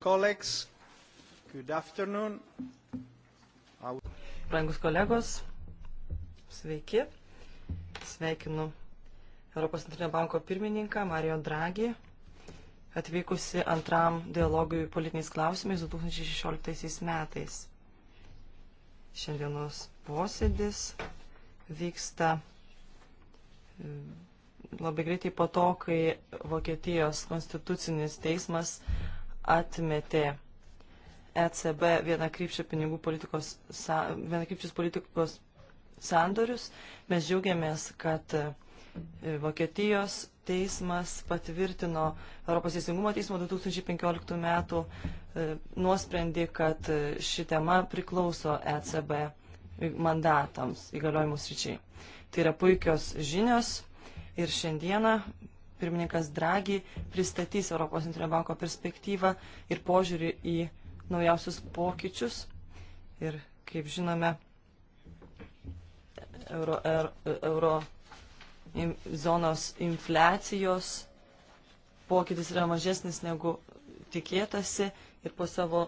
Colleagues, good afternoon. Brangus kolegos, sveiki. Sveikinu Europos Centrinio banko pirmininką Mario Draghi, atvykusi antram dialogui politiniais klausimais 2016 metais. Šiandienos posėdis vyksta mm, labai greitai po to, kai Vokietijos konstitucinis teismas atmetė ECB vienakrypčių pinigų politikos, vienakrypčius politikos sandorius. Mes džiaugiamės, kad e, Vokietijos teismas patvirtino Europos teisingumo teismo 2015 metų e, nuosprendį, kad e, ši tema priklauso ECB mandatams įgaliojimus ryčiai. Tai yra puikios žinios ir šiandieną pirmininkas Dragi pristatys Europos centrinio banko perspektyvą ir požiūrį į naujausius pokyčius. Ir kaip žinome, euro, er, euro, euro in, zonos infliacijos pokytis yra mažesnis negu tikėtasi ir po savo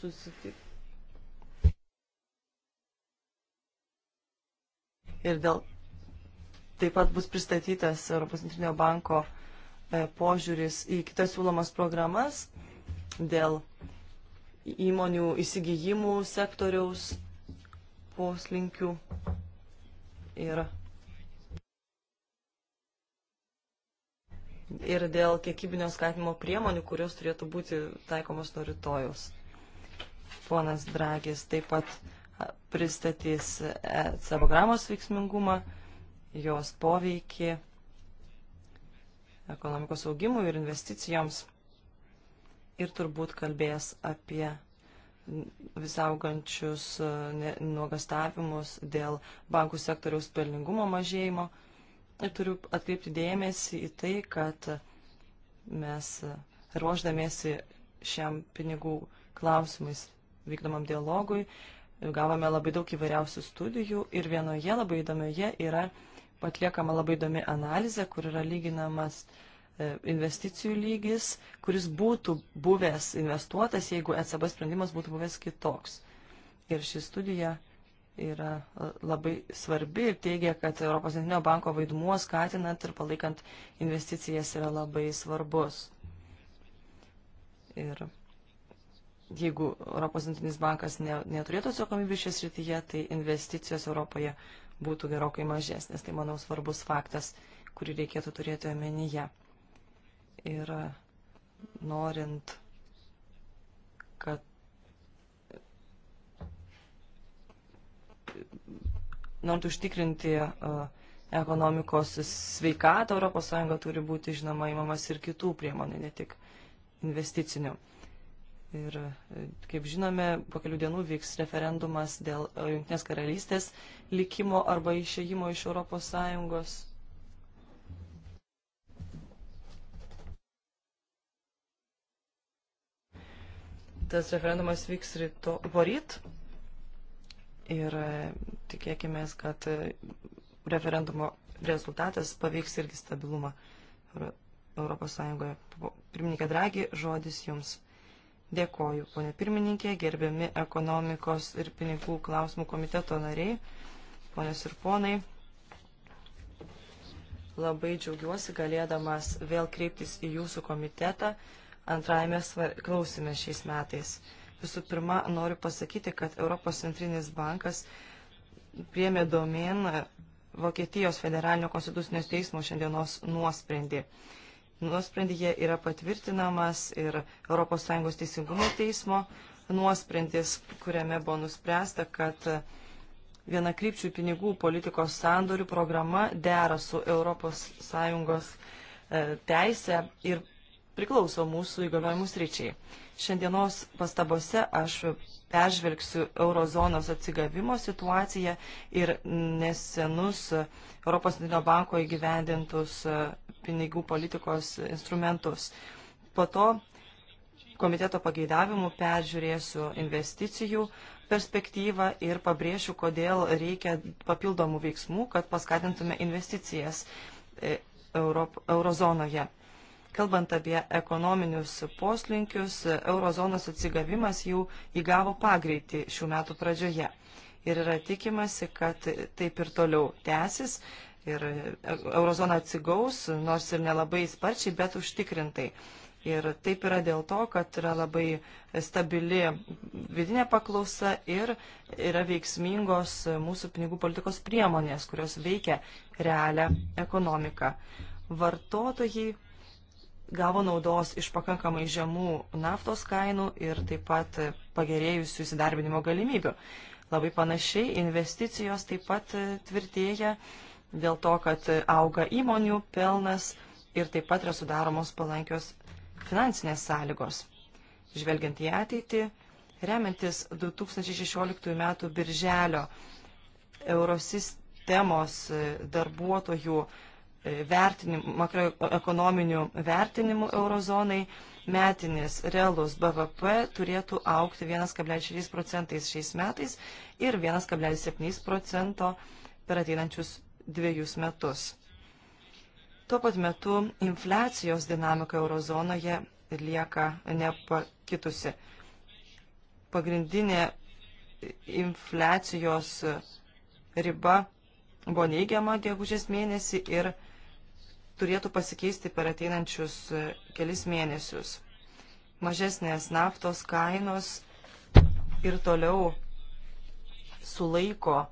susitik. Ir dėl Taip pat bus pristatytas Europos centrinio banko e, požiūris į kitas siūlomas programas dėl įmonių įsigijimų sektoriaus poslinkių ir, ir dėl kiekybinio skatimo priemonių, kurios turėtų būti taikomos nuo rytojus. Ponas Dragis taip pat pristatys e, savo gramos veiksmingumą jos poveikį ekonomikos augimui ir investicijoms ir turbūt kalbės apie visaugančius e, nuogastavimus dėl bankų sektoriaus pelningumo mažėjimo. Ir turiu atkreipti dėmesį į tai, kad mes ruoždamėsi šiam pinigų klausimais vykdomam dialogui gavome labai daug įvairiausių studijų ir vienoje labai įdomioje yra atliekama labai įdomi analizė, kur yra lyginamas e, investicijų lygis, kuris būtų buvęs investuotas, jeigu ECB sprendimas būtų buvęs kitoks. Ir ši studija yra e, labai svarbi ir teigia, kad Europos Centrinio banko vaidmuo skatinant ir palaikant investicijas yra labai svarbus. Ir jeigu Europos Centrinis bankas ne, neturėtų atsakomybės šią srityje, tai investicijos Europoje būtų gerokai mažesnis. Tai, manau, svarbus faktas, kurį reikėtų turėti omenyje. Ir norint, kad norint užtikrinti e, ekonomikos sveikatą, ES turi būti, žinoma, įmamas ir kitų priemonių, ne tik investicinių. Ir, e, kaip žinome, po kelių dienų vyks referendumas dėl e, Junktinės karalystės likimo arba išėjimo iš Europos Sąjungos. Tas referendumas vyks ryto, poryt ir e, tikėkime, kad referendumo rezultatas paveiks irgi stabilumą Europos Sąjungoje. Pirmininkė Dragi, žodis jums. Dėkoju, ponė pirmininkė, gerbiami ekonomikos ir pinigų klausimų komiteto nariai, ponės ir ponai. Labai džiaugiuosi galėdamas vėl kreiptis į jūsų komitetą antrajame klausime šiais metais. Visų pirma, noriu pasakyti, kad Europos centrinis bankas priemė domen Vokietijos federalinio konstitucinio teismo šiandienos nuosprendį nuosprendyje yra patvirtinamas ir ES teisingumo teismo nuosprendis, kuriame buvo nuspręsta, kad viena krypčių pinigų politikos sandorių programa dera su ES e, teisė ir priklauso mūsų įgaliojimus ryčiai. Šiandienos pastabose aš peržvelgsiu eurozonos atsigavimo situaciją ir nesenus Europos Centrinio banko įgyvendintus e, pinigų politikos instrumentus. Po to komiteto pageidavimų peržiūrėsiu investicijų perspektyvą ir pabrėšiu, kodėl reikia papildomų veiksmų, kad paskatintume investicijas e, Europ, eurozonoje. Kalbant apie ekonominius poslinkius, eurozonos atsigavimas jau įgavo pagreitį šių metų pradžioje. Ir yra tikimasi, kad taip ir toliau tęsis. Ir eurozona atsigaus, nors ir nelabai sparčiai, bet užtikrintai. Ir taip yra dėl to, kad yra labai stabili vidinė paklausa ir yra veiksmingos mūsų pinigų politikos priemonės, kurios veikia realią ekonomiką. Vartotojai gavo naudos iš pakankamai žemų naftos kainų ir taip pat pagerėjusių įsidarbinimo galimybių. Labai panašiai investicijos taip pat tvirtėja dėl to, kad auga įmonių pelnas ir taip pat yra sudaromos palankios finansinės sąlygos. Žvelgiant į ateitį, remiantis 2016 m. birželio Eurosistemos darbuotojų vertinimų, makroekonominių vertinimų eurozonai metinis realus BVP turėtų aukti 1,6 procentais šiais metais ir 1,7 procento per ateinančius dviejus metus. Tuo pat metu infliacijos dinamika eurozonoje lieka nepakitusi. Pagrindinė infliacijos riba buvo neigiama gegužės mėnesį ir turėtų pasikeisti per ateinančius e, kelis mėnesius. Mažesnės naftos kainos ir toliau sulaiko e,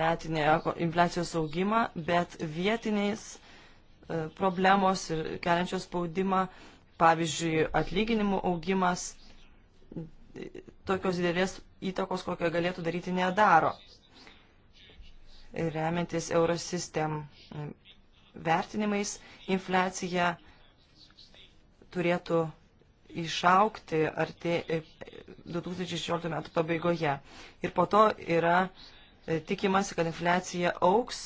metinį infliacijos augimą, bet vietiniais e, problemos ir keliančios spaudimą, pavyzdžiui, atlyginimų augimas tokios didelės įtakos, kokią galėtų daryti, nedaro remiantis Eurosystem e, vertinimais, infliacija turėtų išaukti arti 2016 e, metų pabaigoje. Ir po to yra e, tikimasi, kad infliacija auks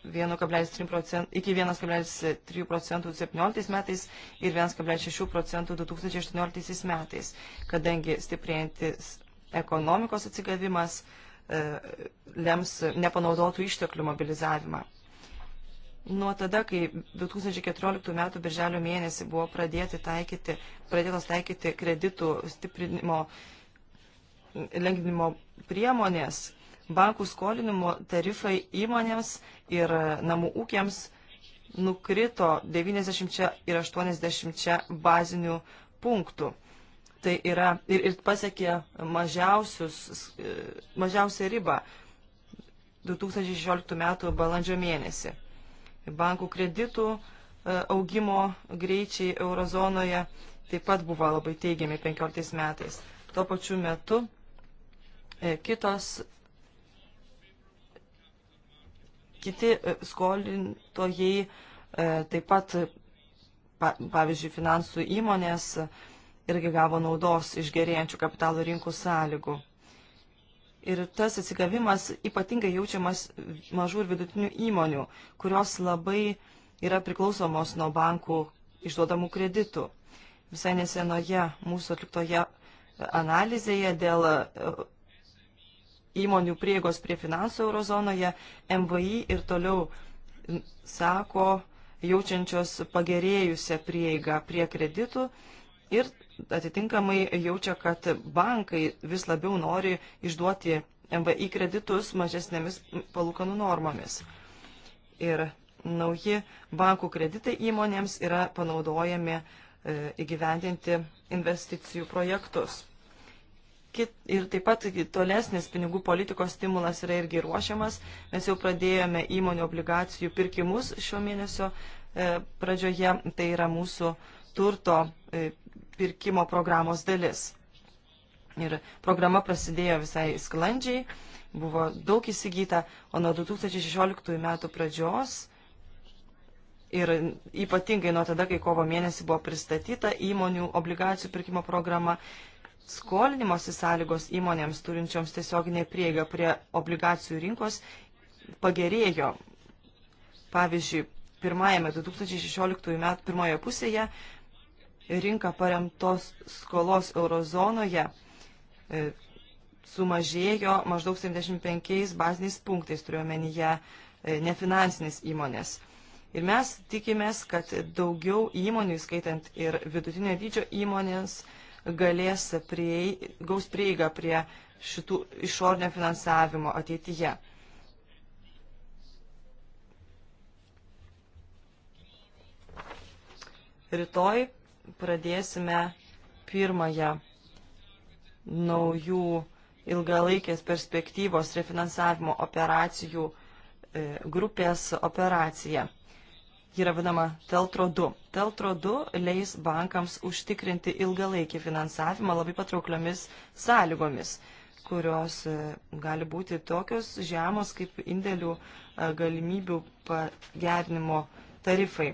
1,3 procentų, iki 1,3 procentų 17 metais ir 1,6 procentų 2018 metais, kadangi stiprėjantis ekonomikos atsigavimas E, lems nepanaudotų išteklių mobilizavimą. Nuo tada, kai 2014 m. birželio mėnesį buvo pradėti taikyti, pradėtos taikyti kreditų stiprinimo, lengvinimo priemonės, bankų skolinimo tarifai įmonėms ir namų ūkiams nukrito 90 ir 80 bazinių punktų tai yra ir, ir pasiekė mažiausią ribą 2016 m. balandžio mėnesį. Bankų kreditų e, augimo greičiai eurozonoje taip pat buvo labai teigiami 15 metais. Tuo pačiu metu e, kitos, kiti e, skolintojai taip pat, pavyzdžiui, finansų įmonės irgi gavo naudos iš gerėjančių kapitalo rinkų sąlygų. Ir tas atsigavimas ypatingai jaučiamas mažų ir vidutinių įmonių, kurios labai yra priklausomos nuo bankų išduodamų kreditų. Visai nesenoje mūsų atliktoje analizėje dėl e, įmonių priegos prie finansų eurozonoje MVI ir toliau sako jaučiančios pagerėjusią prieigą prie kreditų ir atitinkamai jaučia, kad bankai vis labiau nori išduoti MVI kreditus mažesnėmis palūkanų normomis. Ir nauji bankų kreditai įmonėms yra panaudojami e, įgyvendinti investicijų projektus. Kit, ir taip pat tolesnis pinigų politikos stimulas yra irgi ruošiamas. Mes jau pradėjome įmonių obligacijų pirkimus šio mėnesio e, pradžioje. Tai yra mūsų turto e, pirkimo programos dalis. Ir programa prasidėjo visai sklandžiai, buvo daug įsigyta, o nuo 2016 metų pradžios ir ypatingai nuo tada, kai kovo mėnesį buvo pristatyta įmonių obligacijų pirkimo programa, skolinimosi sąlygos įmonėms turinčioms tiesioginę prieigą prie obligacijų rinkos pagerėjo. Pavyzdžiui, pirmajame 2016 metų pirmoje pusėje rinka paremtos skolos eurozonoje e, sumažėjo maždaug 75 baziniais punktais, turiuomenyje e, nefinansinės įmonės. Ir mes tikimės, kad daugiau įmonių, skaitant ir vidutinio dydžio įmonės, galės priei, gaus prieigą prie šitų išornio finansavimo ateityje. Rytoj pradėsime pirmąją naujų ilgalaikės perspektyvos refinansavimo operacijų e, grupės operaciją. Ji yra vadinama Teltro 2. Teltro 2 leis bankams užtikrinti ilgalaikį finansavimą labai patraukliomis sąlygomis, kurios e, gali būti tokios žemos kaip indėlių e, galimybių pagernimo tarifai.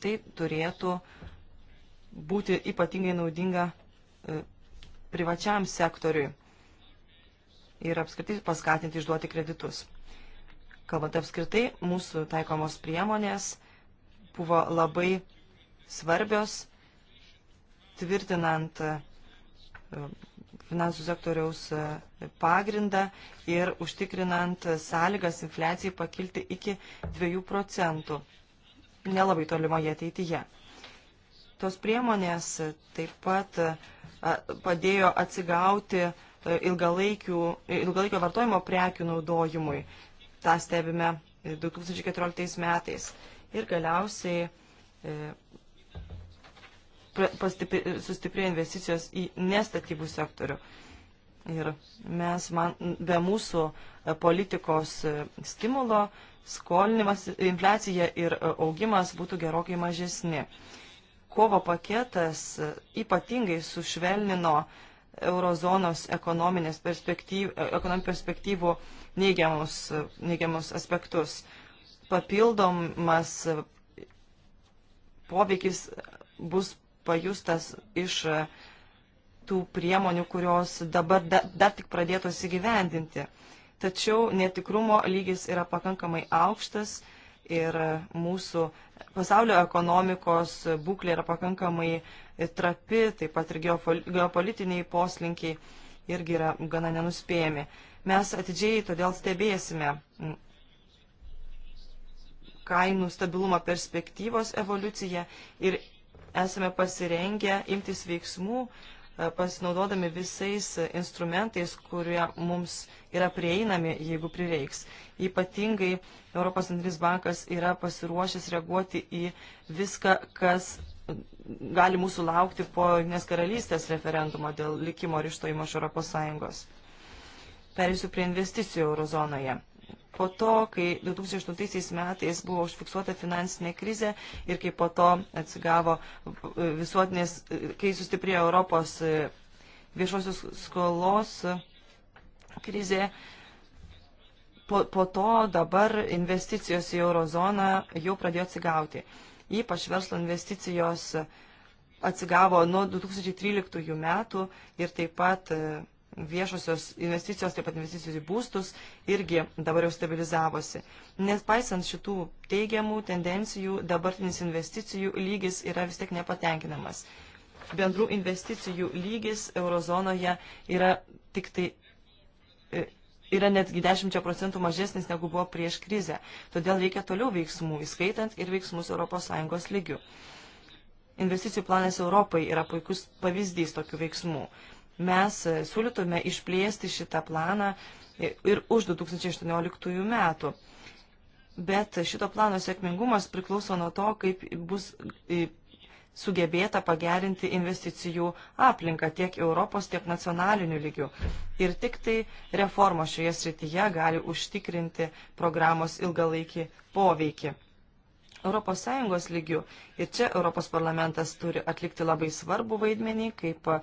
Tai turėtų uh, būti ypatingai naudinga e, privačiam sektoriui ir apskritai paskatinti išduoti kreditus. Kalbant apskritai, mūsų taikomos priemonės buvo labai svarbios tvirtinant e, finansų sektoriaus e, pagrindą ir užtikrinant sąlygas infliacijai pakilti iki 2 procentų nelabai tolimoje ateityje. Tos priemonės taip pat padėjo atsigauti e, ilgalaikio vartojimo prekių naudojimui. Ta stebime 2014 metais. Ir galiausiai e, sustiprėjo investicijos į nestatybų sektorių. Ir mes, man, be mūsų e, politikos stimulo, skolinimas, infliacija ir augimas būtų gerokai mažesni kovo paketas ypatingai sušvelnino eurozonos ekonominės perspektyv, perspektyvų neigiamus, neigiamus aspektus. Papildomas poveikis bus pajustas iš tų priemonių, kurios dabar da, dar tik pradėtos įgyvendinti. Tačiau netikrumo lygis yra pakankamai aukštas ir mūsų pasaulio ekonomikos būklė yra pakankamai trapi, taip pat ir geopolitiniai poslinkiai irgi yra gana nenuspėjami. Mes atidžiai todėl stebėsime kainų stabilumo perspektyvos evoliuciją ir esame pasirengę imtis veiksmų, E, pasinaudodami visais instrumentais, kurie mums yra prieinami, jeigu prireiks. Ypatingai Europos centrinis bankas yra pasiruošęs reaguoti į viską, kas gali mūsų laukti po Junktinės karalystės referendumo dėl likimo ir išstojimo iš Europos Sąjungos. Perėsiu prie investicijų eurozonoje po to, kai 2008 metais buvo užfiksuota finansinė krizė ir kai po to atsigavo e, visuotinės, e, kai sustiprėjo Europos e, viešosios skolos krizė, po, po to dabar investicijos į eurozoną jau pradėjo atsigauti. Ypač verslo investicijos atsigavo nuo 2013 metų ir taip pat viešosios investicijos, taip pat investicijos į būstus irgi dabar jau stabilizavosi. Nespaisant šitų teigiamų tendencijų, dabartinis investicijų lygis yra vis tiek nepatenkinamas. Bendrų investicijų lygis eurozonoje yra tik tai e, yra netgi 10 procentų mažesnis negu buvo prieš krizę. Todėl reikia toliau veiksmų, įskaitant ir veiksmus ES lygių. Investicijų planas Europai yra puikus pavyzdys tokių veiksmų mes e, siūlytume išplėsti šitą planą ir už 2018 metų. Bet šito plano sėkmingumas priklauso nuo to, kaip bus sugebėta pagerinti investicijų aplinką tiek Europos, tiek nacionaliniu lygiu. Ir tik tai reforma šioje srityje gali užtikrinti programos ilgalaikį poveikį. ES lygių. Ir čia Europos parlamentas turi atlikti labai svarbų vaidmenį, kaip e,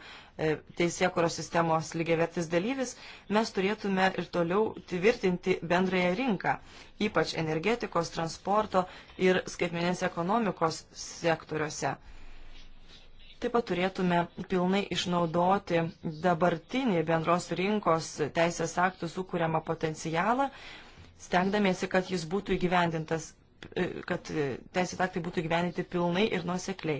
teisėkuros sistemos lygiavertis dalyvis, mes turėtume ir toliau tvirtinti bendrąją rinką, ypač energetikos, transporto ir skaitmenės ekonomikos sektoriuose. Taip pat turėtume pilnai išnaudoti dabartinį bendros rinkos teisės aktų sukūriamą potencialą, stengdamiesi, kad jis būtų įgyvendintas E, kad teisės aktai būtų gyveninti pilnai ir nuosekliai.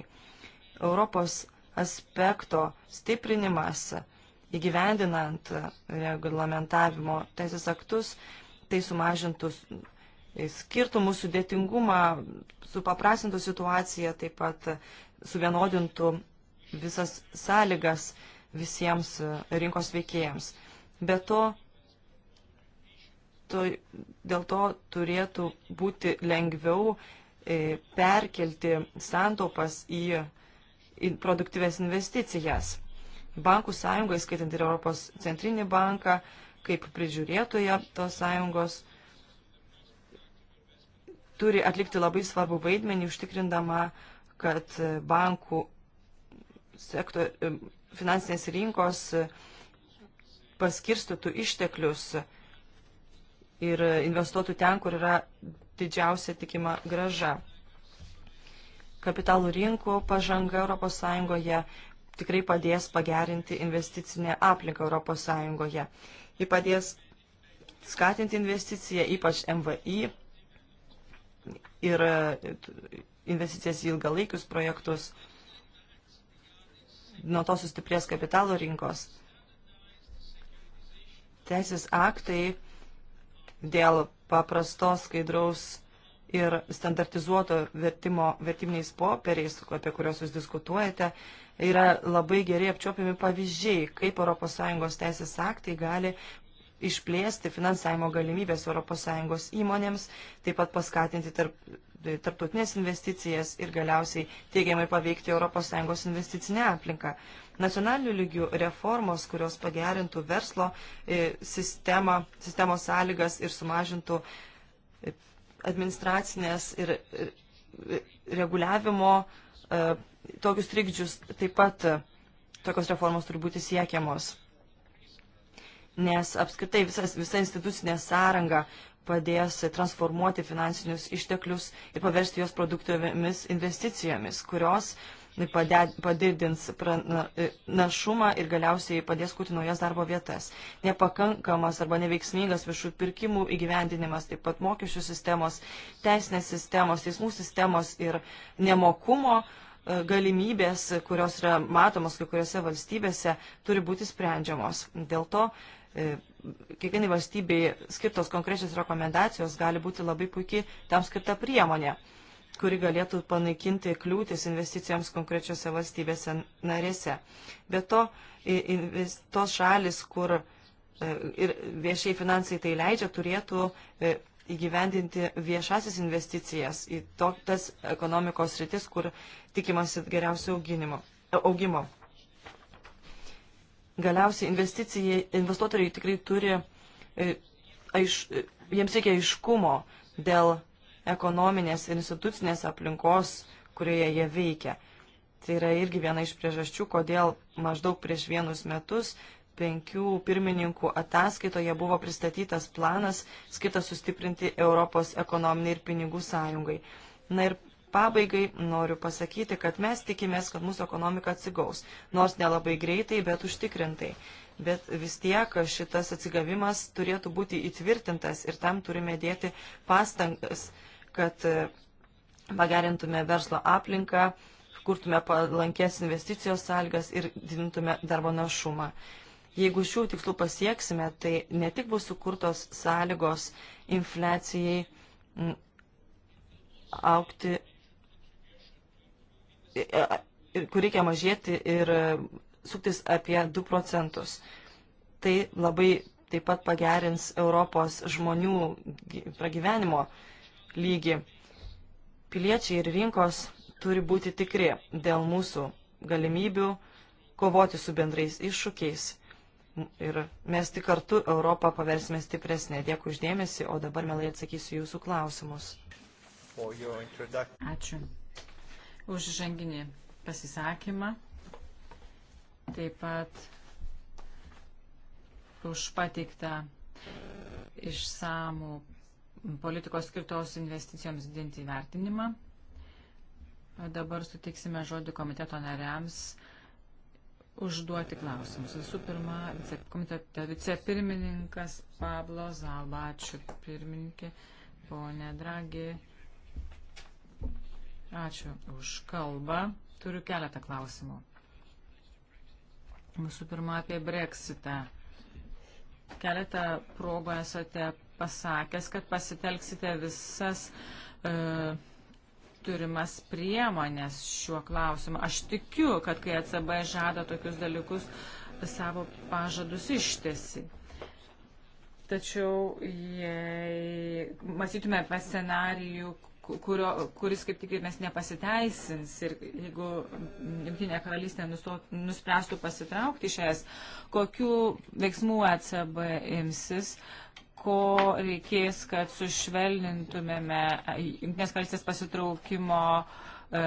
Europos aspekto stiprinimas įgyvendinant reglamentavimo teisės aktus, tai sumažintų e, skirtumų sudėtingumą, supaprasintų situaciją, taip pat suvienodintų visas sąlygas visiems e, rinkos veikėjams. Be to, to, dėl to turėtų būti lengviau e, perkelti santaupas į, į produktyves investicijas. Bankų sąjungoje, skaitant ir Europos centrinį banką, kaip prižiūrėtoja tos sąjungos, turi atlikti labai svarbu vaidmenį, užtikrindama, kad bankų sektor, e, finansinės rinkos e, paskirstytų išteklius ir investuotų ten, kur yra didžiausia tikima graža. Kapitalų rinkų pažanga ES tikrai padės pagerinti investicinę aplinką ES. Ji padės skatinti investiciją, ypač MVI ir e, investicijas į ilgalaikius projektus. Nuo to sustiprės kapitalo rinkos. Teisės aktai dėl paprastos, skaidraus ir standartizuoto vertimo vertiminiais popieriais, apie kuriuos jūs diskutuojate, yra labai gerai apčiopiami pavyzdžiai, kaip ES teisės aktai gali išplėsti finansavimo galimybės ES įmonėms, taip pat paskatinti tarp, tarptautinės investicijas ir galiausiai teigiamai paveikti ES investicinę aplinką. Nacionalinių lygių reformos, kurios pagerintų verslo e, sistemą, sistemos sąlygas ir sumažintų e, administracinės ir e, reguliavimo tokius trikdžius, taip pat tokios reformos turi būti siekiamos. Nes apskritai visas, visa institucinė sąranga padės transformuoti finansinius išteklius ir paversti juos produktyviamis investicijomis, kurios padidins e, našumą ir galiausiai padės kurti naujas darbo vietas. Nepakankamas arba neveiksmingas viešų pirkimų įgyvendinimas, taip pat mokesčių sistemos, teisinės sistemos, teismų sistemos ir nemokumo e, galimybės, kurios yra matomos kai kuriuose valstybėse, turi būti sprendžiamos. Dėl to e, kiekvienai valstybei skirtos konkrečios rekomendacijos gali būti labai puikiai tam skirta priemonė kuri galėtų panaikinti kliūtis investicijoms konkrečiose valstybėse narėse. Be to, tos šalis, kur e, ir viešiai finansai tai leidžia, turėtų e, įgyvendinti viešasis investicijas į to, tas ekonomikos rytis, kur tikimasi geriausio auginimo, e, augimo. Galiausiai investuotojai tikrai turi, aiš, jiems reikia aiškumo dėl ekonominės ir institucinės aplinkos, kurioje jie veikia. Tai yra irgi viena iš priežasčių, kodėl maždaug prieš vienus metus penkių pirmininkų ataskaitoje buvo pristatytas planas skirtas sustiprinti Europos ekonominį ir pinigų sąjungai. Na ir pabaigai noriu pasakyti, kad mes tikimės, kad mūsų ekonomika atsigaus, nors nelabai greitai, bet užtikrintai. Bet vis tiek šitas atsigavimas turėtų būti įtvirtintas ir tam turime dėti pastangas kad e, pagerintume verslo aplinką, kurtume palankės investicijos sąlygas ir didintume darbo našumą. Jeigu šių tikslų pasieksime, tai ne tik bus sukurtos sąlygos infliacijai aukti, e, e, kur reikia mažėti ir suktis apie 2 procentus. Tai labai taip pat pagerins Europos žmonių pragyvenimo lygį. Piliečiai ir rinkos turi būti tikri dėl mūsų galimybių kovoti su bendrais iššūkiais. Ir mes tik kartu Europą paversime stipresnė. Dėkui uždėmesi, o dabar melai atsakysiu jūsų klausimus. Ačiū už žanginį pasisakymą. Taip pat už pateiktą išsamų politikos skirtos investicijoms didinti vertinimą. Dabar sutiksime žodį komiteto nariams užduoti klausimus. Visų pirma, komitete vicepirmininkas Pablo Zalba, ačiū pirmininkė, ponė Dragi, ačiū už kalbą. Turiu keletą klausimų. Visų pirma, apie Brexitą. Keletą progų esate pasakęs, kad pasitelksite visas e, turimas priemonės šiuo klausimu. Aš tikiu, kad kai ECB žada tokius dalykus, savo pažadus ištesi. Tačiau jei matytume apie scenarijų, kurio, kuris kaip tik mes nepasiteisins ir jeigu Junktinė karalystė nustot, nuspręstų pasitraukti iš es, kokiu veiksmu ECB imsis, ko reikės, kad sušvelnintumėme Junktinės karalystės pasitraukimo e,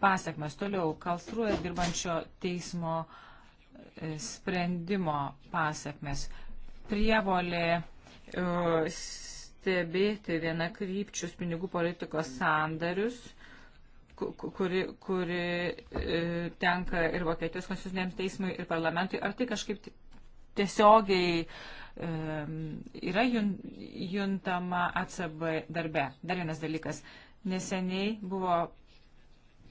pasiekmes. Toliau, Kalstrūje dirbančio teismo e, sprendimo pasiekmes. Prievolė e, stebėti vienakrypčius pinigų politikos sandarius, kuri, kuri e, tenka ir Vokietijos konstituciniam teismui, ir parlamentui. Ar tai kažkaip tiesiogiai yra juntama ACB darbe. Dar vienas dalykas. Neseniai buvo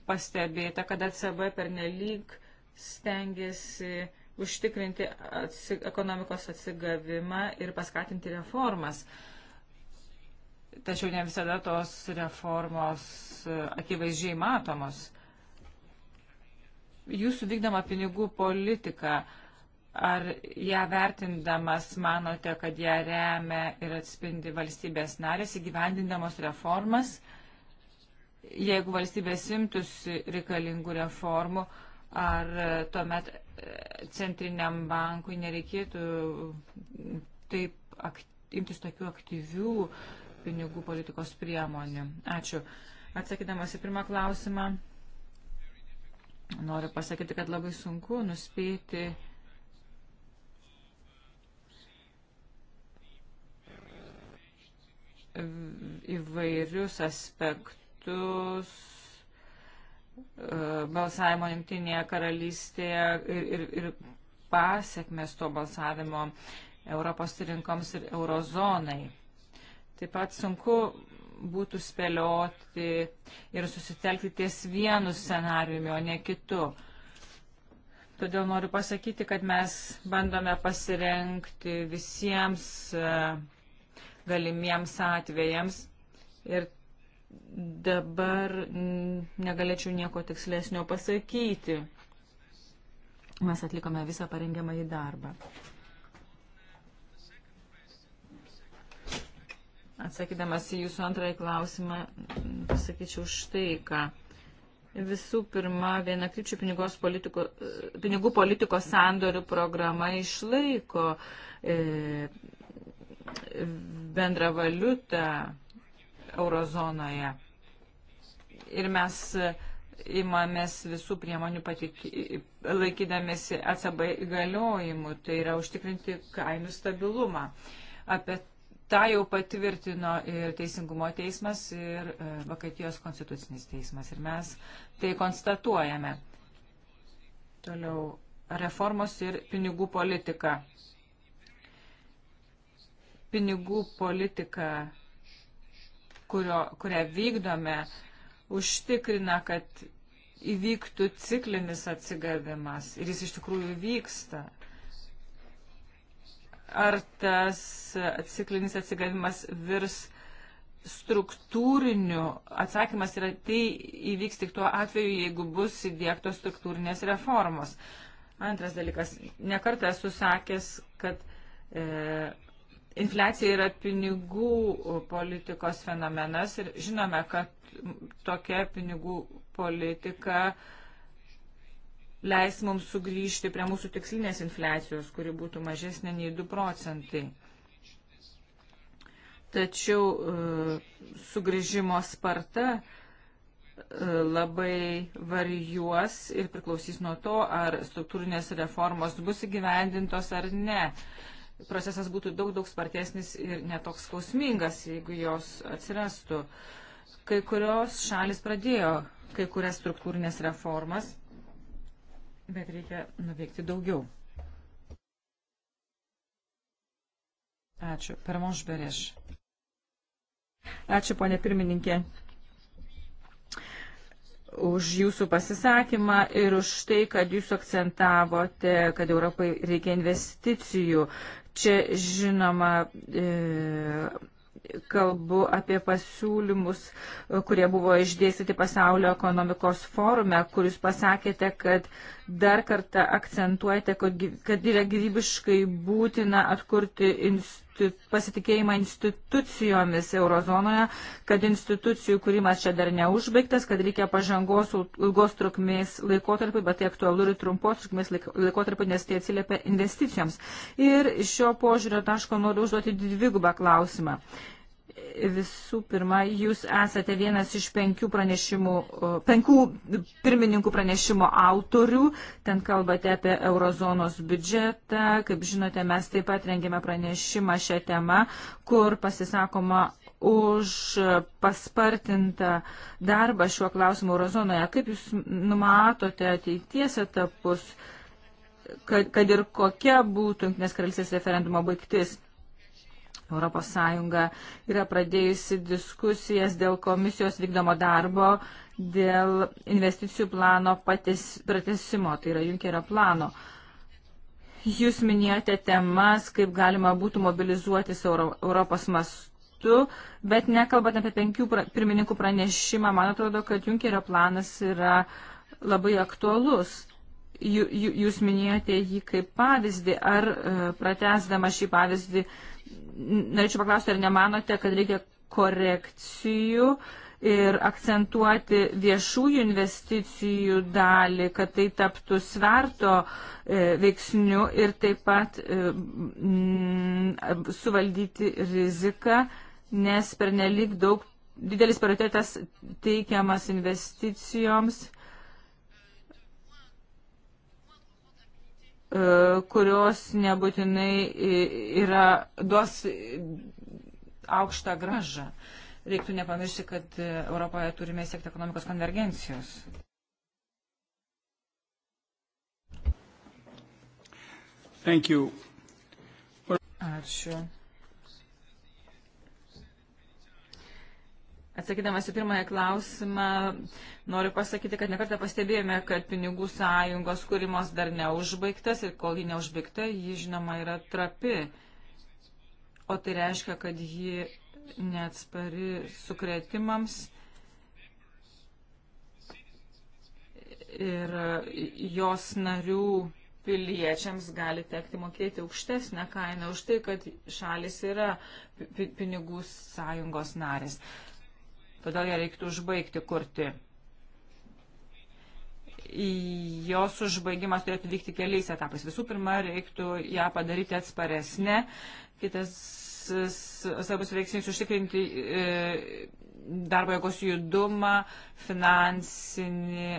pastebėta, kad ACB per nelik stengiasi užtikrinti atsi, ekonomikos atsigavimą ir paskatinti reformas. Tačiau ne visada tos reformos e, akivaizdžiai matomos. Jūsų vykdama pinigų politika uh, Ar ją vertindamas manote, kad ją remia ir atspindi valstybės narės įgyvendindamos reformas? Jeigu valstybės imtųsi reikalingų reformų, ar tuomet e, centriniam bankui nereikėtų taip aktyviai imtis tokių aktyvių pinigų politikos priemonių. Ačiū. Atsakydamas į pirmą klausimą, noriu pasakyti, kad labai sunku nuspėti, įvairius aspektus e, balsavimo jungtinėje karalystėje ir, ir, ir pasiekmes to balsavimo Europos rinkoms ir eurozonai. Taip pat sunku būtų spėlioti ir susitelkti ties vienu scenariumi, o ne kitu. Todėl noriu pasakyti, kad mes bandome pasirenkti visiems uh, galimiems atvejams. Ir dabar negalėčiau nieko tikslesnio pasakyti. Mes atlikome visą parengiamą į darbą. Atsakydamas į jūsų antrąjį klausimą, pasakyčiau štai ką. Visų pirma, vienakryčių politiko, pinigų politikos sandorių programa išlaiko e, bendrą valiutą eurozonoje. Ir mes imamės visų priemonių patikį, laikydamėsi ECB įgaliojimų, tai yra užtikrinti kainų stabilumą. Apie tą jau patvirtino ir Teisingumo teismas, ir e, Vokietijos konstitucinis teismas. Ir mes tai konstatuojame. Toliau reformos ir pinigų politika pinigų politika, kurio, kurią vykdome, užtikrina, kad įvyktų ciklinis atsigavimas ir jis iš tikrųjų vyksta. Ar tas ciklinis atsigavimas virs struktūriniu, atsakymas yra tai įvyks tik tuo atveju, jeigu bus įdėktos struktūrinės reformos. Antras dalykas, nekartą esu sakęs, kad e, Infliacija yra pinigų politikos fenomenas ir žinome, kad tokia pinigų politika leis mums sugrįžti prie mūsų tikslinės infliacijos, kuri būtų mažesnė nei 2 procentai. Tačiau e, sugrįžimo sparta e, labai varijuos ir priklausys nuo to, ar struktūrinės reformos bus įgyvendintos ar ne procesas būtų daug, daug spartesnis ir netoks skausmingas, jeigu jos atsirastų. Kai kurios šalis pradėjo kai kurias struktūrinės reformas, bet reikia nuveikti daugiau. Ačiū. Permonš Bereš. Ačiū, ponė pirmininkė, už jūsų pasisakymą ir už tai, kad jūs akcentavote, kad Europai reikia investicijų Čia žinoma. E, kalbu apie pasiūlymus, kurie buvo išdėstyti pasaulio ekonomikos forume, kur jūs pasakėte, kad dar kartą akcentuojate, kad yra gyvybiškai būtina atkurti instituciją institu, pasitikėjimą institucijomis eurozonoje, kad institucijų kūrimas čia dar neužbaigtas, kad reikia pažangos ilgos trukmės laikotarpiu, bet tai aktualu ir trumpos trukmės laikotarpiu, nes tai atsiliepia investicijoms. Ir iš šio požiūrio taško noriu užduoti dvigubą klausimą. Visų pirma, jūs esate vienas iš penkių, penkių pirmininkų pranešimo autorių. Ten kalbate apie eurozonos biudžetą. Kaip žinote, mes taip pat rengėme pranešimą šią temą, kur pasisakoma už paspartintą darbą šiuo klausimu eurozonoje. Kaip jūs numatote ateities etapus, kad, kad ir kokia būtų Junktinės karalystės referendumo baigtis? ES yra pradėjusi diskusijas dėl komisijos vykdomo darbo, dėl investicijų plano pates, pratesimo, tai yra Junkerio plano. Jūs minėjote temas, kaip galima būtų mobilizuotis Euro, Europos mastu, bet nekalbant apie penkių pra, pirmininkų pranešimą, man atrodo, kad Junkerio planas yra labai aktualus jūs minėjote jį kaip pavyzdį, ar e, pratesdama šį pavyzdį norėčiau paklausti, ar nemanote, kad reikia korekcijų ir akcentuoti viešųjų investicijų dalį, kad tai taptų sverto e, veiksniu ir taip pat mm, suvaldyti riziką, nes per nelik daug didelis prioritetas teikiamas investicijoms E, kurios nebūtinai yra, duos aukštą gražą. Reiktų nepamiršti, kad e, Europoje turime siekti ekonomikos konvergencijos. Thank you. Ačiū. Atsakydamas į pirmąją klausimą, noriu pasakyti, kad nekartą pastebėjome, kad pinigų sąjungos kūrimas dar neužbaigtas ir kol ji neužbaigta, ji žinoma yra trapi. O tai reiškia, kad ji neatspari sukretimams ir jos narių piliečiams gali tekti mokėti aukštesnę kainą už tai, kad šalis yra pinigų sąjungos narės todėl ją reiktų užbaigti kurti. Jos užbaigimas turėtų vykti keliais etapais. Visų pirma, reiktų ją padaryti atsparesnę, kitas svarbus veiksnys užtikrinti e, darbo jėgos judumą, finansinį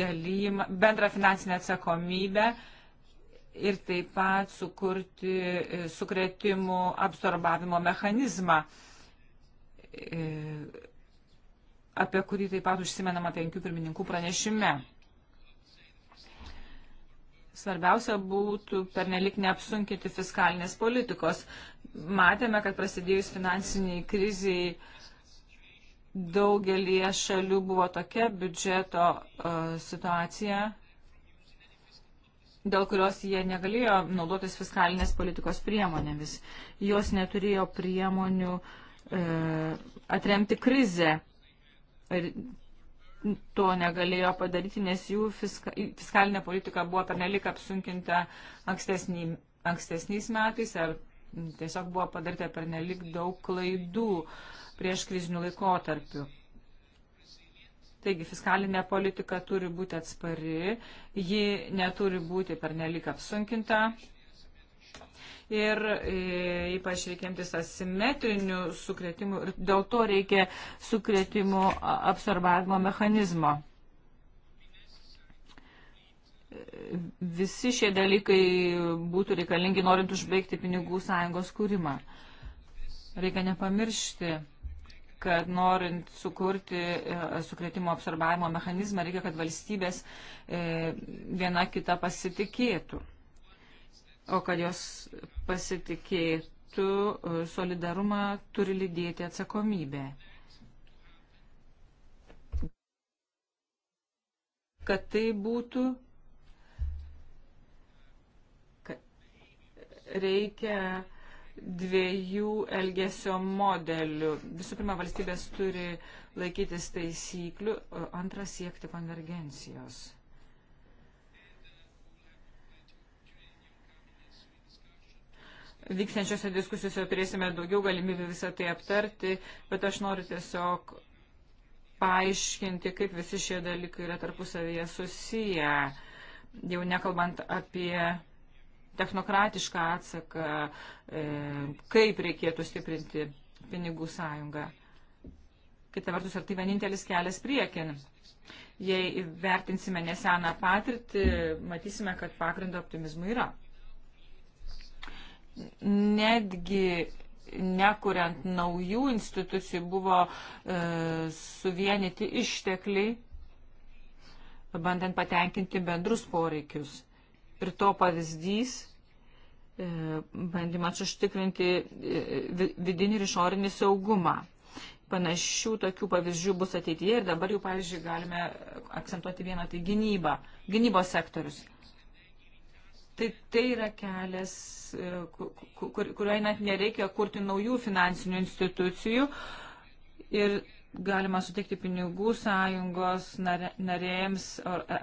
dalymą, bendrą finansinę atsakomybę ir taip pat sukurti e, sukretimų absorbavimo mechanizmą. E, apie kurį taip pat užsimenama penkių pirmininkų pranešime. Svarbiausia būtų pernelik neapsunkinti fiskalinės politikos. Matėme, kad prasidėjus finansiniai kriziai daugelį šalių buvo tokia biudžeto uh, situacija, dėl kurios jie negalėjo naudotis fiskalinės politikos priemonėmis. Jos neturėjo priemonių e, atremti krizę to negalėjo padaryti, nes jų fiska, fiskalinė politika buvo pernelik apsunkinta ankstesnį, ankstesniais metais ar tiesiog buvo padaryta pernelik daug klaidų prieš krizinių laikotarpių. Taigi fiskalinė politika turi būti atspari, ji neturi būti pernelik apsunkinta ir e, ypač reikiantis asimetrinių sukretimų ir dėl to reikia sukretimų absorbavimo mechanizmo. Visi šie dalykai būtų reikalingi norint užbaigti pinigų sąjungos kūrimą. Reikia nepamiršti kad norint sukurti e, sukretimo absorbavimo mechanizmą, reikia, kad valstybės e, viena kita pasitikėtų o kad jos pasitikėtų, e, solidarumą turi lydėti atsakomybė. Kad tai būtų, kad reikia dviejų elgesio modelių. Visų pirma, valstybės turi laikytis taisyklių, antra siekti konvergencijos. vykstančiose diskusijose turėsime daugiau galimybių visą tai aptarti, bet aš noriu tiesiog paaiškinti, kaip visi šie dalykai yra tarpusavėje susiję, jau nekalbant apie technokratišką atsaką, e, kaip reikėtų stiprinti pinigų sąjungą. Kita vertus, ar tai vienintelis kelias priekin? Jei vertinsime neseną patirtį, matysime, kad pagrindo optimizmų yra netgi nekuriant naujų institucijų buvo e, suvienyti ištekliai, bandant patenkinti bendrus poreikius. Ir to pavyzdys e, bandymas užtikrinti e, vidinį ir išorinį saugumą. Panašių tokių pavyzdžių bus ateityje ir dabar jau, pavyzdžiui, galime akcentuoti vieną, tai gynybą, gynybos sektorius. Tai, tai yra kelias, e, kur, kur, kuriuo net nereikia kurti naujų finansinių institucijų ir galima suteikti pinigų sąjungos narėms,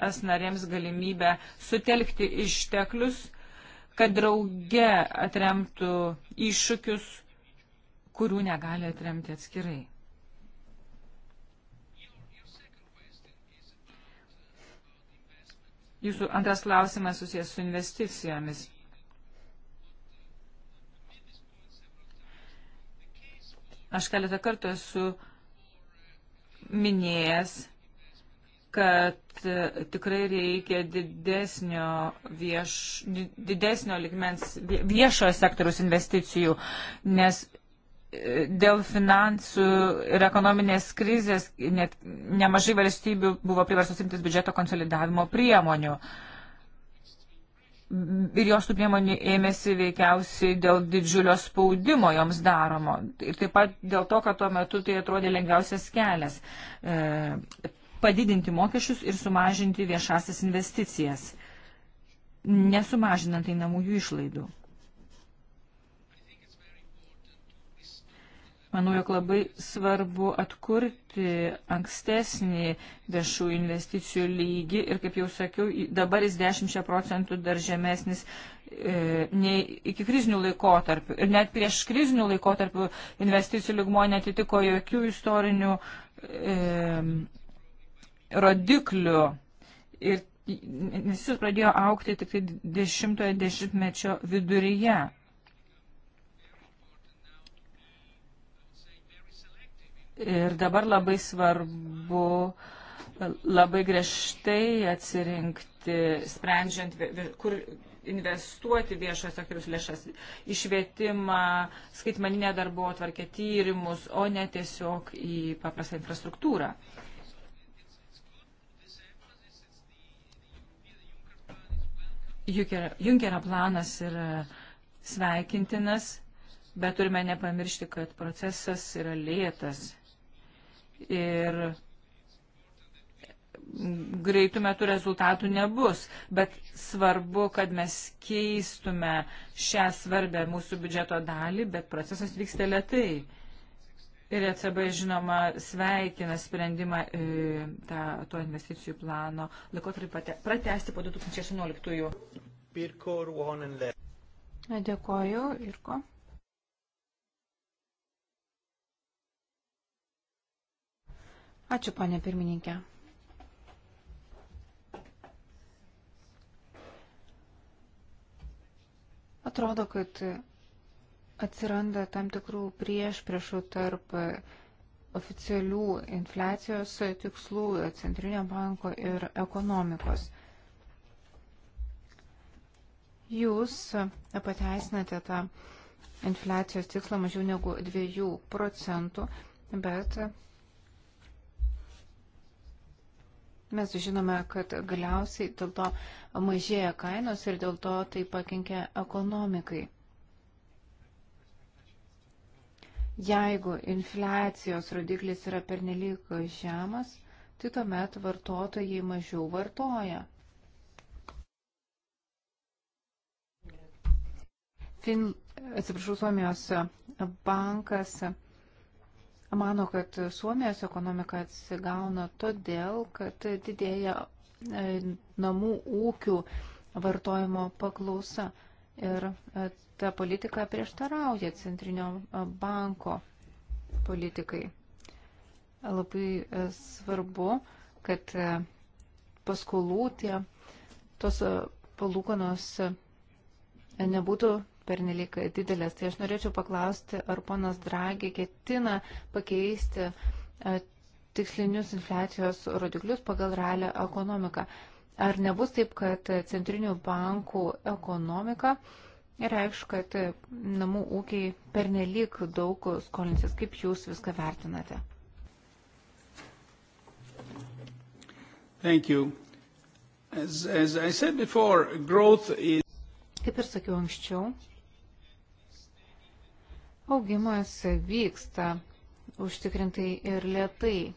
es narėms galimybę sutelkti išteklius, kad drauge atremtų iššūkius, kurių negali atremti atskirai. Jūsų antras klausimas susijęs su investicijomis. Aš keletą kartų esu minėjęs, kad e, tikrai reikia didesnio, vieš, didesnio likmens viešojo sektoriaus investicijų, nes dėl finansų ir ekonominės krizės net nemažai valstybių buvo priversos imtis biudžeto konsolidavimo priemonių. Ir jos tų priemonių ėmėsi veikiausiai dėl didžiulio spaudimo joms daromo. Ir taip pat dėl to, kad tuo metu tai atrodė lengviausias kelias e, - padidinti mokesčius ir sumažinti viešasias investicijas, nesumažinant einamųjų išlaidų. Manau, jog labai svarbu atkurti ankstesnį viešų investicijų lygį ir, kaip jau sakiau, dabar jis 10 procentų dar žemesnis e, nei iki krizinių laikotarpių. Ir net prieš krizinių laikotarpių investicijų lygmo netitiko jokių istorinių e, rodiklių. Ir nes jis pradėjo aukti tik tai 10-mečio viduryje. Ir dabar labai svarbu labai griežtai atsirinkti, sprendžiant, kur investuoti viešojo sektoriaus lėšas, išvietimą, skaitmaninę darbo atvarkę tyrimus, o ne tiesiog į paprastą infrastruktūrą. Junkerio planas yra sveikintinas, bet turime nepamiršti, kad procesas yra lėtas ir greitų metų rezultatų nebus, bet svarbu, kad mes keistume šią svarbę mūsų biudžeto dalį, bet procesas vyksta lietai. Ir ECB, žinoma, sveikina sprendimą e, tą, to investicijų plano laikotarpį pratesti po 2018. Pirko, Dėkoju, Irko. Ačiū, ponė pirmininkė. Atrodo, kad atsiranda tam tikrų priešpriešų tarp oficialių infliacijos tikslų Centrinio banko ir ekonomikos. Jūs pateisinate tą infliacijos tikslą mažiau negu 2 procentų, bet Mes žinome, kad galiausiai dėl to mažėja kainos ir dėl to tai pakenkia ekonomikai. Jeigu infliacijos rodiklis yra pernelyg žemas, tai tuomet vartotojai mažiau vartoja. Fin, atsiprašau, Suomijos bankas mano, kad Suomijos ekonomika atsigauna todėl, kad didėja e, namų ūkių vartojimo paklausa. Ir e, ta politika prieštarauja Centrinio e, banko politikai. Labai svarbu, kad paskolų tie tos palūkanos nebūtų pernelik didelės. Tai aš norėčiau paklausti, ar ponas Dragi ketina pakeisti e, tikslinius infliacijos rodiklius pagal realią ekonomiką. Ar nebus taip, kad centrinių bankų ekonomika reikš, kad namų ūkiai pernelyg daug skolinsis? Kaip jūs viską vertinate? Thank you. As, as I said before, growth is... Kaip ir sakiau anksčiau, Augimas vyksta užtikrintai ir lietai.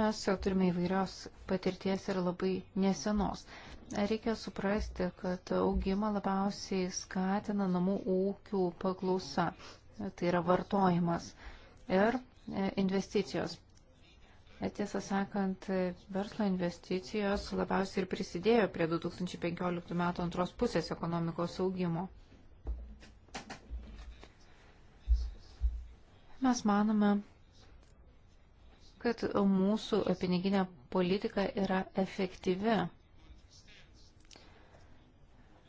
Mes jau turime įvairios patirties ir labai nesenos. Reikia suprasti, kad augimą labiausiai skatina namų ūkių paklausa, tai yra vartojimas ir e, investicijos. E, tiesą sakant, verslo investicijos labiausiai ir prisidėjo prie 2015 metų antros pusės ekonomikos augimo. Mes manome, kad mūsų piniginė politika yra efektyvi.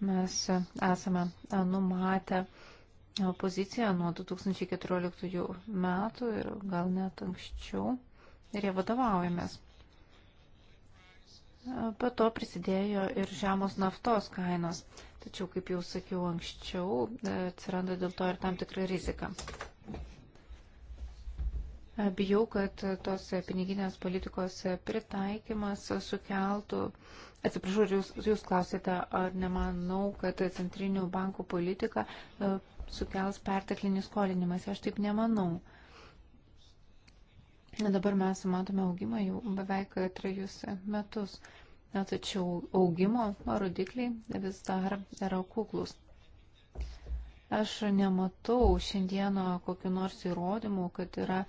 Mes esame numatę poziciją nuo 2014 metų ir gal net anksčiau ir jie vadovaujamės. Be to prisidėjo ir žemos naftos kainos, tačiau, kaip jau sakiau anksčiau, atsiranda dėl to ir tam tikra rizika. Bijau, kad tos piniginės politikos pritaikymas sukeltų, atsiprašau, jūs, jūs klausėte, ar nemanau, kad centrinių bankų politika e, sukels perteklinį skolinimas. Aš taip nemanau. Dabar mes matome augimą jau beveik trejus metus. Tačiau augimo rodikliai vis dar yra kuklus. Aš nematau šiandieno kokiu nors įrodymu, kad yra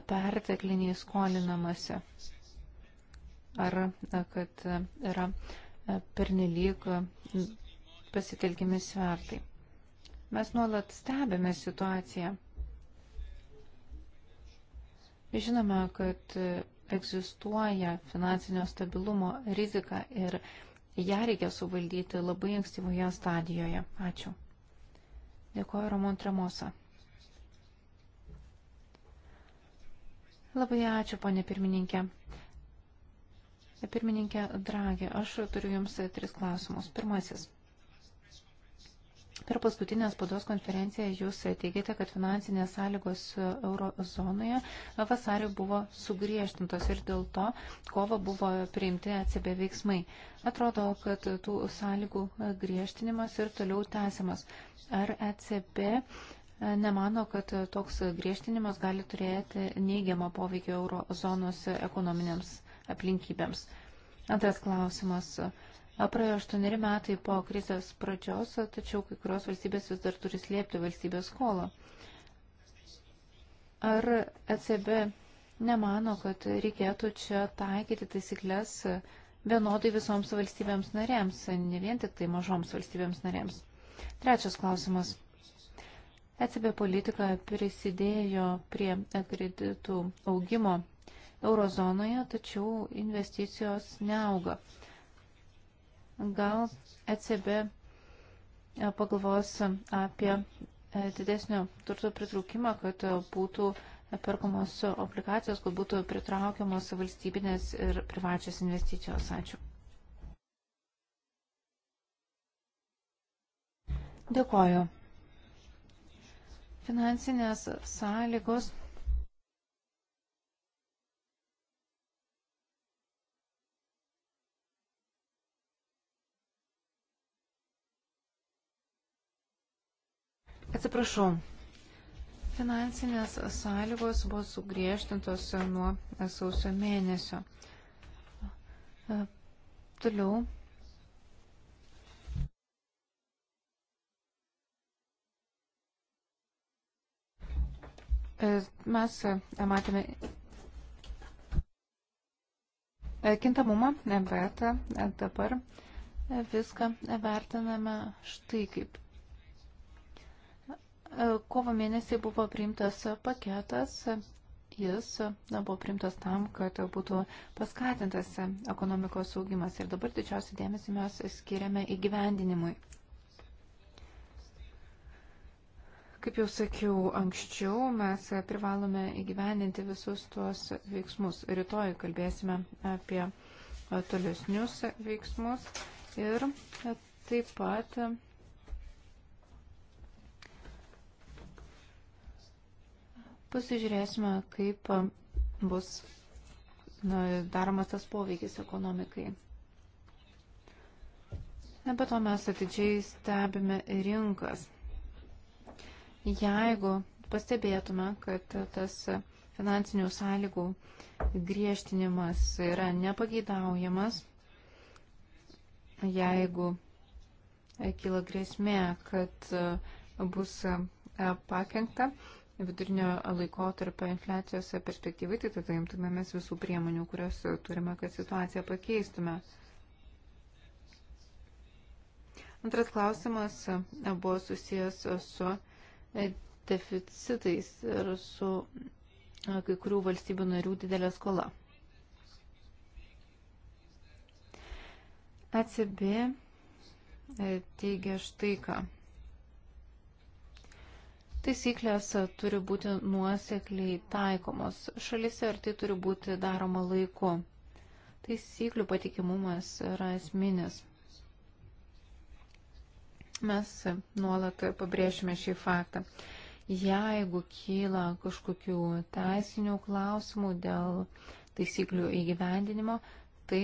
pertekliniai skolinamasi ar kad yra e, pernelyg pasitelkimi svertai. Mes nuolat stebime situaciją. Žinome, kad egzistuoja finansinio stabilumo rizika ir ją reikia suvaldyti labai ankstyvoje stadijoje. Ačiū. Dėkuoju Ramon Tremosa. Labai ačiū, ponė pirmininkė. Pirmininkė Dragė, aš turiu Jums tris klausimus. Pirmasis. Per paskutinę spaudos konferenciją Jūs teigėte, kad finansinės sąlygos eurozonoje vasarį buvo sugriežtintos ir dėl to kovo buvo priimti ECB veiksmai. Atrodo, kad tų sąlygų griežtinimas ir toliau tęsiamas. Ar ECB nemano, kad toks griežtinimas gali turėti neigiamą poveikį eurozonos ekonominiams aplinkybėms. Antras klausimas. Praėjo aštuoneri metai po krizės pradžios, tačiau kai kurios valstybės vis dar turi slėpti valstybės skolą. Ar ECB nemano, kad reikėtų čia taikyti taisyklės vienodai visoms valstybėms narėms, ne vien tik tai mažoms valstybėms narėms? Trečias klausimas. ECB politika prisidėjo prie kreditų augimo eurozonoje, tačiau investicijos neauga. Gal ECB e, pagalvos apie e, didesnio turto pritraukimą, kad būtų perkamos obligacijos, kad būtų pritraukiamos valstybinės ir privačios investicijos. Ačiū. Dėkoju. Finansinės sąlygos Atsiprašau. Finansinės sąlygos buvo sugriežtintos nuo sausio mėnesio. Toliau E, mes e, matėme e, kintamumą, bet dabar viską vertiname štai kaip. Kovo mėnesį buvo priimtas paketas, jis buvo priimtas tam, kad būtų paskatintas ekonomikos augimas ir dabar didžiausią dėmesį mes skiriame įgyvendinimui. Kaip jau sakiau anksčiau, mes privalome įgyvendinti visus tuos veiksmus. Rytoj kalbėsime apie tolesnius veiksmus ir taip pat pasižiūrėsime, kaip bus na, daromas tas poveikis ekonomikai. Na, bet to mes atidžiai stebime rinkas jeigu pastebėtume, kad tas finansinių sąlygų griežtinimas yra nepageidaujamas, jeigu kyla grėsmė, kad bus pakengta vidurinio laikotarpio infliacijos perspektyvai, tai tada imtumėmės visų priemonių, kurias turime, kad situaciją pakeistume. Antras klausimas buvo susijęs su deficitais ir su kai kurių valstybių narių didelė skola. ECB e, teigia štai ką. Taisyklės turi būti nuosekliai taikomos šalise ir tai turi būti daroma laiku. Taisyklių patikimumas yra esminis. Mes nuolat pabrėšime šį faktą. Jeigu kyla kažkokių teisinių klausimų dėl taisyklių įgyvendinimo, tai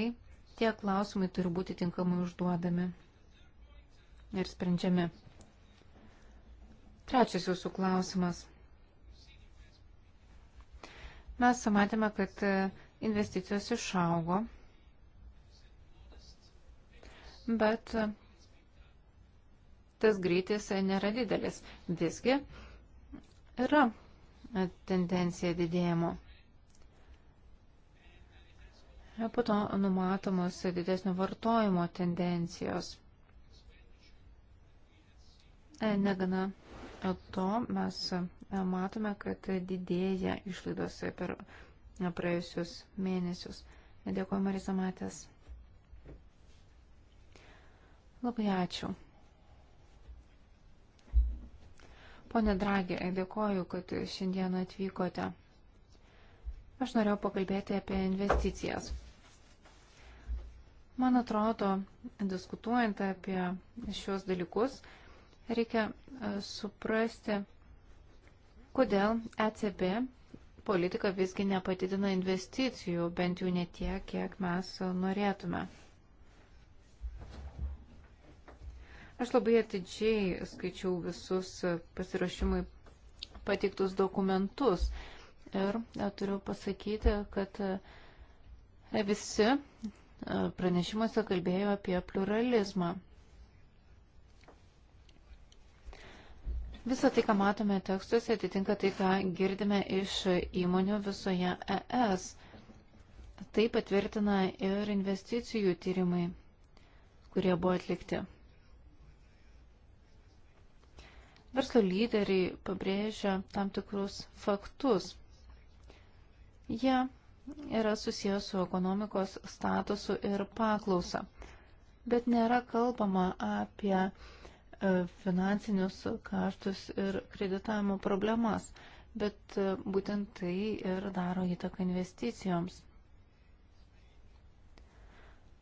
tie klausimai turi būti tinkamai užduodami ir sprendžiami. Trečias jūsų klausimas. Mes matėme, kad investicijos išaugo, bet tas greitis nėra didelis. Visgi yra tendencija didėjimo. Po to numatomos didesnio vartojimo tendencijos. Negana to mes matome, kad didėja išlaidos per praėjusius mėnesius. Dėkuoju, Marisa Matės. Labai ačiū. Pone Dragi, dėkoju, kad šiandien atvykote. Aš norėjau pakalbėti apie investicijas. Man atrodo, diskutuojant apie šios dalykus, reikia e, suprasti, kodėl ECB politika visgi nepatidina investicijų, bent jau ne tiek, kiek mes norėtume. Aš labai atidžiai skaičiau visus pasirašymui pateiktus dokumentus ir e, turiu pasakyti, kad e, visi e, pranešimuose kalbėjo apie pluralizmą. Visą tai, ką matome tekstuose, atitinka tai, ką girdime iš įmonių visoje ES. Tai patvirtina ir investicijų tyrimai, kurie buvo atlikti. Verslo lyderiai pabrėžia tam tikrus faktus. Jie yra susijęs su ekonomikos statusu ir paklausa, bet nėra kalbama apie e, finansinius kaštus ir kreditavimo problemas, bet e, būtent tai ir daro įtaką investicijoms.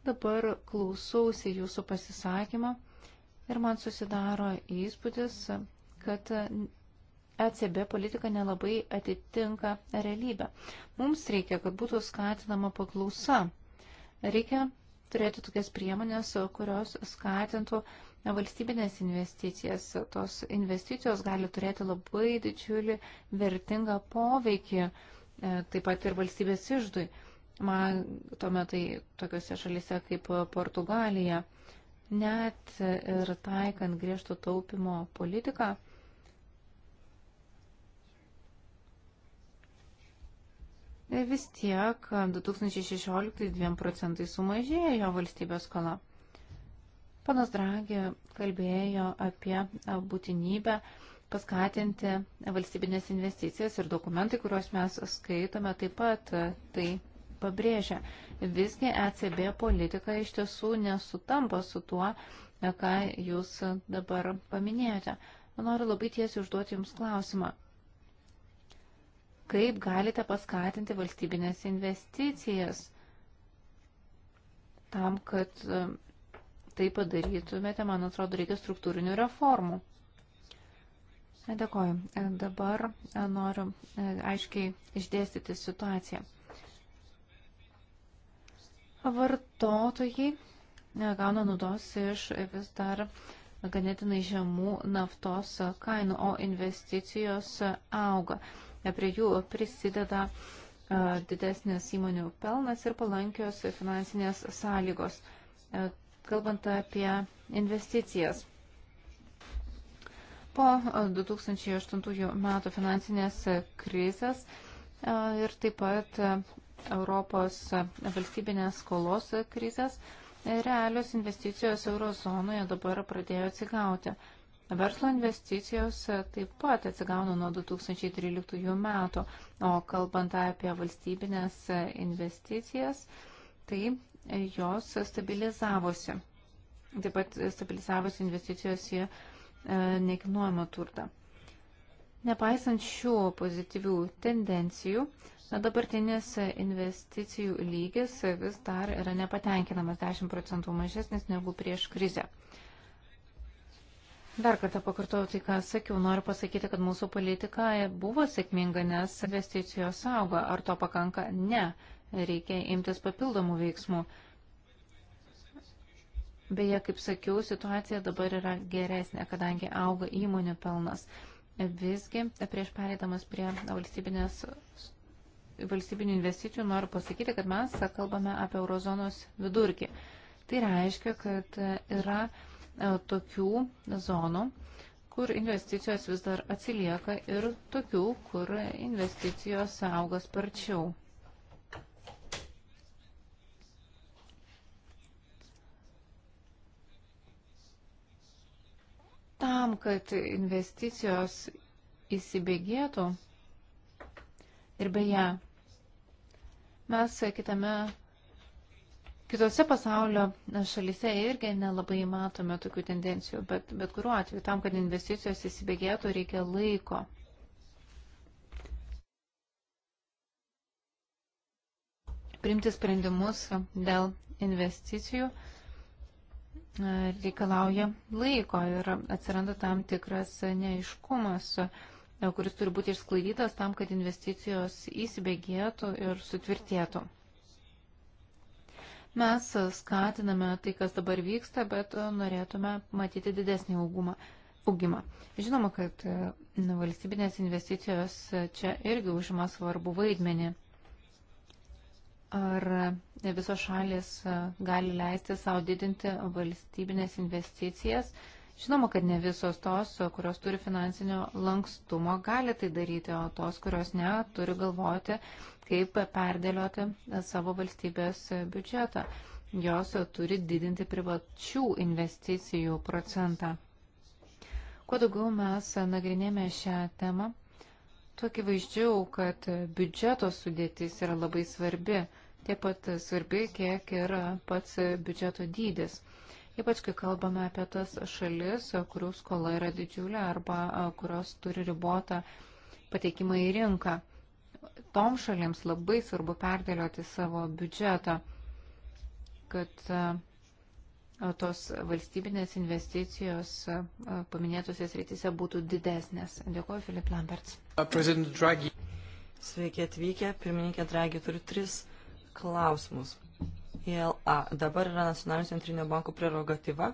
Dabar klausausi jūsų pasisakymą ir man susidaro įspūdis, kad ECB politika nelabai atitinka realybę. Mums reikia, kad būtų skatinama paklausa. Reikia turėti tokias priemonės, kurios skatintų valstybinės investicijas. Tos investicijos gali turėti labai didžiulį vertingą poveikį, e, taip pat ir valstybės išdui. Man tuomet tai tokiuose šalise kaip Portugalija, net ir taikant griežto taupimo politiką, E, vis tiek 2016 2 procentai sumažėjo valstybės skola. Panas Dragi kalbėjo apie e, būtinybę paskatinti valstybinės investicijas ir dokumentai, kuriuos mes skaitome, taip pat e, tai pabrėžia. Visgi ECB politika iš tiesų nesutampa su tuo, ką jūs dabar paminėjote. Noriu labai tiesiai užduoti Jums klausimą. Kaip galite paskatinti valstybinės investicijas tam, kad e, tai padarytumėte, man atrodo, reikia struktūrinių reformų. E, dėkoju. E, dabar noriu aiškiai išdėstyti situaciją. Vartotojai gauna naudos iš vis dar ganėtinai žemų naftos kainų, o investicijos auga prie jų prisideda didesnis įmonių pelnas ir palankios finansinės sąlygos. Kalbant apie investicijas. Po 2008 metų finansinės krizės ir taip pat Europos valstybinės skolos krizės realios investicijos eurozonoje dabar pradėjo atsigauti. Verslo investicijos e, taip pat atsigauna nuo 2013 metų, o kalbant apie valstybinės e, investicijas, tai e, jos stabilizavosi. Taip pat stabilizavosi investicijos į nekilnojamą turtą. Nepaisant šių pozityvių tendencijų, dabartinis investicijų lygis vis dar yra nepatenkinamas 10 procentų mažesnis negu prieš krizę. Dar kartą pakartoju tai, ką sakiau. Noriu pasakyti, kad mūsų politika buvo sėkminga, nes investicijos auga. Ar to pakanka? Ne. Reikia imtis papildomų veiksmų. Beje, kaip sakiau, situacija dabar yra geresnė, kadangi auga įmonių pelnas. Visgi, prieš pereidamas prie valstybinės valstybinių investicijų noriu pasakyti, kad mes kalbame apie eurozonos vidurkį. Tai reiškia, kad yra E, tokių zonų, kur investicijos vis dar atsilieka ir tokių, kur investicijos auga sparčiau. Tam, kad investicijos įsibėgėtų ir beje, mes kitame Kitose pasaulio šalyse irgi nelabai matome tokių tendencijų, bet, bet kuriuo atveju tam, kad investicijos įsibėgėtų, reikia laiko. Primti sprendimus dėl investicijų e, reikalauja laiko ir atsiranda tam tikras neiškumas, e, kuris turi būti išsklaidytas tam, kad investicijos įsibėgėtų ir sutvirtėtų. Mes skatiname tai, kas dabar vyksta, bet norėtume matyti didesnį augumą. Augimą. Žinoma, kad e, valstybinės investicijos čia irgi užima svarbu vaidmenį. Ar visos šalis e, gali leisti savo didinti valstybinės investicijas? Uh, Žinoma, kad ne visos tos, kurios turi finansinio lankstumo, gali tai daryti, o tos, kurios ne, turi galvoti, kaip perdėlioti savo valstybės biudžetą. Jos turi didinti privačių investicijų procentą. Kuo daugiau mes nagrinėme šią temą, tuo akivaizdžiau, kad biudžeto sudėtis yra labai svarbi, taip pat svarbi, kiek yra pats biudžeto dydis ypač kai kalbame apie tas šalis, kurių skola yra didžiulė arba kurios turi ribotą pateikimą į rinką. Tom šalims labai svarbu perdėlioti savo biudžetą, kad tos valstybinės investicijos paminėtose srityse būtų didesnės. Dėkuoju, Filip Lamberts. Uh, Sveiki atvykę, pirmininkė Dragi, turiu tris klausimus. ILA dabar yra nacionalinio centrinio banko prerogatyva,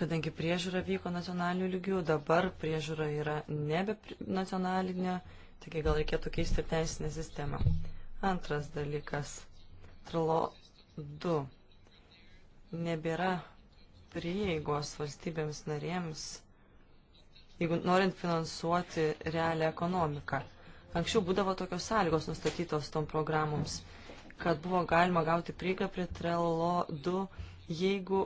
kadangi priežiūra vyko nacionaliniu lygiu, dabar priežiūra yra nebe nacionalinė, taigi gal reikėtų keisti ir teisinę sistemą. Antras dalykas. Trilo 2. Nebėra prieigos valstybėms narėms, jeigu norint finansuoti realią ekonomiką. Anksčiau būdavo tokios sąlygos nustatytos tom programoms kad buvo galima gauti prieigą prie Trello 2, jeigu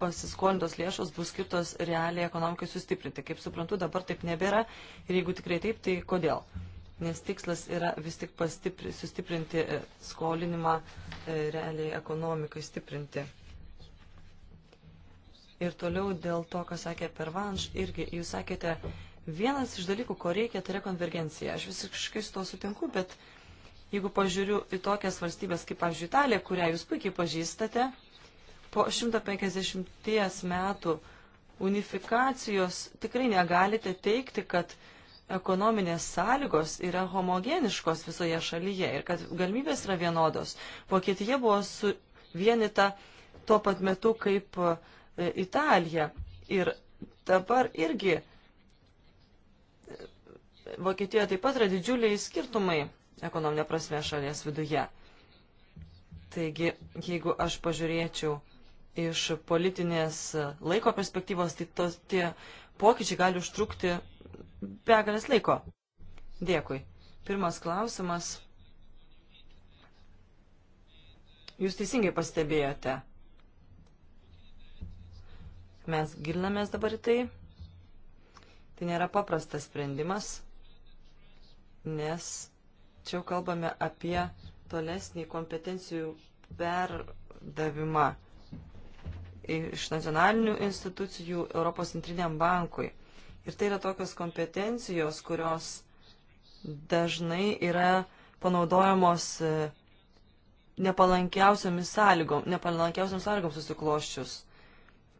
pasiskolintos lėšos bus skirtos realiai ekonomikai sustiprinti. Kaip suprantu, dabar taip nebėra ir jeigu tikrai taip, tai kodėl? Nes tikslas yra vis tik pastipri, sustiprinti e, skolinimą e, realiai ekonomikai stiprinti. Ir toliau dėl to, ką sakė Pervanš, irgi jūs sakėte, vienas iš dalykų, ko reikia, tai yra konvergencija. Aš visiškai su to sutinku, bet uh, Jeigu pažiūriu į tokias valstybės kaip, pavyzdžiui, Italija, kurią jūs puikiai pažįstate, po 150 metų unifikacijos tikrai negalite teikti, kad ekonominės sąlygos yra homogeniškos visoje šalyje ir kad galimybės yra vienodos. Vokietija buvo suvienita tuo pat metu kaip e, Italija. Ir dabar irgi e, Vokietijoje taip pat yra didžiuliai skirtumai ekonominė prasme šalies viduje. Taigi, jeigu aš pažiūrėčiau iš politinės laiko perspektyvos, tai tos, tie pokyčiai gali užtrukti begalės laiko. Dėkui. Pirmas klausimas. Jūs teisingai pastebėjote. Mes gilinamės dabar į tai. Tai nėra paprastas sprendimas, nes Čia kalbame apie tolesnį kompetencijų perdavimą iš nacionalinių institucijų Europos centriniam bankui. Ir tai yra tokios kompetencijos, kurios dažnai yra panaudojamos e, nepalankiausiamis sąlygom, nepalankiausiamis sąlygom susikloščius.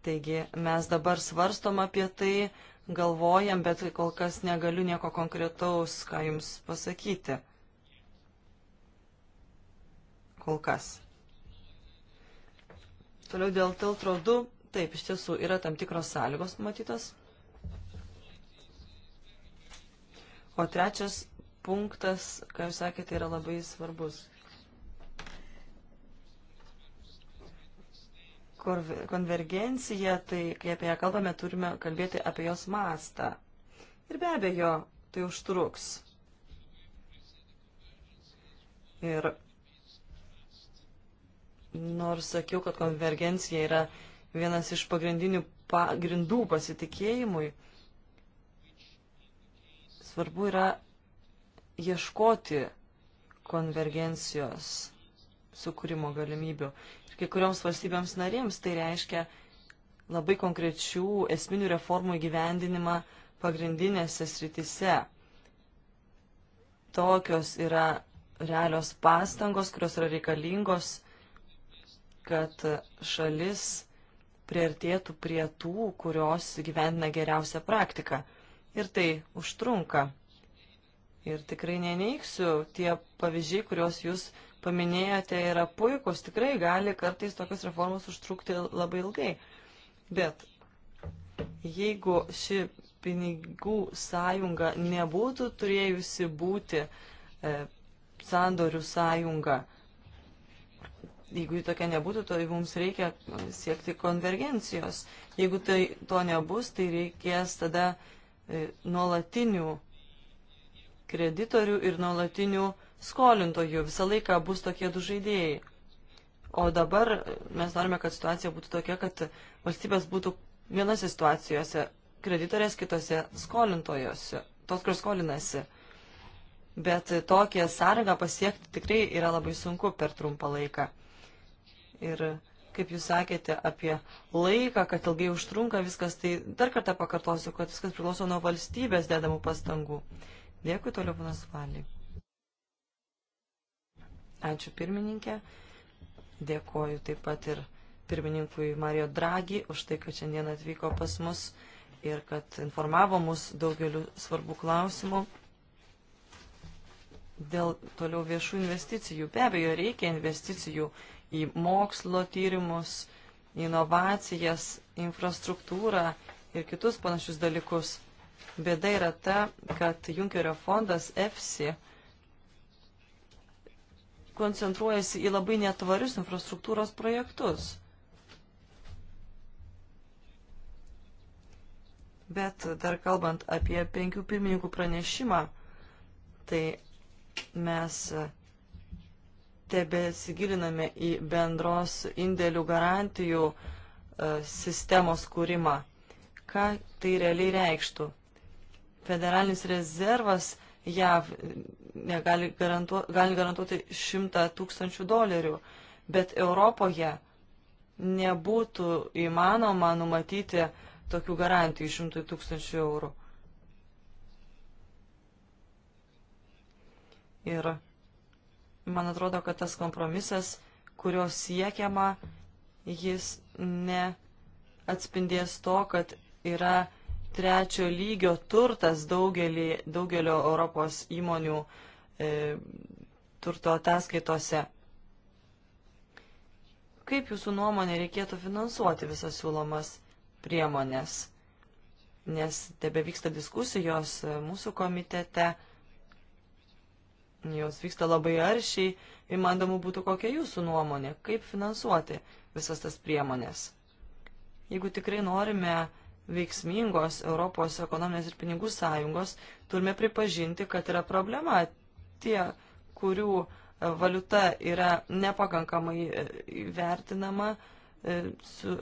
Taigi mes dabar svarstom apie tai, galvojam, bet kol kas negaliu nieko konkretaus, ką jums pasakyti kol kas. Toliau dėl Teltro 2, taip, iš tiesų yra tam tikros sąlygos matytos. O trečias punktas, ką jūs sakėte, yra labai svarbus. Konvergencija, tai kai apie ją kalbame, turime kalbėti apie jos mastą. Ir be abejo, tai užtruks. Ir Nors sakiau, kad konvergencija yra vienas iš pagrindinių pagrindų pasitikėjimui, svarbu yra ieškoti konvergencijos sukūrimo galimybių. Ir kai kurioms valstybėms narėms tai reiškia labai konkrečių esminių reformų įgyvendinimą pagrindinėse sritise. Tokios yra realios pastangos, kurios yra reikalingos kad šalis priartėtų prie tų, kurios gyvena geriausią praktiką. Ir tai užtrunka. Ir tikrai neneiksiu, tie pavyzdžiai, kuriuos jūs paminėjote, yra puikus, tikrai gali kartais tokios reformos užtrukti labai ilgai. Bet jeigu ši pinigų sąjunga nebūtų turėjusi būti e, sandorių sąjunga, e, jeigu ji tokia nebūtų, tai mums reikia siekti konvergencijos. Jeigu tai to nebus, tai reikės tada e, nuolatinių kreditorių ir nuolatinių skolintojų. Visą laiką bus tokie du žaidėjai. O dabar e, mes norime, kad situacija būtų tokia, kad valstybės būtų vienose situacijose kreditorės, kitose skolintojose, tos, kur skolinasi. Bet tokią sąrangą pasiekti tikrai yra labai sunku per trumpą laiką. Ir kaip jūs sakėte apie laiką, kad ilgai užtrunka viskas, tai dar kartą pakartosiu, kad viskas priklauso nuo valstybės dedamų pastangų. Dėkui toliau, panas Valiai. Ačiū pirmininkė. Dėkoju taip pat ir pirmininkui Mario Draghi už tai, kad šiandien atvyko pas mus ir kad informavo mus daugeliu svarbių klausimų. Dėl toliau viešų investicijų. Be abejo, reikia investicijų į mokslo tyrimus, inovacijas, infrastruktūrą ir kitus panašius dalykus. Bėda yra ta, kad Junkerio fondas EFSI koncentruojasi į labai netvarius infrastruktūros projektus. Bet dar kalbant apie penkių pirmininkų pranešimą, tai mes tebesigiliname į bendros indėlių garantijų e, sistemos kūrimą. Ką tai realiai reikštų? Federalinis rezervas JAV negali garantuo, gali garantuoti 100 tūkstančių dolerių, bet Europoje nebūtų įmanoma numatyti tokių garantijų 100 tūkstančių eurų. Ir man atrodo, kad tas kompromisas, kurio siekiama, jis neatspindės to, kad yra trečio lygio turtas daugelį, daugelio Europos įmonių e, turto ataskaitose. Kaip jūsų nuomonė reikėtų finansuoti visas siūlomas priemonės? Nes tebe vyksta diskusijos e, mūsų komitete Jos vyksta labai aršiai, įmandomu būtų kokia jūsų nuomonė, kaip finansuoti visas tas priemonės. Jeigu tikrai norime veiksmingos Europos ekonominės ir pinigų sąjungos, turime pripažinti, kad yra problema tie, kurių e, valiuta yra nepakankamai e, vertinama e, su,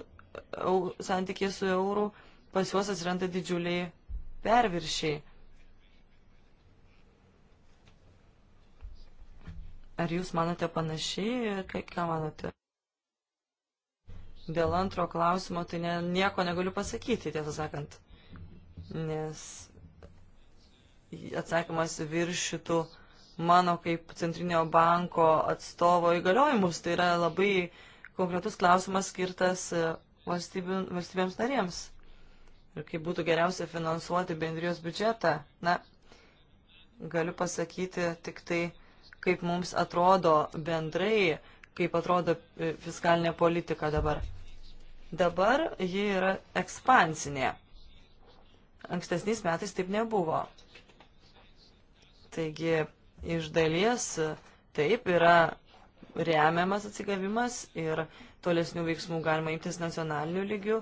au, santykė su eurų, pas juos atsiranda didžiuliai perviršiai. Ar jūs manote panašiai ir kaip ką manote? Dėl antro klausimo, tai ne, nieko negaliu pasakyti, tiesą sakant, nes atsakymas viršytų mano kaip Centrinio banko atstovo įgaliojimus. Tai yra labai konkretus klausimas skirtas e, valstybėms narėms. Ir kaip būtų geriausia finansuoti bendrijos biudžetą. Na, galiu pasakyti tik tai kaip mums atrodo bendrai, kaip atrodo e, fiskalinė politika dabar. Dabar ji yra ekspansinė. Ankstesniais metais taip nebuvo. Taigi, iš dalies taip yra remiamas atsigavimas ir tolesnių veiksmų galima imtis nacionaliniu lygiu,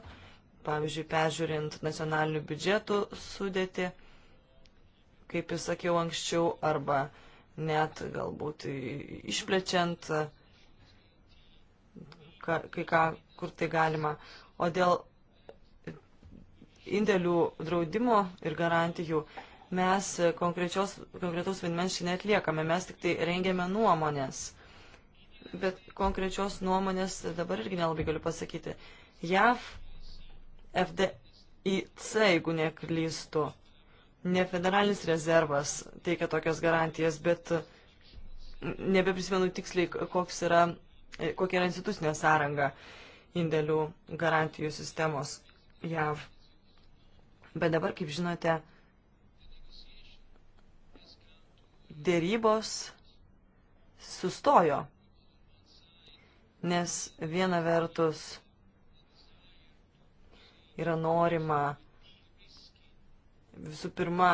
pavyzdžiui, peržiūrint nacionalinių biudžetų sudėti, kaip ir sakiau anksčiau, arba uh, net galbūt išplečiant kai ką, kur tai galima. O dėl indėlių draudimo ir garantijų mes konkretaus vaidmens čia netliekame, mes tik tai rengiame nuomonės. Bet konkrečios nuomonės dabar irgi nelabai galiu pasakyti. JAV FDIC, jeigu neklystu, Ne federalinis rezervas teikia tokias garantijas, bet nebeprisimenu tiksliai, koks yra, e, kokia yra institucinė sąranga indėlių garantijų sistemos JAV. Bet dabar, kaip žinote, dėrybos sustojo, nes viena vertus yra norima visų pirma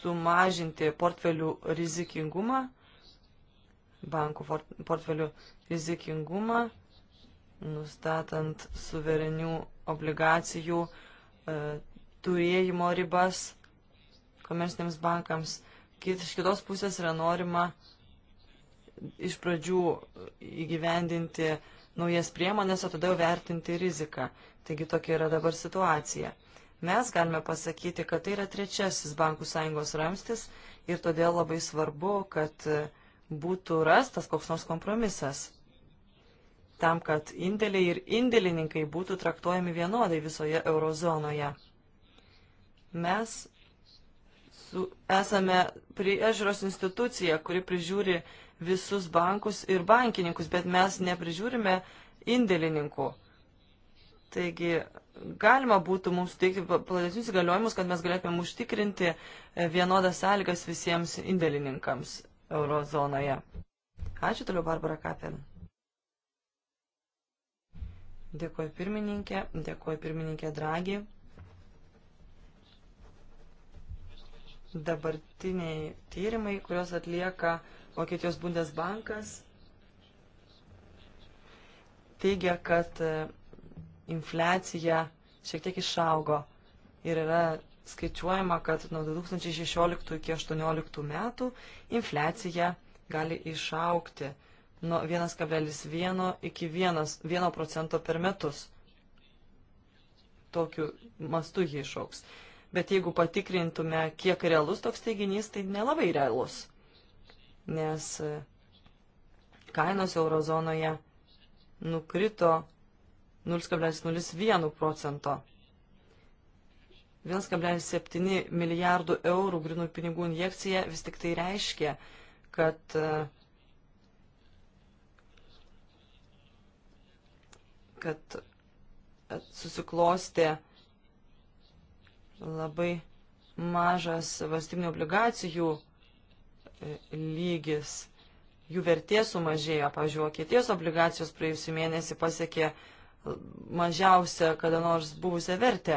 sumažinti portfelių rizikingumą, bankų portfelių rizikingumą, nustatant suverenių obligacijų e, turėjimo ribas komerciniams bankams. Kit, iš kitos pusės yra norima iš pradžių įgyvendinti naujas priemonės, o tada jau vertinti riziką. Taigi tokia yra dabar situacija. Mes galime pasakyti, kad tai yra trečiasis bankų sąjungos ramstis ir todėl labai svarbu, kad būtų rastas koks nors kompromisas tam, kad indėliai ir indėlininkai būtų traktuojami vienodai visoje eurozonoje. Mes su, esame priežiūros institucija, kuri prižiūri visus bankus ir bankininkus, bet mes neprižiūrime indėlininkų. Taigi galima būtų mums teikti platesnius įgaliojimus, kad mes galėtumėm užtikrinti e, vienodas sąlygas visiems indėlininkams eurozonoje. Ačiū toliau, Barbara Kapel. Dėkuoju pirmininkė, dėkuoju pirmininkė Dragi. Dabartiniai tyrimai, kuriuos atlieka Vokietijos Bundesbankas, teigia, kad e, infliacija šiek tiek išaugo ir yra skaičiuojama, kad nuo 2016 iki 2018 metų infliacija gali išaukti nuo 1,1 iki 1, 1 procento per metus. Tokiu mastu jį išauks. Bet jeigu patikrintume, kiek realus toks teiginys, tai nelabai realus. Nes kainos eurozonoje nukrito 0,01 procento. 1,7 milijardų eurų grinų pinigų injekcija vis tik tai reiškia, kad kad susiklostė labai mažas valstybinio obligacijų e, lygis. Jų vertė sumažėjo. Pavyzdžiui, Vokietijos obligacijos praėjusį mėnesį pasiekė mažiausią kada nors buvusią vertę.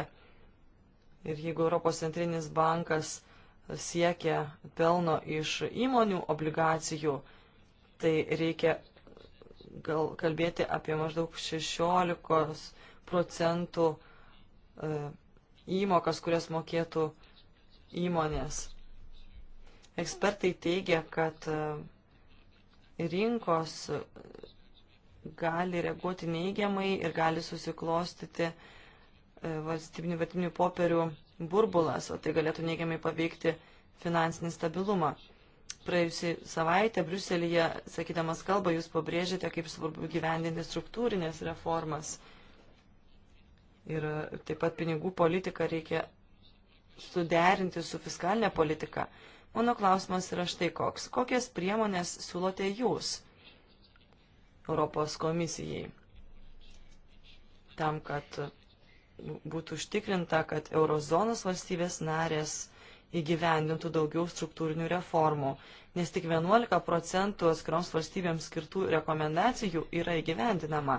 Ir jeigu Europos centrinis bankas siekia pelno iš įmonių obligacijų, tai reikia gal kalbėti apie maždaug 16 procentų e, įmokas, kurias mokėtų įmonės. Ekspertai teigia, kad e, rinkos gali reaguoti neigiamai ir gali susiklostyti e, valstybinių vertinių popierių burbulas, o tai galėtų neigiamai paveikti finansinį stabilumą. Praėjusią savaitę Briuselėje, sakydamas kalbą, jūs pabrėžėte, kaip svarbu gyvendinti struktūrinės reformas. Ir taip pat pinigų politiką reikia suderinti su fiskalinė politika. Mano klausimas yra štai koks. Kokias priemonės siūlote jūs? Europos komisijai. Tam, kad būtų užtikrinta, kad eurozonos valstybės narės įgyvendintų daugiau struktūrinių reformų, nes tik 11 procentų atskiroms valstybėms skirtų rekomendacijų yra įgyvendinama.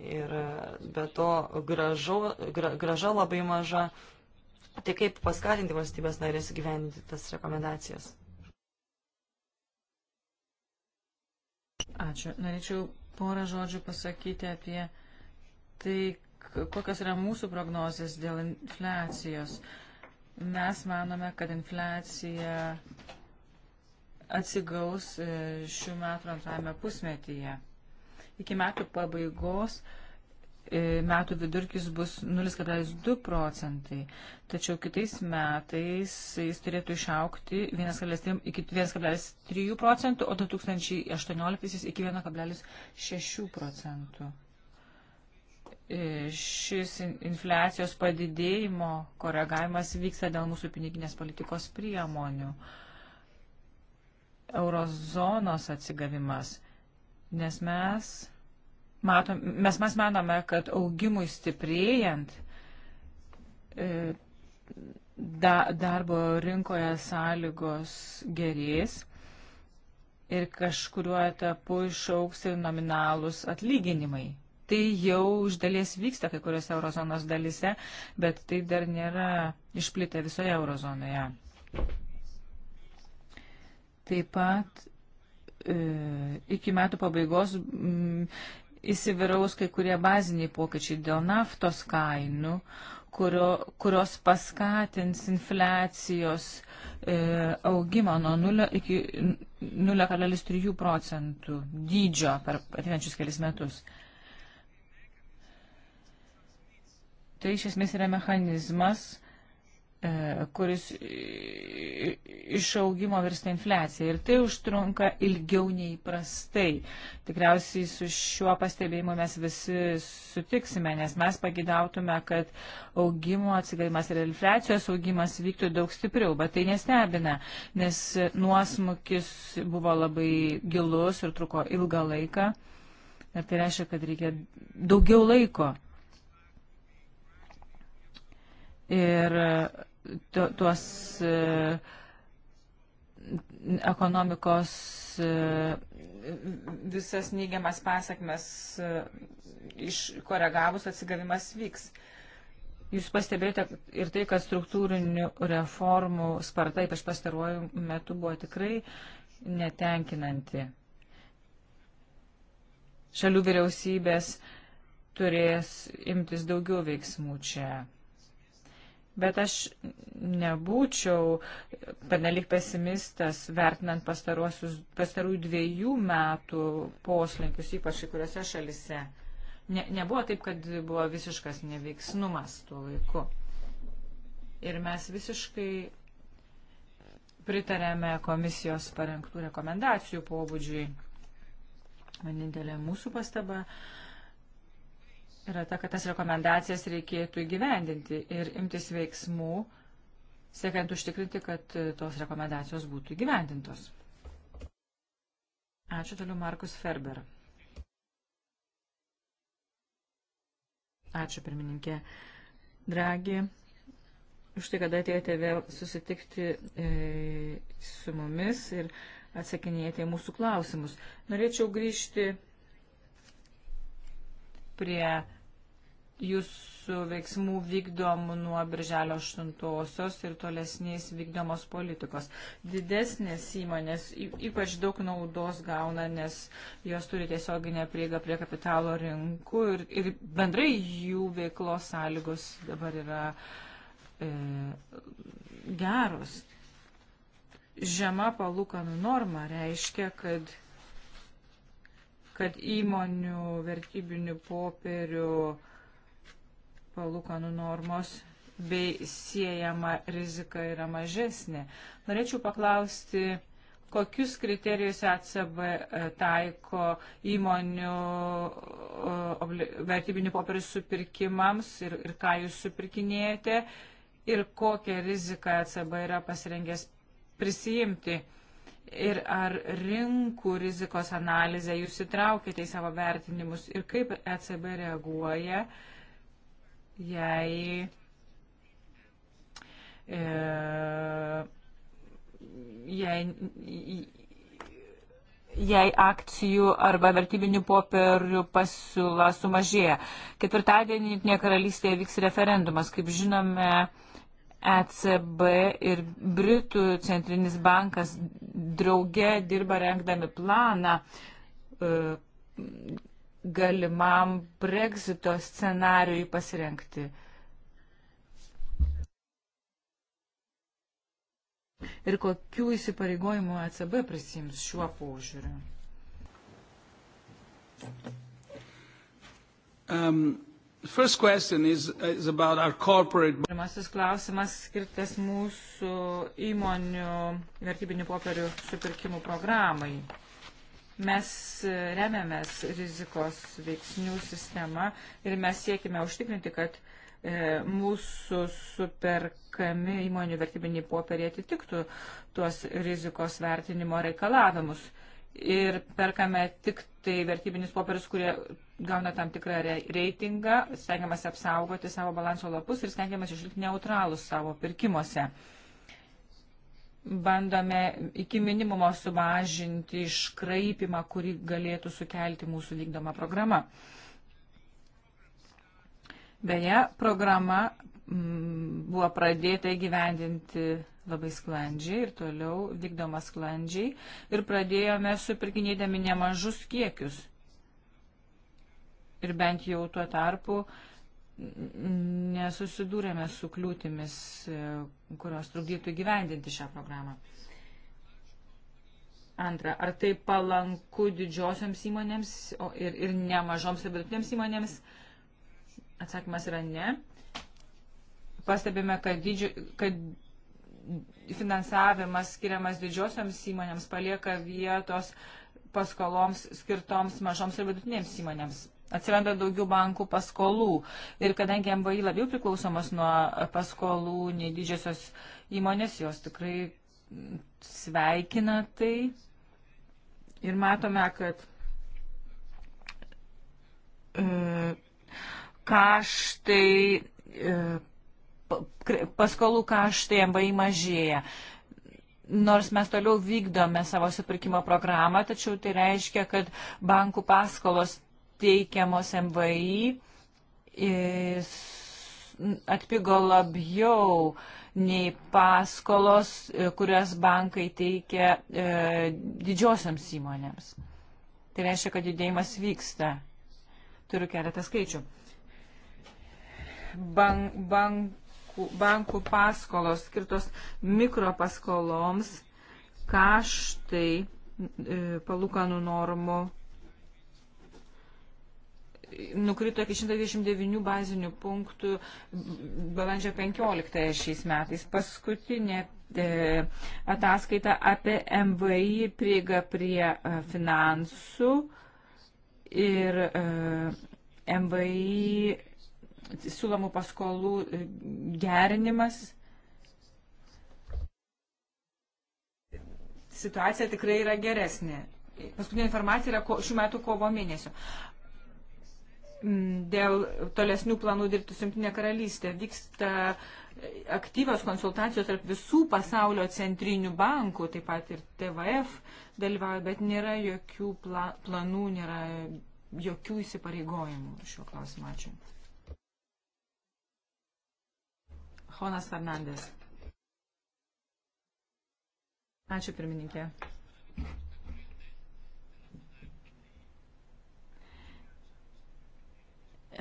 Ir e, be to gražo, gra, graža labai maža. Tai kaip paskatinti valstybės narės įgyvendinti tas rekomendacijas? Ačiū. Norėčiau porą žodžių pasakyti apie tai, kokios yra mūsų prognozijas dėl infliacijos. Mes manome, kad infliacija atsigaus e, šių metų antrajame pusmetyje. Iki metų pabaigos uh, E, metų vidurkis bus 0,2 procentai, tačiau kitais metais jis turėtų išaukti 1,3, iki 1,3 procentų, o 2018 iki 1,6 procentų. E, šis infliacijos padidėjimo koregavimas vyksta dėl mūsų piniginės politikos priemonių. Eurozonos atsigavimas, nes mes matom, mes, mes manome, kad augimui stiprėjant e, da, darbo rinkoje sąlygos gerės ir kažkuriuo etapu išauks ir nominalūs atlyginimai. Tai jau iš dalies vyksta kai kuriuose eurozonos dalise, bet tai dar nėra išplitę visoje eurozonoje. Taip pat e, iki metų pabaigos įsivyraus kai kurie baziniai pokyčiai dėl naftos kainų, kurio, kurios paskatins infliacijos e, augimą nuo 0 iki 0,3 procentų dydžio per ateinančius kelis metus. Tai iš esmės yra mechanizmas, e, kuris iš augimo virsta infliacija. Ir tai užtrunka ilgiau nei įprastai. Tikriausiai su šiuo pastebėjimu mes visi sutiksime, nes mes pagidautume, kad augimo atsigavimas ir infliacijos augimas vyktų daug stipriau, bet tai nestebina, nes nuosmukis buvo labai gilus ir truko ilgą laiką. Ir tai reiškia, kad reikia daugiau laiko. Ir tuos uh, ekonomikos e, visas neigiamas pasakmes e, iškoregavus atsigavimas vyks. Jūs pastebėjote ir tai, kad struktūrinių reformų sparta, ypač pastaruoju metu, buvo tikrai netenkinanti. Šalių vyriausybės turės imtis daugiau veiksmų čia. Bet aš nebūčiau pernelik pesimistas, vertinant pastarųjų dviejų metų poslinkius, ypač kai kuriuose šalise. Ne, nebuvo taip, kad buvo visiškas neveiksnumas tuo laiku. Ir mes visiškai pritarėme komisijos parengtų rekomendacijų pobūdžiui. Vienintelė mūsų pastaba. Uh, yra ta, kad tas rekomendacijas reikėtų įgyvendinti ir imtis veiksmų, siekiant užtikrinti, kad e, tos rekomendacijos būtų įgyvendintos. Ačiū toliau Markus Ferber. Ačiū pirmininkė. Dragi, už tai, kad atėjote vėl susitikti e, su mumis ir atsakinėjate į mūsų klausimus. Norėčiau grįžti prie jūsų veiksmų vykdomų nuo birželio 8-osios ir tolesnės vykdomos politikos. Didesnės įmonės ypač daug naudos gauna, nes jos turi tiesioginę prieigą prie kapitalo rinkų ir, ir bendrai jų veiklos sąlygos dabar yra e, geros. Žema palūkanų norma reiškia, kad kad įmonių vertybinių popierių palūkanų normos bei siejama rizika yra mažesnė. Norėčiau paklausti, kokius kriterijus ECB e, taiko įmonių e, vertybinių popierių supirkimams ir, ir ką jūs supirkinėjate ir kokią riziką ECB yra pasirengęs prisijimti ir ar rinkų rizikos analizę jūs įtraukite į savo vertinimus ir kaip ECB reaguoja, jei e, jei, jei akcijų arba vertybinių popierių pasiūla sumažėja. Ketvirtadienį Junktinėje karalystėje vyks referendumas. Kaip žinome, e, ECB ir Britų centrinis bankas drauge dirba rengdami planą e, galimam Brexito scenariui pasirengti. Ir kokių įsipareigojimų ECB prisims šiuo požiūriu? Um. Pirmasis klausimas skirtas mūsų įmonių vertybinių popierių supirkimų programai. Mes remiamės rizikos veiksnių sistema ir mes siekime užtikrinti, kad e, mūsų superkami įmonių vertybiniai popieriai atitiktų tuos rizikos vertinimo reikalavimus. E, ir perkame tik tai vertybinius popierius, kurie gauna tam tikrą reitingą, stengiamas apsaugoti savo balanso lapus ir stengiamas išlikti neutralus savo pirkimuose. Bandome iki minimumo sumažinti iškraipimą, kurį galėtų sukelti mūsų vykdoma programa. Beje, programa m, buvo pradėta įgyvendinti labai sklandžiai ir toliau vykdoma sklandžiai ir pradėjome supirkinėdami nemažus kiekius. Ir bent jau tuo tarpu nesusidūrėme su kliūtimis, e, kurios trukdytų gyvendinti šią programą. Antra, ar tai palanku didžiosioms įmonėms ir, ir nemažoms ir vidutinėms įmonėms? Atsakymas yra ne. Pastebime, kad, didžio, kad finansavimas skiriamas didžiosioms įmonėms palieka vietos paskoloms skirtoms mažoms ir vidutinėms įmonėms. Atsiranda daugiau bankų paskolų ir kadangi MVI labiau priklausomos nuo paskolų nei didžiosios įmonės, jos tikrai sveikina tai ir matome, kad e, kaštai e, paskolų kaštai MVI mažėja. Nors mes toliau vykdome savo supirkimo programą, tačiau tai reiškia, kad bankų paskolos teikiamos MVI atpigo labiau nei paskolos, e, kurias bankai teikia e, didžiosiams įmonėms. Tai reiškia, kad judėjimas vyksta. Turiu keletą skaičių. Bank, bank, bankų, bankų paskolos skirtos mikropaskoloms, kaštai e, palūkanų normų nukrito iki 129 bazinių punktų balandžio 15 šiais metais. Paskutinė e, ataskaita apie MVI prieiga prie e, finansų ir e, MVI siūlomų paskolų e, gerinimas. Situacija tikrai yra geresnė. Paskutinė informacija yra ko, šių metų kovo mėnesio. Mm, dėl tolesnių planų dirbti su Junktinė karalystė vyksta aktyvios konsultacijos tarp visų pasaulio centrinių bankų, taip pat ir TVF dalyvauja, bet nėra jokių pla planų, nėra jokių įsipareigojimų šiuo klausimu. Ačiū. Jonas Fernandės. Ačiū pirmininkė.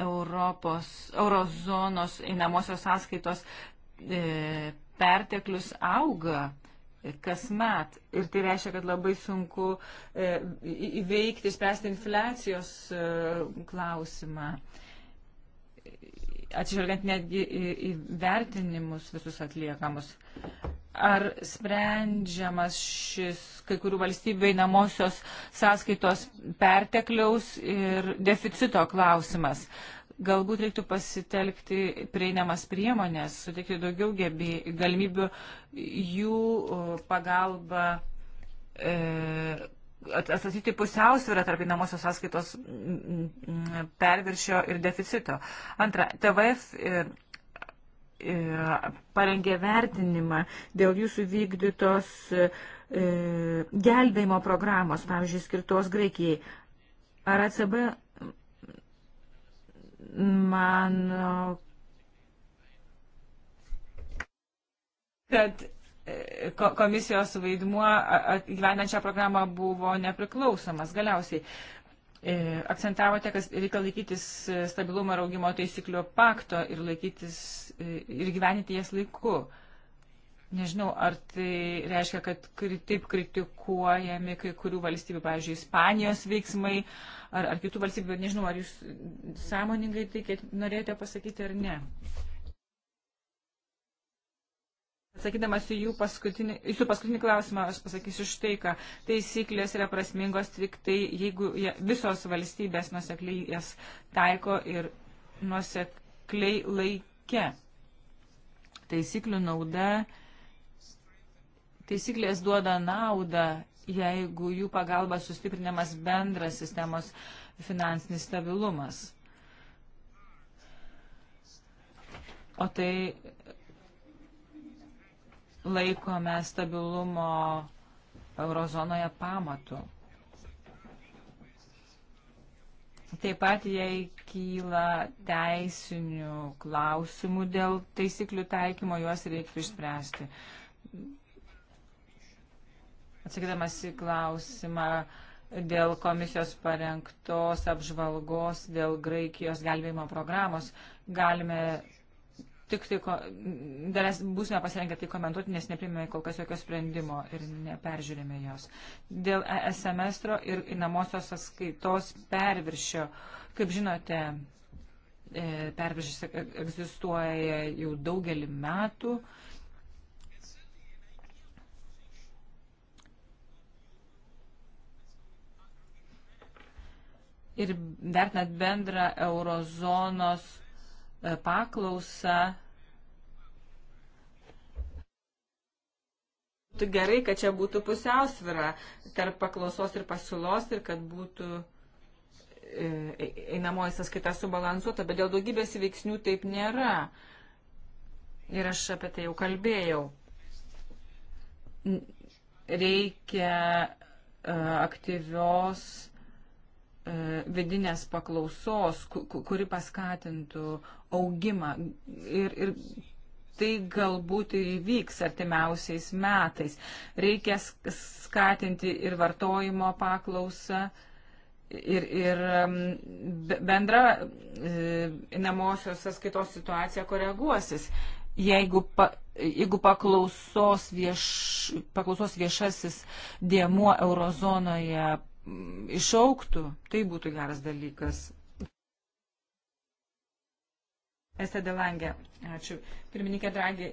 Europos, eurozonos einamosios sąskaitos e, perteklius auga kasmet. Ir tai reiškia, kad labai sunku e, įveikti, spręsti infliacijos e, klausimą. E, atsižvelgiant netgi į, į vertinimus visus atliekamus. Ar sprendžiamas šis kai kurių valstybių einamosios sąskaitos pertekliaus ir deficito klausimas? Galbūt reiktų pasitelkti prieinamas priemonės, suteikti daugiau gebė, galimybių jų pagalba e, atstatyti pusiausvyrą tarp įnamosios sąskaitos perviršio ir deficito. Antra, TVF ir, e, ir e, parengė vertinimą dėl jūsų vykdytos e, e, gelbėjimo programos, pavyzdžiui, skirtos Graikijai. Ar ACB mano, kad komisijos vaidmuo gyvenančią programą buvo nepriklausomas. Galiausiai e, akcentavote, kad reikia laikytis stabilumo ir augimo taisyklių pakto ir laikytis e, ir gyveninti jas laiku. Nežinau, ar tai reiškia, kad taip kritikuojami kai kurių valstybių, pavyzdžiui, Ispanijos veiksmai ar, ar kitų valstybių, bet nežinau, ar jūs sąmoningai tai norėjote pasakyti ar ne. Sakydamas į jų paskutinį, jūsų paskutinį klausimą, aš pasakysiu štai ką. Taisyklės yra prasmingos tik tai, jeigu visos valstybės nusekliai jas taiko ir nusekliai laikia. Taisyklių nauda, taisyklės duoda naudą, jeigu jų pagalba sustiprinamas bendras sistemos finansinis stabilumas. O tai laikome stabilumo eurozonoje pamatu. Taip pat jei kyla teisinių klausimų dėl taisyklių taikymo, juos reiktų išspręsti. Atsakydamas į klausimą dėl komisijos parengtos apžvalgos, dėl Graikijos gelbėjimo programos, galime tik tai, dar būsime pasirengę tai komentuoti, nes neprimėme kol kas jokio sprendimo ir neperžiūrėme jos. Dėl ES semestro ir namosios sąskaitos perviršio, kaip žinote, e, perviršis e, egzistuoja jau daugelį metų. Ir vertinant bendrą eurozonos E, paklausą. Gerai, kad čia būtų pusiausvira tarp paklausos ir pasiūlos ir kad būtų e, e, einamoji sąskaita subalansuota, bet dėl daugybės veiksnių taip nėra. Ir aš apie tai jau kalbėjau. Reikia aktyvios E, vidinės paklausos, kuri paskatintų augimą. Ir, ir tai galbūt ir įvyks artimiausiais metais. Reikia skatinti ir vartojimo paklausą. Ir, ir bendra e, namosios sąskaitos situacija koreguosis. Jeigu, pa, jeigu paklausos, vieš, paklausos viešasis dėmuo eurozonoje išauktų, tai būtų geras dalykas. Este Delangė, ačiū. Pirmininkė Dragė,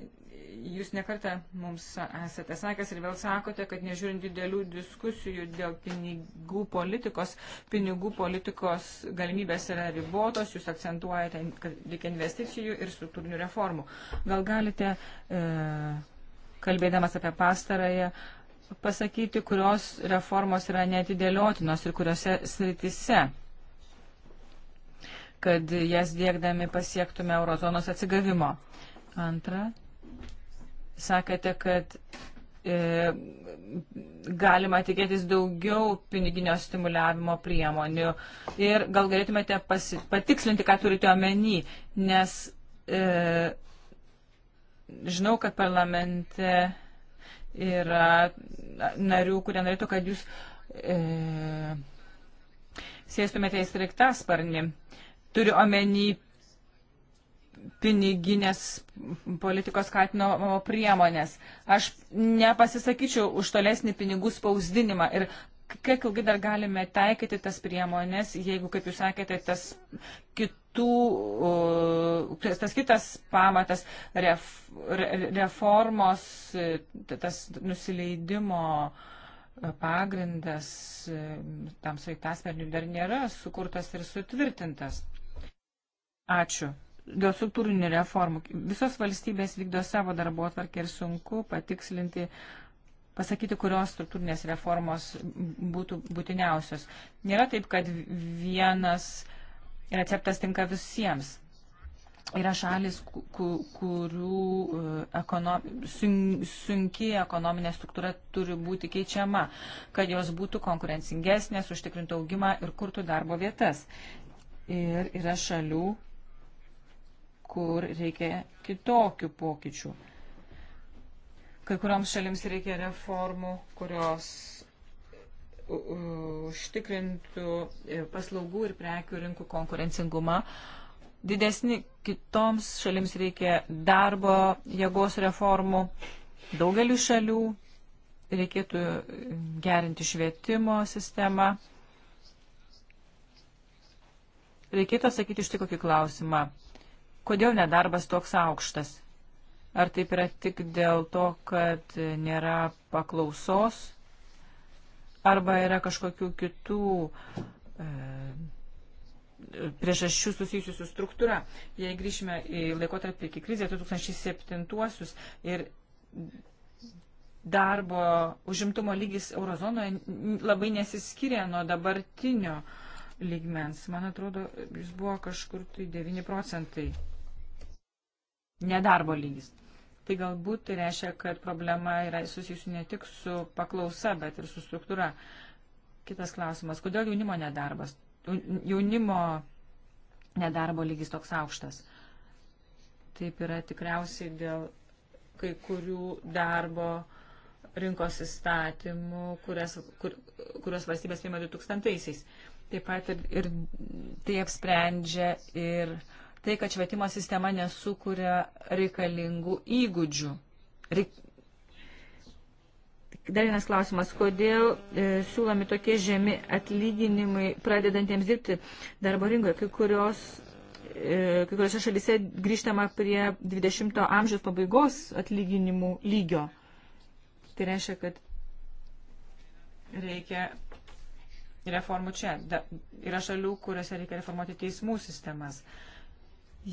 jūs nekartą mums esate sakęs ir vėl sakote, kad nežiūrint didelių diskusijų dėl pinigų politikos, pinigų politikos galimybės yra ribotos, jūs akcentuojate, kad reikia investicijų ir struktūrinių reformų. Gal galite, e, kalbėdamas apie pastarąją, e, pasakyti, kurios reformos yra netidėliotinos ir kuriuose sritise, kad jas dėkdami pasiektume eurozonos atsigavimo. Antra, sakėte, kad e, galima tikėtis daugiau piniginio stimuliavimo priemonių ir gal galėtumėte pasi, patikslinti, ką turite omeny, nes e, žinau, kad parlamente yra narių, kurie norėtų, kad jūs e, sėstumėte į sraigtasparnį. Turiu omeny piniginės politikos skatino priemonės. Aš nepasisakyčiau už tolesnį pinigų spausdinimą ir kiek ilgai dar galime taikyti tas priemonės, jeigu, kaip jūs sakėte, tas kit, kitų, tas kitas pamatas ref, reformos, e, tas nusileidimo e, pagrindas e, tam sraigtasmerniui dar nėra sukurtas ir sutvirtintas. Ačiū. Dėl struktūrinių reformų. Visos valstybės vykdo savo darbo atvarkę ir sunku patikslinti, pasakyti, kurios struktūrinės reformos būtų būtiniausios. Nėra taip, kad vienas uh, receptas tinka visiems. Yra šalis, kurių e, ekonom, sun, sunki ekonominė struktūra turi būti keičiama, kad jos būtų konkurencingesnės, užtikrintų augimą ir kurtų darbo vietas. Ir yra šalių, kur reikia kitokių pokyčių. Kai kurioms šalims reikia reformų, kurios užtikrintų e, paslaugų ir prekių rinkų konkurencingumą. Didesni kitoms šalims reikia darbo jėgos reformų. Daugeliu šalių reikėtų e, gerinti švietimo sistemą. Reikėtų atsakyti iš tik kokį klausimą. Kodėl nedarbas toks aukštas? Ar taip yra tik dėl to, kad nėra paklausos arba yra kažkokių kitų e, priežasčių susijusių su struktūra. Jei grįžime į laikotarpį iki krizės 2007 ir darbo užimtumo lygis eurozonoje labai nesiskiria nuo dabartinio lygmens. Man atrodo, jis buvo kažkur tai 9 procentai nedarbo lygis. Tai galbūt tai reiškia, kad problema yra susijusi ne tik su paklausa, bet ir su struktūra. Kitas klausimas, kodėl jaunimo nedarbas, jaunimo nedarbo lygis toks aukštas? Taip yra tikriausiai dėl kai kurių darbo rinkos įstatymų, kurias, kur, kurios valstybės priima 2000-aisiais. Taip pat ir, ir tai apsprendžia ir uh, tai, kad švietimo sistema nesukuria reikalingų įgūdžių. Reik... Dar vienas klausimas, kodėl e, siūlomi tokie žemi atlyginimai pradedantiems dirbti darbo rinkoje, kai, kurios, e, kai kuriuose šalise grįžtama prie 20-ojo amžiaus pabaigos atlyginimų lygio. Tai reiškia, kad reikia reformų čia. Da, yra šalių, kuriuose reikia reformuoti teismų sistemas. E,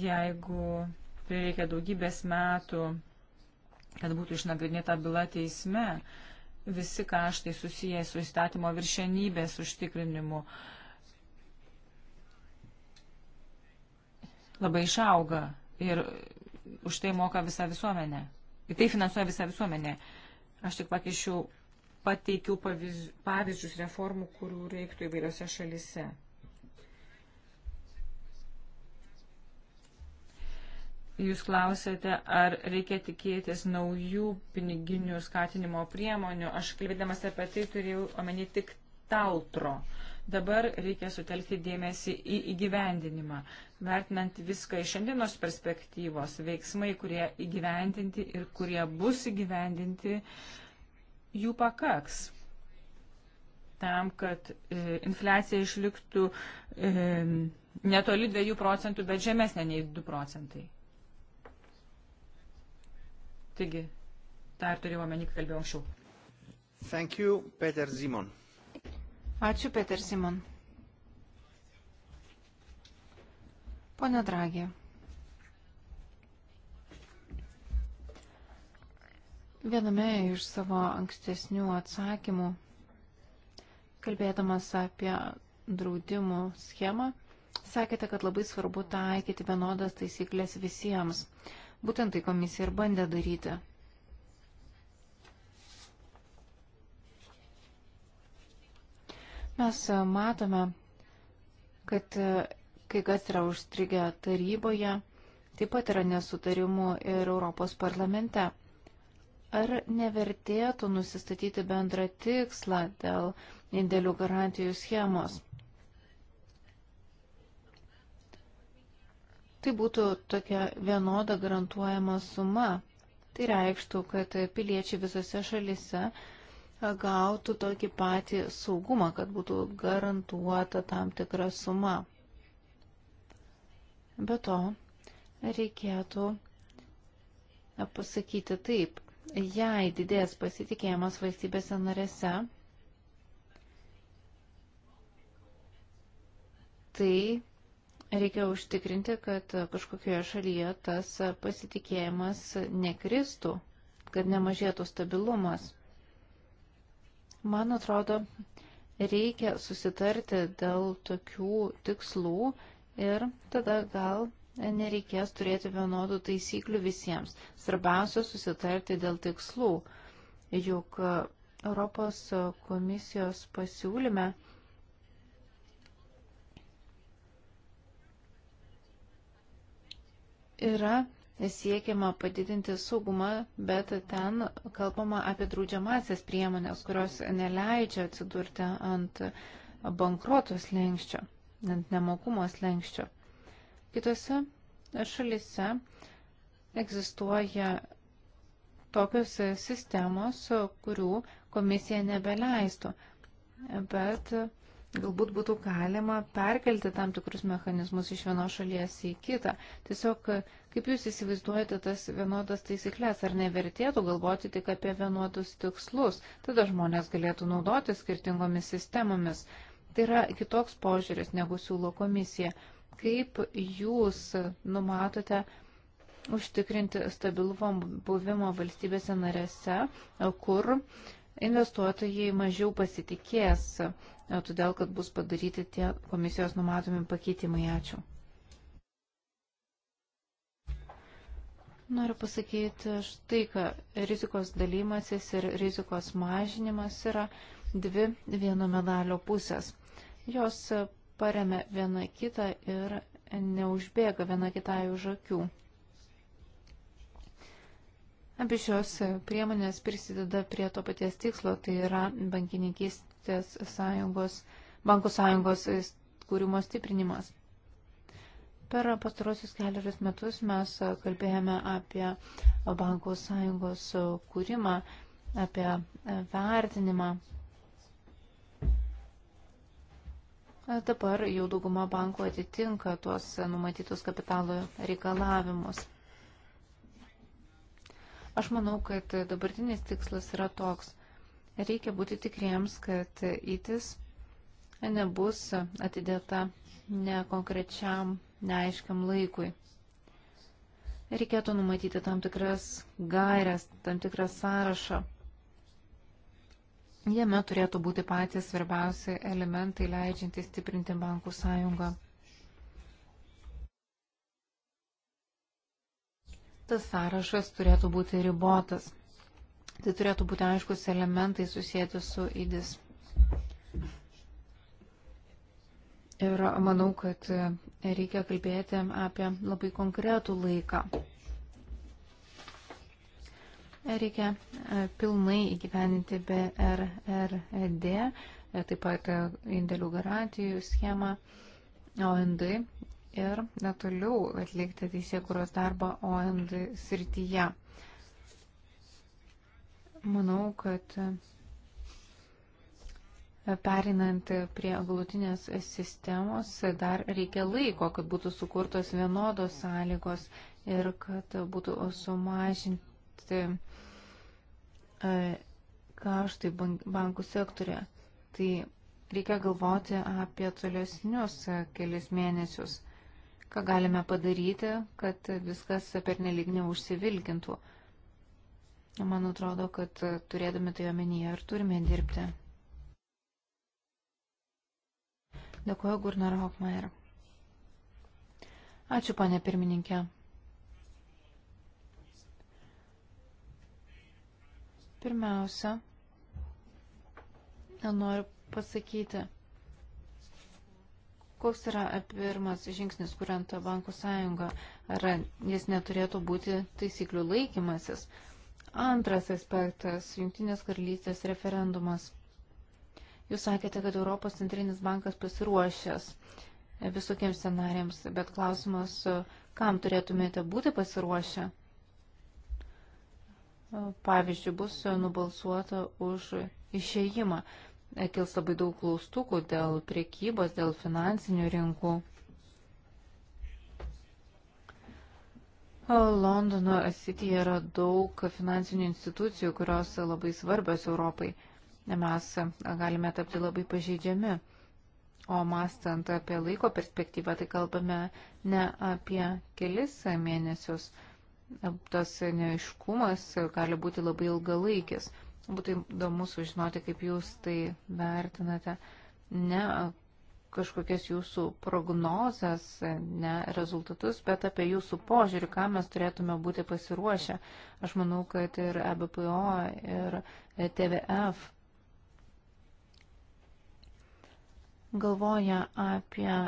Jeigu prireikia daugybės metų, kad būtų išnagrinėta byla teisme, visi kaštai susiję su įstatymo viršenybės užtikrinimu labai išauga ir už tai moka visa visuomenė. Ir tai finansuoja visa visuomenė. Aš tik pakeičiau, pateikiau pavyzdžius reformų, kurių reiktų įvairiose šalise. Jūs klausėte, ar reikia tikėtis naujų piniginių skatinimo priemonių. Aš kalbėdamas apie tai turėjau omeny tik taltro. Dabar reikia sutelkti dėmesį į įgyvendinimą, vertinant viską iš šiandienos perspektyvos, veiksmai, kurie įgyvendinti ir kurie bus įgyvendinti, jų pakaks tam, kad e, infliacija išliktų e, netoli 2 procentų, bet žemesnė nei 2 procentai. Taigi, tą ir turėjau omeny, kai kalbėjau anksčiau. Thank you, Peter Simon. Ačiū, Peter Simon. Pone Dragė. Viename iš savo ankstesnių atsakymų, kalbėdamas apie draudimų schemą, sakėte, kad labai svarbu taikyti vienodas taisyklės visiems. Uh, Būtent tai komisija ir bandė daryti. Mes e, matome, kad e, kai kas yra užstrigę taryboje, taip pat yra nesutarimų ir Europos parlamente. Ar nevertėtų nusistatyti bendrą tikslą dėl indėlių garantijų schemos? Tai būtų tokia vienoda garantuojama suma. Tai reikštų, kad piliečiai visose šalise gautų tokį patį saugumą, kad būtų garantuota tam tikra suma. Be to, reikėtų pasakyti taip, jei didės pasitikėjimas valstybėse narėse, tai reikia užtikrinti, kad kažkokioje šalyje tas pasitikėjimas nekristų, kad nemažėtų stabilumas. Man atrodo, reikia susitarti dėl tokių tikslų ir tada gal nereikės turėti vienodų taisyklių visiems. Svarbiausia susitarti dėl tikslų, juk Europos komisijos pasiūlyme yra siekiama padidinti saugumą, bet ten kalbama apie draudžiamasias priemonės, kurios neleidžia atsidurti ant bankruotos lenkščio, ant nemokumos lenkščio. Kitose šalise egzistuoja tokios sistemos, kurių komisija nebeleistų. Bet galbūt būtų galima perkelti tam tikrus mechanizmus iš vienos šalies į kitą. Tiesiog, kaip jūs įsivaizduojate tas vienodas taisyklės, ar nevertėtų galvoti tik apie vienodus tikslus, tada žmonės galėtų naudoti skirtingomis sistemomis. Tai yra kitoks požiūris, negu siūlo komisija. Kaip jūs numatote užtikrinti stabilumą buvimo valstybėse narėse, kur investuotojai mažiau pasitikės, e, todėl kad bus padaryti tie komisijos numatomi pakeitimai. Ačiū. Noriu pasakyti štai, kad rizikos dalymasis ir rizikos mažinimas yra dvi vieno medalio pusės. Jos paremia viena kitą ir neužbėga viena kitai už akių. Abi šios priemonės prisideda prie to paties tikslo, tai yra bankininkystės sąjungos, bankų sąjungos kūrimo stiprinimas. Per pastarosius keliarius metus mes kalbėjome apie bankų sąjungos kūrimą, apie vertinimą. Dabar jau dauguma bankų atitinka tuos numatytus kapitalo reikalavimus. Aš manau, kad dabartinis tikslas yra toks. Reikia būti tikriems, kad įtis nebus atidėta nekonkrečiam, neaiškiam laikui. Reikėtų numatyti tam tikras gairias, tam tikrą sąrašą. Jame turėtų būti patys svarbiausi elementai leidžiantys stiprinti bankų sąjungą. tas sąrašas turėtų būti ribotas. Tai turėtų būti aiškus elementai susijęti su įdis. Ir manau, kad reikia kalbėti apie labai konkretų laiką. Reikia pilnai įgyveninti BRRD, taip pat indėlių garantijų schemą, OND ir netoliau atlikti teisėkuros darbą OND srityje. Manau, kad e, Perinant prie galutinės sistemos dar reikia laiko, kad būtų sukurtos vienodos sąlygos ir kad būtų sumažinti e, kaštai bankų sektorė. Tai reikia galvoti apie tolesnius e, kelius mėnesius ką galime padaryti, kad viskas pernelyg neužsivilkintų. Man atrodo, kad turėdami tai omenyje ir turime dirbti. Dėkuoju Gurnar Hokmaier. Ačiū, panė pirmininkė. Pirmiausia, noriu pasakyti, Koks yra pirmas žingsnis, kuriant bankų sąjungą? Ar jis neturėtų būti taisyklių laikymasis? Antras aspektas - Junktinės karalystės referendumas. Jūs sakėte, kad Europos centrinis bankas pasiruošęs visokiems scenarijams, bet klausimas, kam turėtumėte būti pasiruošę? Pavyzdžiui, bus nubalsuota už išėjimą kils labai daug klaustukų dėl priekybos, dėl finansinių rinkų. Londono City yra daug finansinių institucijų, kurios labai svarbios Europai. Mes galime tapti labai pažeidžiami. O mastant apie laiko perspektyvą, tai kalbame ne apie kelis mėnesius. Tas neaiškumas gali būti labai ilgalaikis. Būtų įdomu sužinoti, kaip jūs tai vertinate. Ne kažkokias jūsų prognozes, ne rezultatus, bet apie jūsų požiūrį, ką mes turėtume būti pasiruošę. Aš manau, kad ir EBPO, ir TVF galvoja apie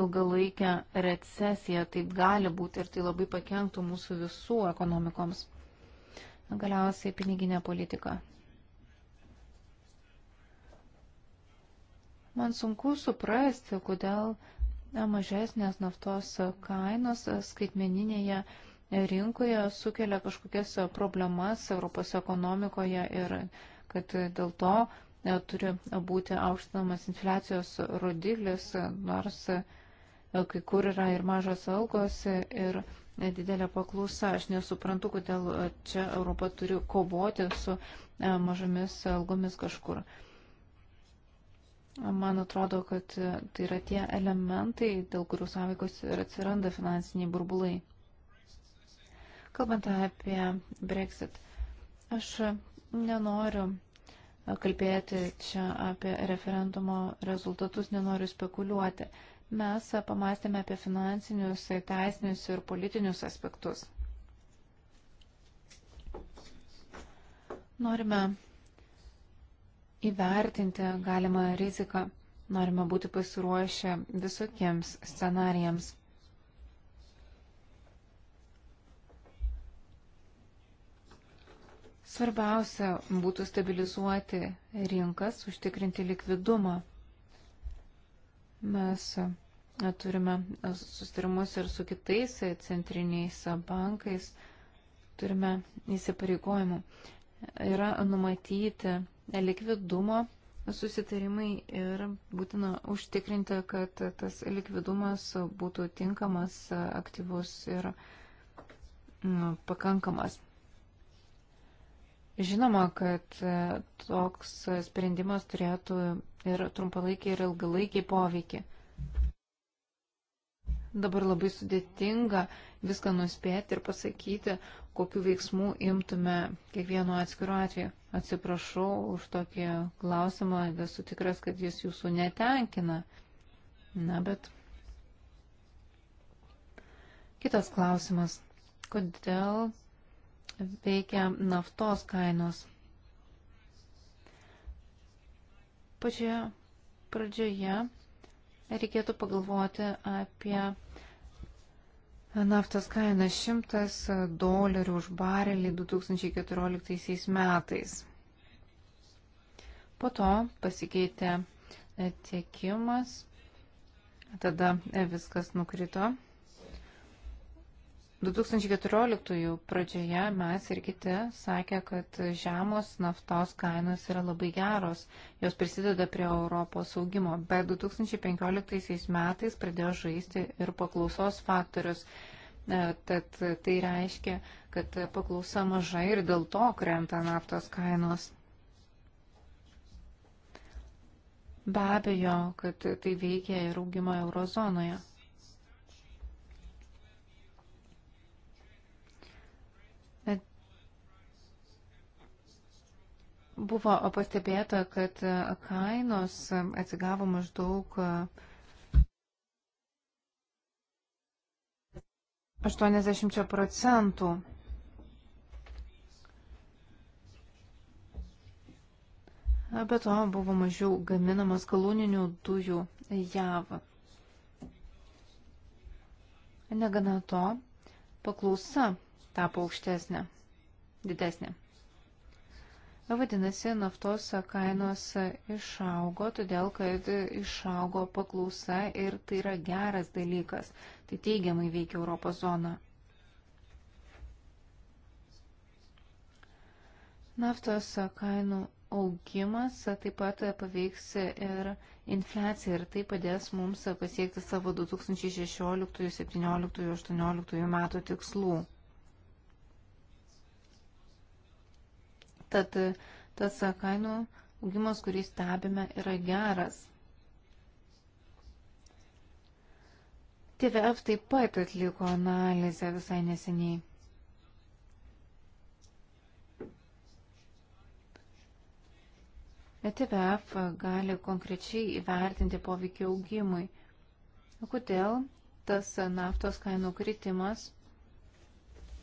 ilgalaikę recesiją, taip gali būti ir tai labai pakenktų mūsų visų ekonomikoms galiausiai piniginė politika. Man sunku suprasti, kodėl mažesnės naftos kainos skaitmeninėje rinkoje sukelia kažkokias problemas Europos ekonomikoje ir kad dėl to turi būti aukštinamas infliacijos rodiklis, nors kai kur yra ir mažos algos ir didelė paklausa. Aš nesuprantu, kodėl e, čia Europa turi kovoti su e, mažomis algomis kažkur. Man atrodo, kad e, tai yra tie elementai, dėl kurių sąveikos ir atsiranda finansiniai burbulai. Kalbant apie Brexit, aš nenoriu kalbėti čia apie referendumo rezultatus, nenoriu spekuliuoti mes pamastėme apie finansinius, teisinius ir politinius aspektus. Norime įvertinti galimą riziką, norime būti pasiruošę visokiems scenarijams. Svarbiausia būtų stabilizuoti rinkas, užtikrinti likvidumą. Mes turime sustarimus ir su kitais centriniais bankais, turime įsipareigojimų. Yra numatyti likvidumo susitarimai ir būtina užtikrinti, kad tas likvidumas būtų tinkamas, aktyvus ir nu, pakankamas. Žinoma, kad e, toks sprendimas turėtų ir trumpalaikį, ir ilgalaikį poveikį. Dabar labai sudėtinga viską nuspėti ir pasakyti, kokiu veiksmu imtume kiekvienu atskiru atveju. Atsiprašau už tokį klausimą, esu tikras, kad jis jūsų netenkina. Na, bet. Kitas klausimas. Kodėl veikia naftos kainos. Pačioje pradžioje reikėtų pagalvoti apie naftos kainą 100 dolerių už barelį 2014 metais. Po to pasikeitė tiekimas, tada viskas nukrito 2014 pradžioje mes ir kiti sakė, kad žemos naftos kainos yra labai geros, jos prisideda prie Europos augimo, bet 2015 metais pradėjo žaisti ir paklausos faktorius. E, tad tai reiškia, kad paklausa maža ir dėl to krenta naftos kainos. Be abejo, kad tai veikia ir augimo eurozonoje. Buvo pastebėta, kad kainos atsigavo maždaug 80 e, procentų. Be to buvo mažiau gaminamas kaluninių dujų JAV. Negana to, paklausa tapo aukštesnė, didesnė. Vadinasi, naftos kainos išaugo, todėl kad išaugo paklausa ir tai yra geras dalykas. Tai teigiamai veikia Europos zoną. Naftos kainų augimas taip pat paveiks ir infliaciją ir tai padės mums pasiekti savo 2016, 2017, 2018 metų tikslų. Tad tas kainų augimas, kurį stebime, yra geras. TVF taip pat atliko analizę visai neseniai. TVF gali konkrečiai įvertinti poveikį augimui. Kodėl tas naftos kainų kritimas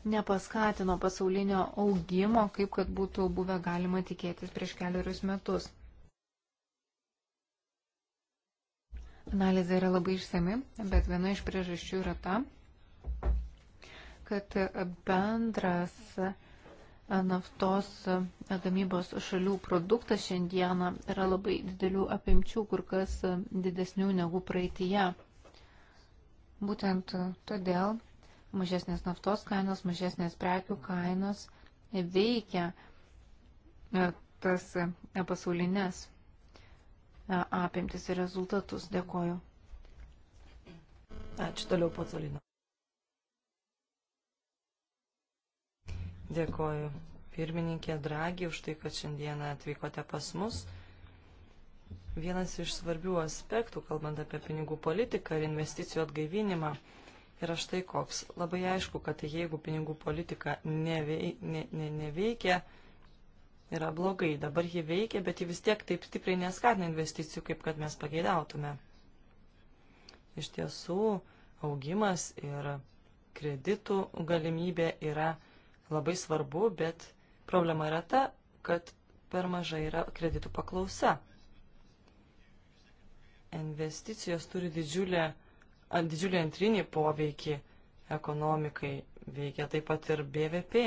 nepaskatino pasaulinio augimo, kaip kad būtų buvę galima tikėtis prieš keliarius metus. Analizė yra labai išsami, bet viena iš priežasčių yra ta, kad bendras naftos gamybos šalių produktas šiandieną yra labai didelių apimčių, kur kas didesnių negu praeitie. Būtent todėl mažesnės naftos kainos, mažesnės prekių kainos veikia e, tas e, pasaulinės e, apimtis ir rezultatus. Dėkoju. Ačiū toliau, Pacolino. Dėkoju pirmininkė Dragi už tai, kad šiandieną atvykote pas mus. Vienas iš svarbių aspektų, kalbant apie pinigų politiką ir investicijų atgaivinimą, yra štai koks. Labai aišku, kad jeigu pinigų politika nevei, ne, ne, neveikia, yra blogai. Dabar ji veikia, bet ji vis tiek taip stipriai neskatina investicijų, kaip kad mes pageidautume. Iš tiesų, augimas ir kreditų galimybė yra labai svarbu, bet problema yra ta, kad per mažai yra kreditų paklausa. Investicijos turi didžiulę didžiulį antrinį poveikį ekonomikai, veikia taip pat ir BVP.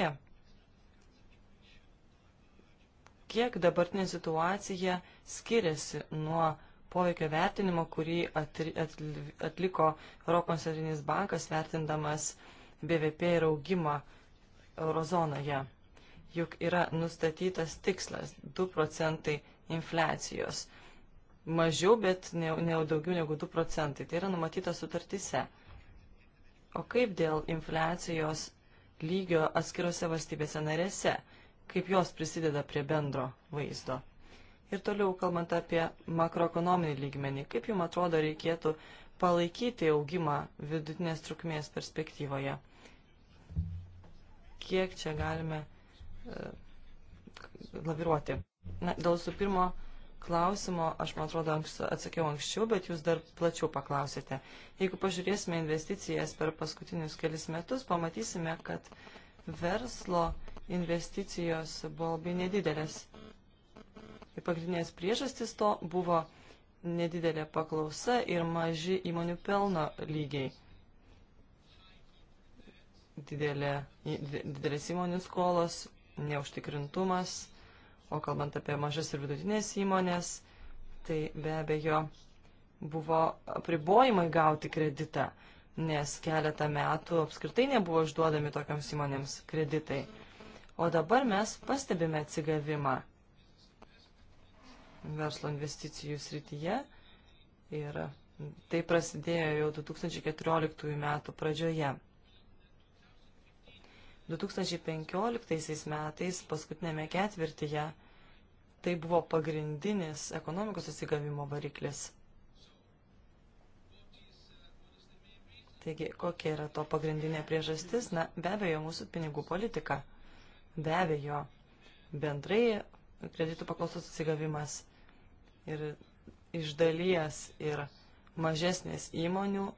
Kiek dabartinė situacija skiriasi nuo poveikio vertinimo, kurį atliko Europos centrinis bankas vertindamas BVP ir augimą eurozonoje. Juk yra nustatytas tikslas 2 procentai infliacijos mažiau, bet ne, ne daugiau negu 2 procentai. Tai yra numatyta sutartyse. O kaip dėl infliacijos lygio atskirose valstybėse narėse, kaip jos prisideda prie bendro vaizdo? Ir toliau, kalbant apie makroekonominį lygmenį, kaip jums atrodo reikėtų palaikyti augimą vidutinės trukmės perspektyvoje? Kiek čia galime e, laviruoti? Na, dėl su pirmo klausimo, aš man atrodo anks, atsakiau anksčiau, bet jūs dar plačiau paklausėte. Jeigu pažiūrėsime investicijas per paskutinius kelis metus, pamatysime, kad verslo investicijos buvo labai nedidelės. Ir pagrindinės priežastis to buvo nedidelė paklausa ir maži įmonių pelno lygiai. Didelė, didelės įmonių skolos, neužtikrintumas O kalbant apie mažas ir vidutinės įmonės, tai be abejo buvo apribojimai gauti kreditą, nes keletą metų apskritai nebuvo išduodami tokiams įmonėms kreditai. O dabar mes pastebime atsigavimą verslo investicijų srityje ir tai prasidėjo jau 2014 metų pradžioje. 2015 metais paskutinėme ketvirtyje tai buvo pagrindinis ekonomikos atsigavimo variklis. Taigi, kokia yra to pagrindinė priežastis? Na, be abejo, mūsų pinigų politika. Be abejo, bendrai kreditų paklausos atsigavimas ir iš dalies ir mažesnės įmonių,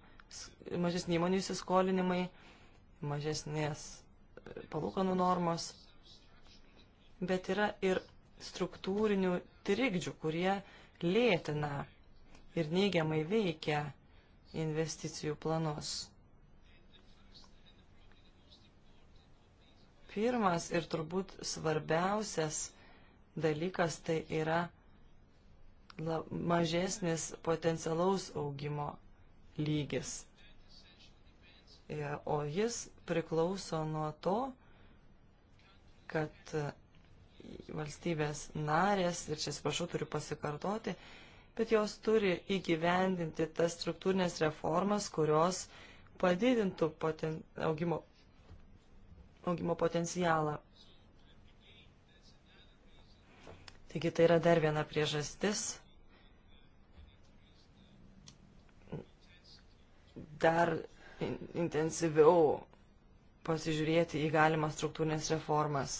mažesnė įmonių įsiskolinimai, mažesnės palūkanų normos, bet yra ir struktūrinių trikdžių, kurie lėtina ir neigiamai veikia investicijų planus. Pirmas ir turbūt svarbiausias dalykas tai yra mažesnis potencialaus augimo lygis. E, o jis priklauso nuo to, kad valstybės narės, ir čia atsiprašau, turiu pasikartoti, bet jos turi įgyvendinti tas struktūrinės reformas, kurios padidintų poten, augimo, augimo potencialą. Taigi tai yra dar viena priežastis. Dar intensyviau pasižiūrėti į galimas struktūrinės reformas.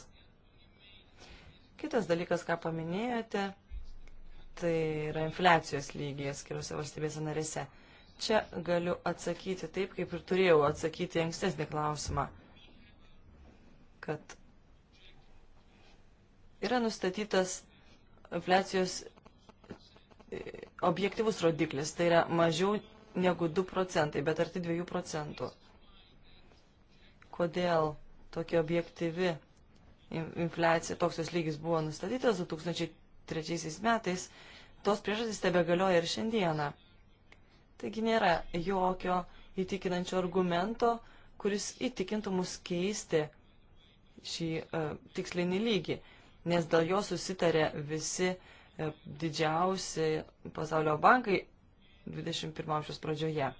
Kitas dalykas, ką paminėjote, tai yra infliacijos lygiai skiriuose valstybėse narėse. Čia galiu atsakyti taip, kaip ir turėjau atsakyti ankstesnį klausimą, kad yra nustatytas infliacijos objektivus rodiklis, tai yra mažiau negu 2 procentai, bet arti 2 procentų. Kodėl tokia objektyvi infliacija, toks jos lygis buvo nustatytas 2003 metais, tos priežastys tebe galioja ir šiandieną. Taigi nėra jokio įtikinančio argumento, kuris įtikintų mus keisti šį uh, tikslinį lygį, nes dėl jo susitarė visi uh, didžiausi pasaulio bankai 21 amžiaus pradžioje.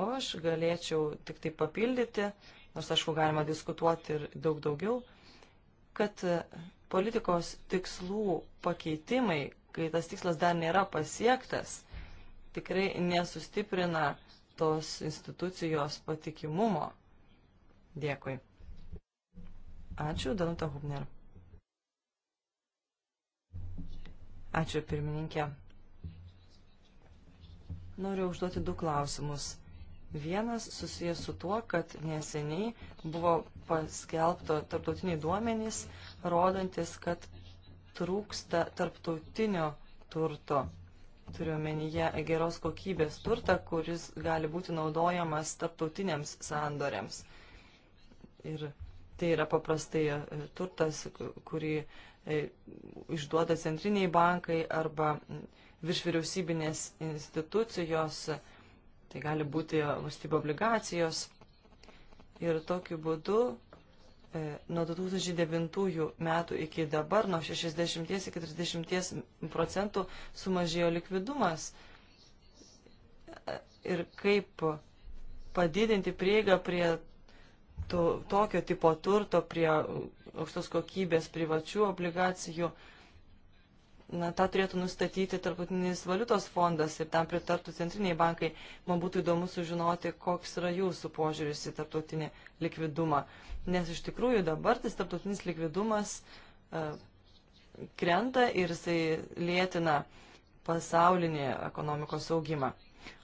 O aš galėčiau tik tai papildyti, nors aišku galima diskutuoti ir daug daugiau, kad politikos tikslų pakeitimai, kai tas tikslas dar nėra pasiektas, tikrai nesustiprina tos institucijos patikimumo. Dėkui. Ačiū, Danuta Hubner. Ačiū, pirmininkė. Noriu užduoti du klausimus. Vienas susijęs su tuo, kad neseniai buvo paskelbto tarptautiniai duomenys, rodantis, kad trūksta tarptautinio turto. Turiuomenyje geros kokybės turtą, kuris gali būti naudojamas tarptautiniams sandoriams. Ir tai yra paprastai e, turtas, kurį e, išduoda centriniai bankai arba viršvyriausybinės institucijos, tai gali būti valstybių obligacijos. Ir tokiu būdu e, nuo 2009 metų iki dabar nuo 60 iki 30 procentų sumažėjo likvidumas. E, ir kaip padidinti prieigą prie to, tokio tipo turto, prie aukštos kokybės privačių obligacijų, uh, na, tą turėtų nustatyti tarptautinis valiutos fondas ir tam pritartų centriniai bankai. Man būtų įdomu sužinoti, koks yra jūsų požiūris į tarptautinį likvidumą. Nes iš tikrųjų dabar tas tarptautinis likvidumas uh, krenta ir jisai lėtina pasaulinį ekonomikos augimą.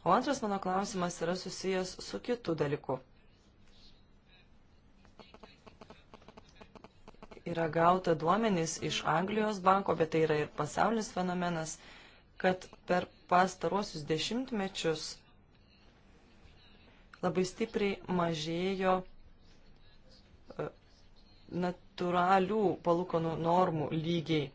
O antras mano klausimas yra susijęs su kitu dalyku. yra gauta duomenys iš Anglijos banko, bet tai yra ir pasaulis fenomenas, kad per pastaruosius dešimtmečius labai stipriai mažėjo e, natūralių palūkanų normų lygiai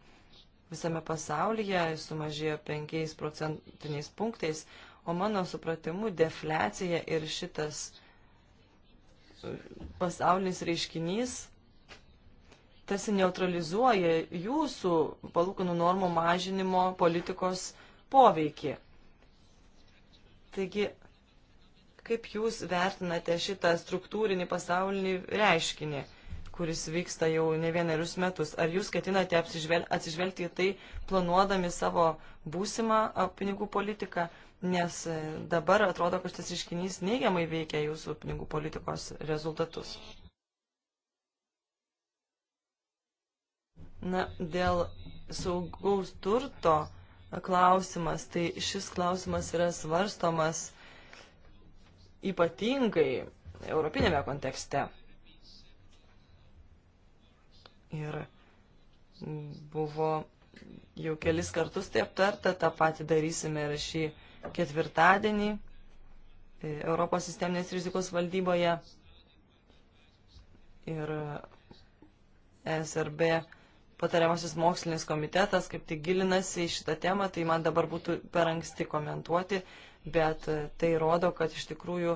visame pasaulyje, sumažėjo 5 procentiniais punktais, o mano supratimu deflecija ir šitas e, pasaulinis reiškinys tarsi neutralizuoja jūsų palūkanų normų mažinimo politikos poveikį. Taigi, kaip jūs vertinate šitą struktūrinį pasaulinį reiškinį, kuris vyksta jau ne vienerius metus? Ar jūs ketinate atsižvelgti į tai, planuodami savo būsimą pinigų politiką? Nes e, dabar atrodo, kad šis reiškinys neigiamai veikia jūsų pinigų politikos rezultatus. Na, dėl saugaus turto klausimas, tai šis klausimas yra svarstomas ypatingai europinėme kontekste. Ir buvo jau kelis kartus tai aptarta, tą patį darysime ir šį ketvirtadienį Europos sisteminės rizikos valdyboje. Ir SRB patariamasis mokslinis komitetas kaip tik gilinasi į šitą temą, tai man dabar būtų per anksti komentuoti, bet e, tai rodo, kad iš tikrųjų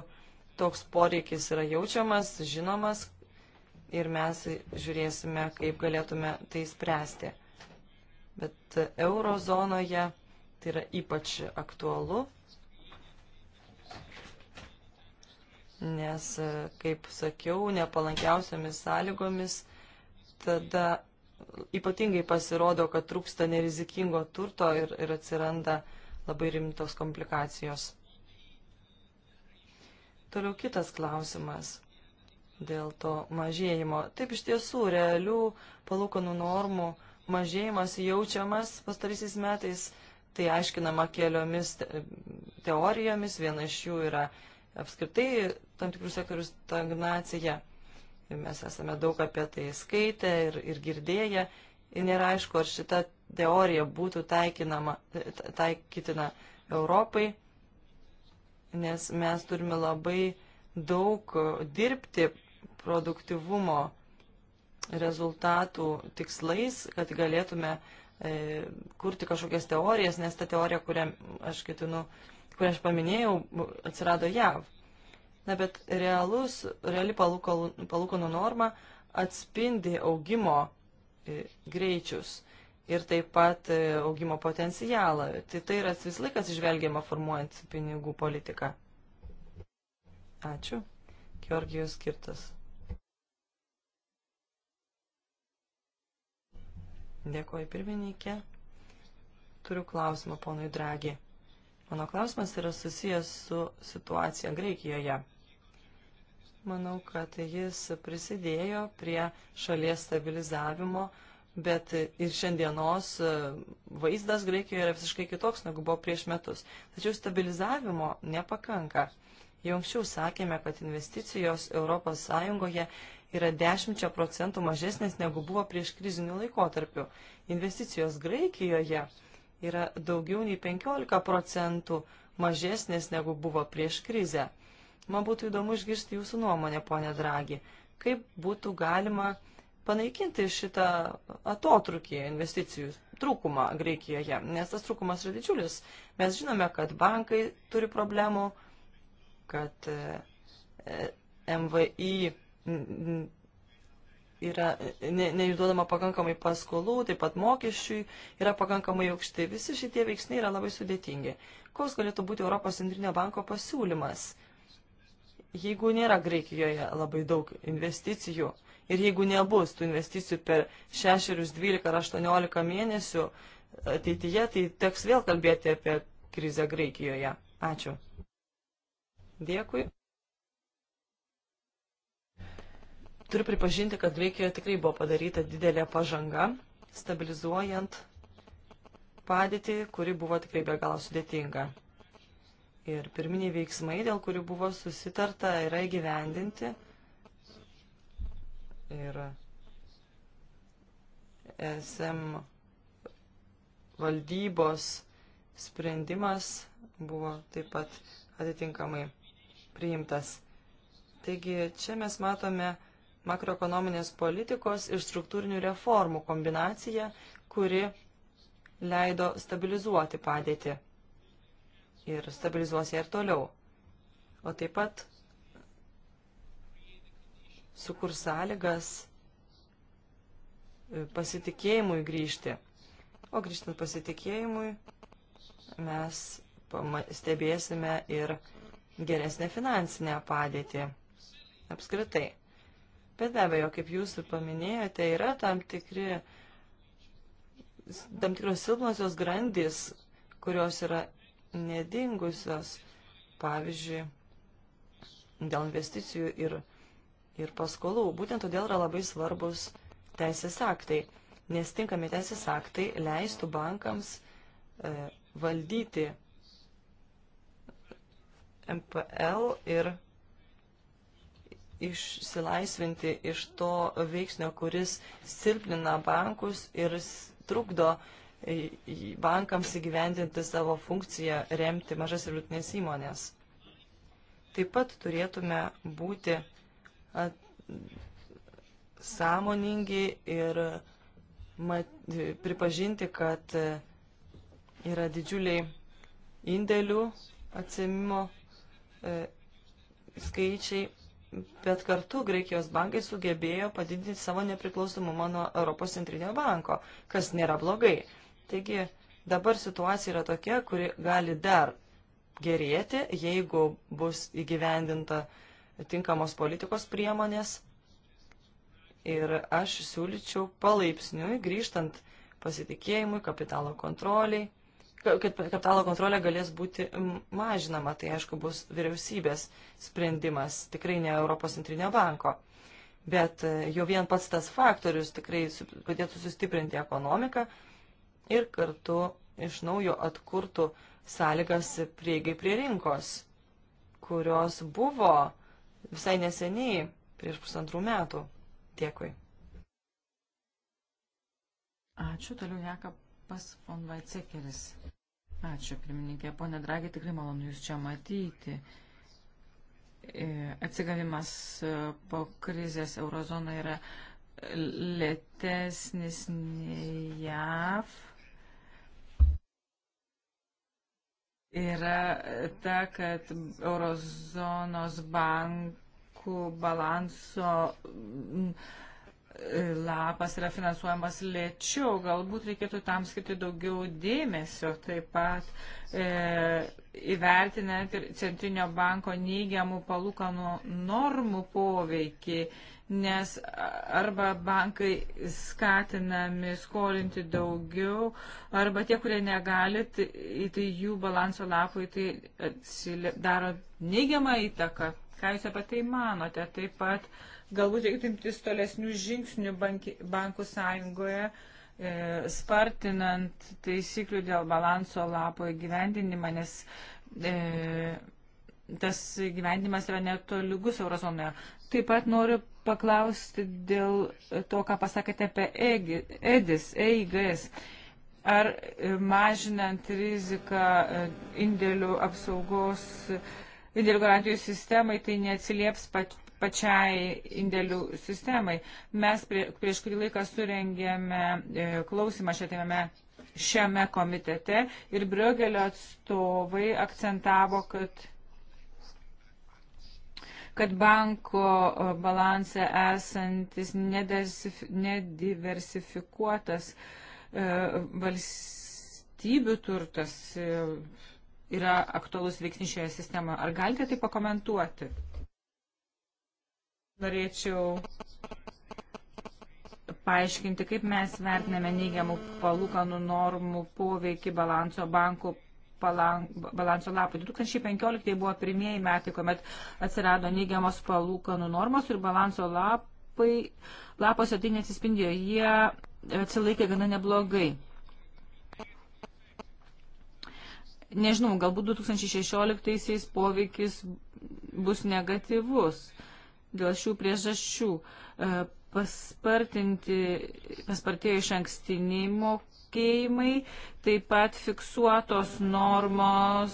toks poreikis yra jaučiamas, žinomas ir mes žiūrėsime, kaip galėtume tai spręsti. Bet e, eurozonoje tai yra ypač aktualu, nes, e, kaip sakiau, nepalankiausiamis sąlygomis tada ypatingai pasirodo, kad trūksta nerizikingo turto ir, ir atsiranda labai rimtos komplikacijos. Toliau kitas klausimas dėl to mažėjimo. Taip iš tiesų, realių palūkanų normų mažėjimas jaučiamas pastarysiais metais, tai aiškinama keliomis teorijomis, viena iš jų yra apskritai tam tikrų sektorių stagnacija. Mes esame daug apie tai skaitę ir, ir girdėję. Ir nėra aišku, ar šita teorija būtų taikytina Europai, nes mes turime labai daug dirbti produktivumo rezultatų tikslais, kad galėtume e, kurti kažkokias teorijas, nes ta teorija, kurią aš ketinu, kurią aš paminėjau, atsirado JAV. Na, bet realus, reali palūkanų norma atspindi augimo e, greičius ir taip pat e, augimo potencialą. Tai tai yra vis laikas išvelgiama formuojant pinigų politiką. Ačiū. Georgijos skirtas. Dėkuoju pirmininkė. Turiu klausimą ponui Dragi. Mano klausimas yra susijęs su situacija Graikijoje. Manau, kad jis prisidėjo prie šalies stabilizavimo, bet ir šiandienos vaizdas Graikijoje yra visiškai kitoks, negu buvo prieš metus. Tačiau stabilizavimo nepakanka. Jau anksčiau sakėme, kad investicijos ES yra 10 procentų mažesnės negu buvo prieš krizinių laikotarpių. Investicijos Graikijoje yra daugiau nei 15 procentų mažesnės negu buvo prieš krizę. Man būtų įdomu išgirsti jūsų nuomonę, ponė Dragi, kaip būtų galima panaikinti šitą atotrukį investicijų trūkumą Greikijoje, nes tas trūkumas yra didžiulis. Mes žinome, kad bankai turi problemų, kad e, e, MVI yra ne, neišduodama pakankamai paskolų, taip pat mokesčiui yra pakankamai aukšti. Visi šitie veiksniai yra labai sudėtingi. Koks galėtų būti Europos centrinio banko pasiūlymas? jeigu nėra Graikijoje labai daug investicijų ir jeigu nebus tų investicijų per 6, 12 ar 18 mėnesių ateityje, tai teks vėl kalbėti apie krizę Graikijoje. Ačiū. Dėkui. Turiu pripažinti, kad Graikijoje tikrai buvo padaryta didelė pažanga, stabilizuojant padėtį, kuri buvo tikrai be galo sudėtinga ir pirminiai veiksmai, dėl kurių buvo susitarta, yra įgyvendinti. Ir SM valdybos sprendimas buvo taip pat atitinkamai priimtas. Taigi čia mes matome makroekonominės politikos ir struktūrinių reformų kombinaciją, kuri leido stabilizuoti padėtį ir stabilizuos ją ir toliau. O taip pat sukurs sąlygas e, pasitikėjimui grįžti. O grįžtant pasitikėjimui, mes stebėsime ir geresnę finansinę padėtį apskritai. Bet be abejo, kaip jūs ir paminėjote, yra tam, tikri, tam tikros silpnosios grandys, kurios yra nedingusios, pavyzdžiui, dėl investicijų ir, ir paskolų. Būtent todėl yra labai svarbus teisės aktai, nes tinkami teisės aktai leistų bankams e, valdyti MPL ir išsilaisvinti iš to veiksnio, kuris silpnina bankus ir trukdo e, bankams įgyvendinti savo funkciją remti mažas ir vidutinės įmonės. Taip pat turėtume būti at, sąmoningi ir mat, pripažinti, kad e, yra didžiuliai indėlių atsimimo e, skaičiai, bet kartu Graikijos bankai sugebėjo padidinti savo nepriklausomumą nuo Europos centrinio banko, kas nėra blogai. Taigi dabar situacija yra tokia, kuri gali dar gerėti, jeigu bus įgyvendinta tinkamos politikos priemonės. Ir aš siūlyčiau palaipsniui, grįžtant pasitikėjimui, kapitalo kontroliai, kad kapitalo kontrolė galės būti mažinama, tai aišku bus vyriausybės sprendimas, tikrai ne Europos centrinio banko. Bet e, jau vien pats tas faktorius tikrai padėtų sustiprinti ekonomiką ir kartu iš naujo atkurtų sąlygas prieigai prie rinkos, kurios buvo visai neseniai, prieš pusantrų metų. Dėkui. Ačiū, toliau Jakabas von Vaicekeris. Ačiū, pirmininkė. Pone Dragi, tikrai malonu Jūs čia matyti. E, atsigavimas e, po krizės eurozonoje yra lėtesnis nei JAV yra ta, kad eurozonos bankų balanso mm, lapas yra finansuojamas lėčiau. Galbūt reikėtų tam skirti daugiau dėmesio. Taip pat e, įvertinant ir Centrinio banko neigiamų palūkanų normų poveikį nes arba bankai skatinami skolinti daugiau, arba tie, kurie negali, tai, tai jų balanso lapui tai daro neigiamą įtaką. Ką Jūs apie tai manote? Taip pat galbūt reikėtų imtis tolesnių žingsnių banki, bankų sąjungoje, e, spartinant taisyklių dėl balanso lapo įgyvendinimą, nes e, tas gyvendimas yra netolygus eurozonoje. Taip pat noriu paklausti dėl to, ką pasakėte apie EDIS, EIGS. Ar e, mažinant riziką e, indėlių apsaugos, e, indėlių garantijų sistemai, tai neatsilieps pat, pačiai indėlių sistemai. Mes prie, prieš kurį laiką surengėme e, klausimą šiame, šiame komitete ir Briogelio atstovai akcentavo, kad kad banko balanse esantis nediversifikuotas e, valstybių turtas e, yra aktualus veiksnys šioje sistemoje. Ar galite tai pakomentuoti? Norėčiau paaiškinti, kaip mes vertiname neigiamų palūkanų normų poveikį balanso bankų balanso lapų. 2015 buvo pirmieji metai, kuomet atsirado neigiamos palūkanų normos ir balanso lapai, lapose tai nesispindėjo. Jie atsilaikė gana neblogai. Nežinau, galbūt 2016 poveikis bus negatyvus dėl šių priežasčių. E, paspartinti, paspartėjo iš ankstinimo mokėjimai, taip pat fiksuotos normos,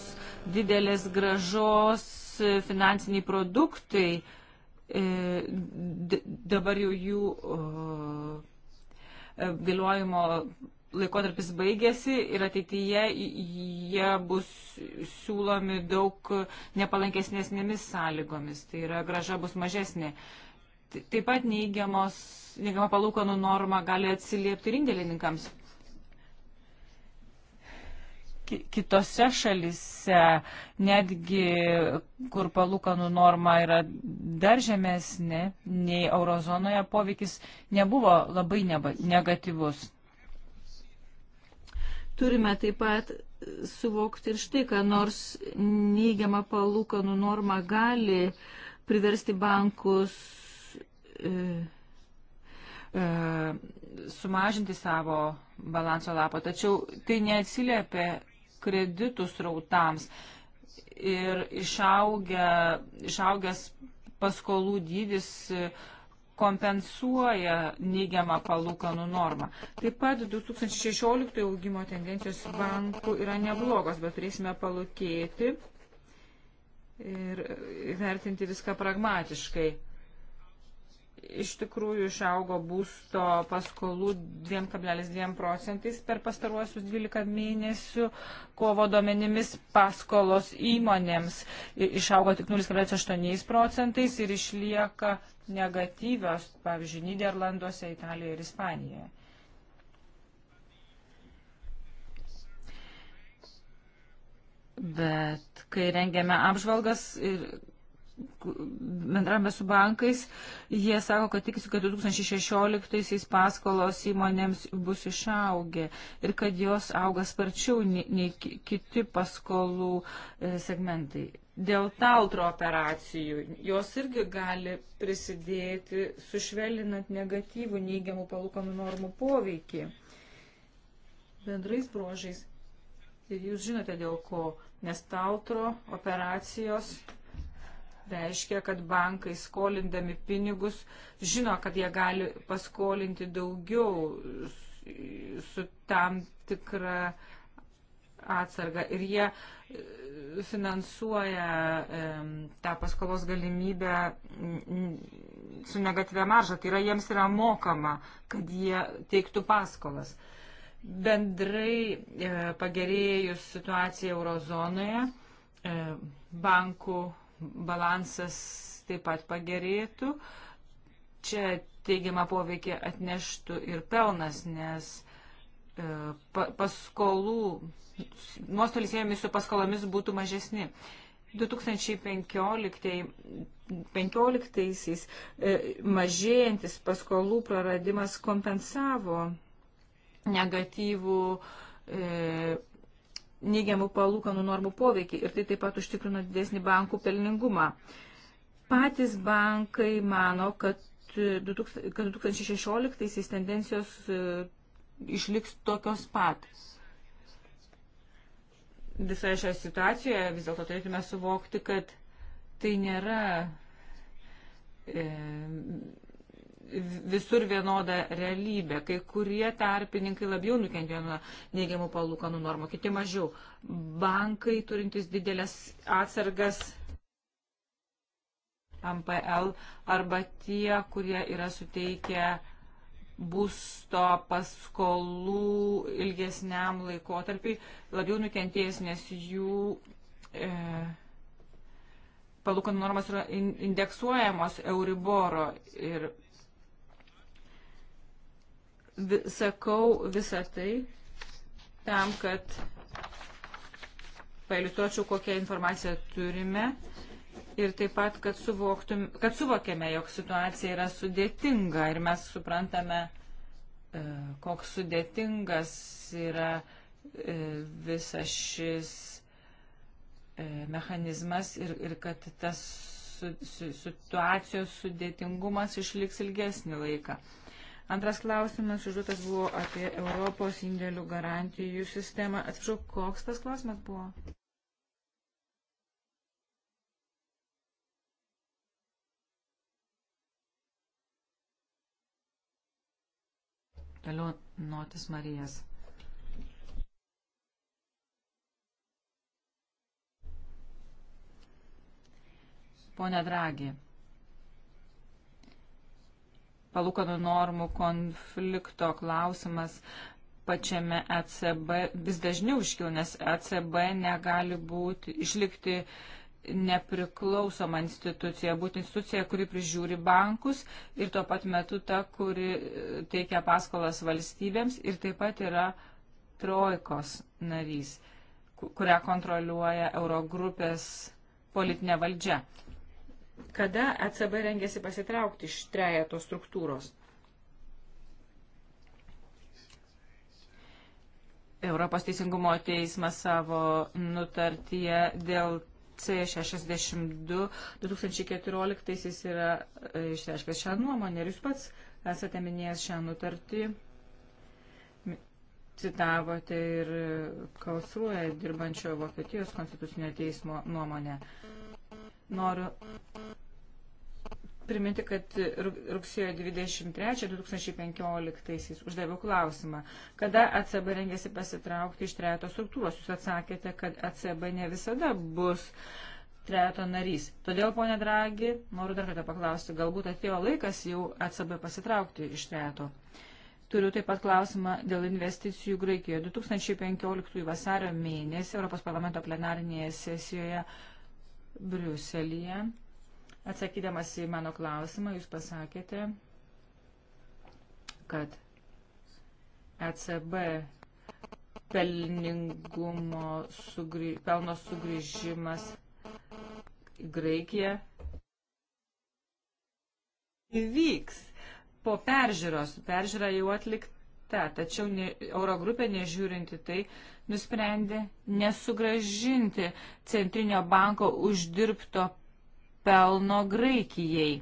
didelės gražos, e, finansiniai produktai. E, dabar jau jų galiojimo e, laikotarpis baigėsi ir ateityje jie bus siūlomi daug nepalankesnėmis sąlygomis, tai yra graža bus mažesnė. Taip pat neįgiamos, neįgiama palūkanų norma gali atsiliepti indėlininkams kitose šalise, netgi kur palūkanų norma yra dar žemesnė nei eurozonoje, poveikis nebuvo labai negatyvus. Turime taip pat suvokti ir štai, kad nors neigiama palūkanų norma gali priversti bankus e, e, sumažinti savo balanso lapą, tačiau tai neatsiliepia kreditų srautams ir išaugę, išaugęs paskolų dydis kompensuoja neigiamą palūkanų normą. Taip pat 2016 augimo tendencijos bankų yra neblogos, bet turėsime palūkėti ir vertinti viską pragmatiškai iš tikrųjų išaugo būsto paskolų 2,2 procentais per pastaruosius 12 mėnesių. Kovo duomenimis paskolos įmonėms išaugo tik 0,8 procentais ir išlieka negatyvios, pavyzdžiui, Niderlanduose, Italijoje ir Ispanijoje. Bet kai rengiame apžvalgas ir bendravime su bankais, jie sako, kad tikisi, kad 2016-aisiais paskolos įmonėms bus išaugę ir kad jos auga sparčiau nei kiti paskolų e, segmentai. Dėl taltro operacijų jos irgi gali prisidėti sušvelninant negatyvų neigiamų palūkanų normų poveikį. Bendrais brožais. Ir jūs žinote dėl ko, nes taltro operacijos reiškia, kad bankai skolindami pinigus žino, kad jie gali paskolinti daugiau su tam tikra atsarga ir jie e, finansuoja tą paskolos galimybę su negatyvia marža, tai yra jiems yra mokama, kad jie teiktų paskolas. Bendrai e, pagerėjus situacija eurozonoje, e, bankų balansas taip pat pagerėtų. Čia teigiamą poveikį atneštų ir pelnas, nes e, pa, paskolų, nuostolis jėmi su paskolomis būtų mažesni. 2015-aisiais e, mažėjantis paskolų praradimas kompensavo negatyvų e, neigiamų palūkanų normų poveikį ir tai taip pat užtikrino didesnį bankų pelningumą. Patys bankai mano, kad 2016 e, tendencijos e, išliks tokios pat. Visoje šioje situacijoje vis dėlto turėtume suvokti, kad tai nėra e, visur vienoda realybė. Kai kurie tarpininkai labiau nukentėjo nuo neigiamų palūkanų normų, kiti mažiau. Bankai turintys didelės atsargas MPL arba tie, kurie yra suteikę būsto paskolų ilgesniam laikotarpiai, labiau nukentėjęs, nes jų e, palūkanų normas yra indeksuojamos Euriboro ir sakau visą tai tam, kad pailiuočiau, kokią informaciją turime ir taip pat, kad, suvoktum, kad suvokėme, jog situacija yra sudėtinga ir mes suprantame, e, koks sudėtingas yra e, visas šis e, mechanizmas ir, ir kad tas su, su, situacijos sudėtingumas išliks ilgesnį laiką. Antras klausimas užduotas buvo apie Europos indėlių garantijų sistemą. Atsiprašau, koks tas klausimas buvo? Toliau Notis Marijas. Pone Dragi, palūkanų normų konflikto klausimas pačiame ECB vis dažniau iškil, nes ECB negali būti, išlikti nepriklausoma institucija, būti institucija, kuri prižiūri bankus ir tuo pat metu ta, kuri teikia paskolas valstybėms ir taip pat yra trojkos narys, kurią kontroliuoja Eurogrupės politinė valdžia kada ECB rengėsi pasitraukti iš trejato struktūros. Europos teisingumo teismas savo nutartyje dėl C62 2014 yra e, išreiškęs šią nuomonę ir jūs pats esate minėjęs šią nutartį, citavote ir Kalsruoje dirbančio Vokietijos konstitucinio teismo nuomonę. Noriu priminti, kad rugsėjo 23-2015 uždaviau klausimą, kada ACB rengėsi pasitraukti iš trejato struktūros. Jūs atsakėte, kad ACB ne visada bus trejato narys. Todėl, ponė Dragi, noriu dar kartą paklausti, galbūt atėjo laikas jau ACB pasitraukti iš trejato. Turiu taip pat klausimą dėl investicijų Graikijoje. 2015 vasario mėnesį Europos parlamento plenarinėje sesijoje Briuselėje Atsakydamas į mano klausimą, jūs pasakėte, kad ECB pelningumo sugrį, pelno sugrįžimas į Graikiją įvyks po peržiūros. Peržiūra jau atlikta, tačiau ne, Eurogrupė nežiūrinti tai nusprendė nesugražinti Centrinio banko uždirbto pelno Graikijai.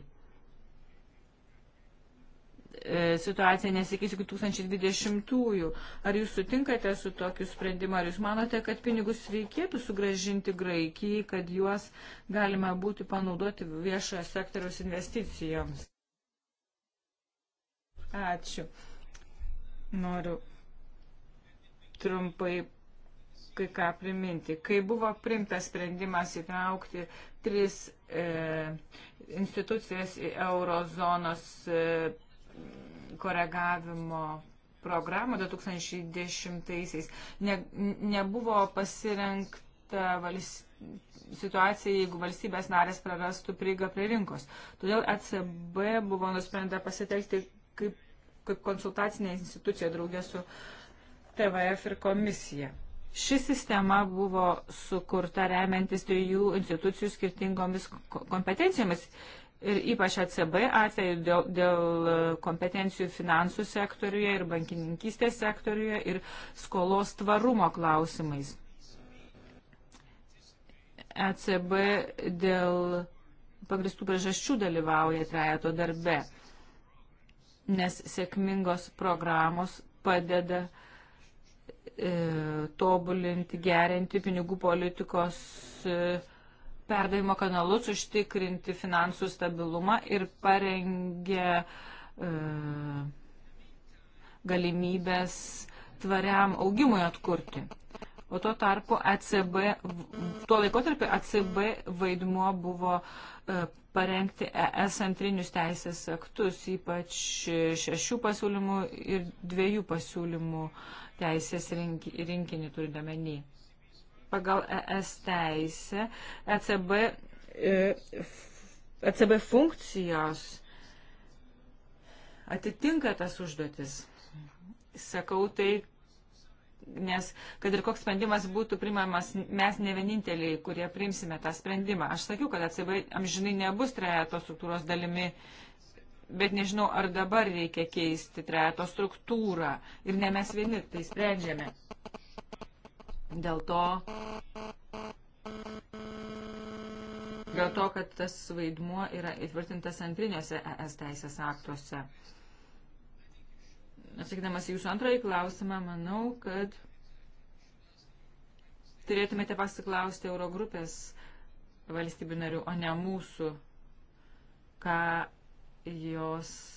E, situacija nesikeis iki 2020-ųjų. Ar jūs sutinkate su tokiu sprendimu, ar jūs manote, kad pinigus reikėtų sugražinti Graikijai, kad juos galima būtų panaudoti viešojo sektoriaus investicijoms? Ačiū. Noriu trumpai kai ką priminti. Kai buvo primtas sprendimas įtraukti tris E, institucijas į eurozonos e, koregavimo programą 2010-aisiais. Ne, nebuvo pasirinkta valstybė situacija, jeigu valstybės narės prarastų prieigą prie rinkos. Todėl ECB buvo nusprendę pasitelkti kaip, kaip konsultacinė institucija draugė su TVF ir komisija. Ši sistema buvo sukurta remiantis trijų institucijų skirtingomis kompetencijomis ir ypač ECB atveju dėl, dėl kompetencijų finansų sektoriuje ir bankininkystės sektoriuje ir skolos tvarumo klausimais. ECB dėl pagristų priežasčių dalyvauja trejato darbe, nes sėkmingos programos padeda uh, E, tobulinti, gerinti pinigų politikos e, perdavimo kanalus, užtikrinti finansų stabilumą ir parengė e, galimybės tvariam augimui atkurti. O tuo tarpu ECB, tuo laikotarpiu ECB vaidmuo buvo parengti ES antrinius teisės aktus, ypač šešių pasiūlymų ir dviejų pasiūlymų uh, teisės rinkinį turidomenį. Pagal ES teisę ECB, ECB e funkcijos atitinka tas užduotis. Sakau tai, nes kad ir koks sprendimas būtų primamas, mes ne vieninteliai, kurie priimsime tą sprendimą. Aš sakiau, kad ECB amžinai nebus trejato struktūros dalimi bet nežinau, ar dabar reikia keisti trejato struktūrą ir ne mes vieni tai sprendžiame. Dėl to, dėl to, kad tas vaidmuo yra įtvirtintas antriniuose ES teisės aktuose. Atsakydamas jūsų antrąjį klausimą, manau, kad turėtumėte pasiklausti Eurogrupės valstybių narių, o ne mūsų, ką jos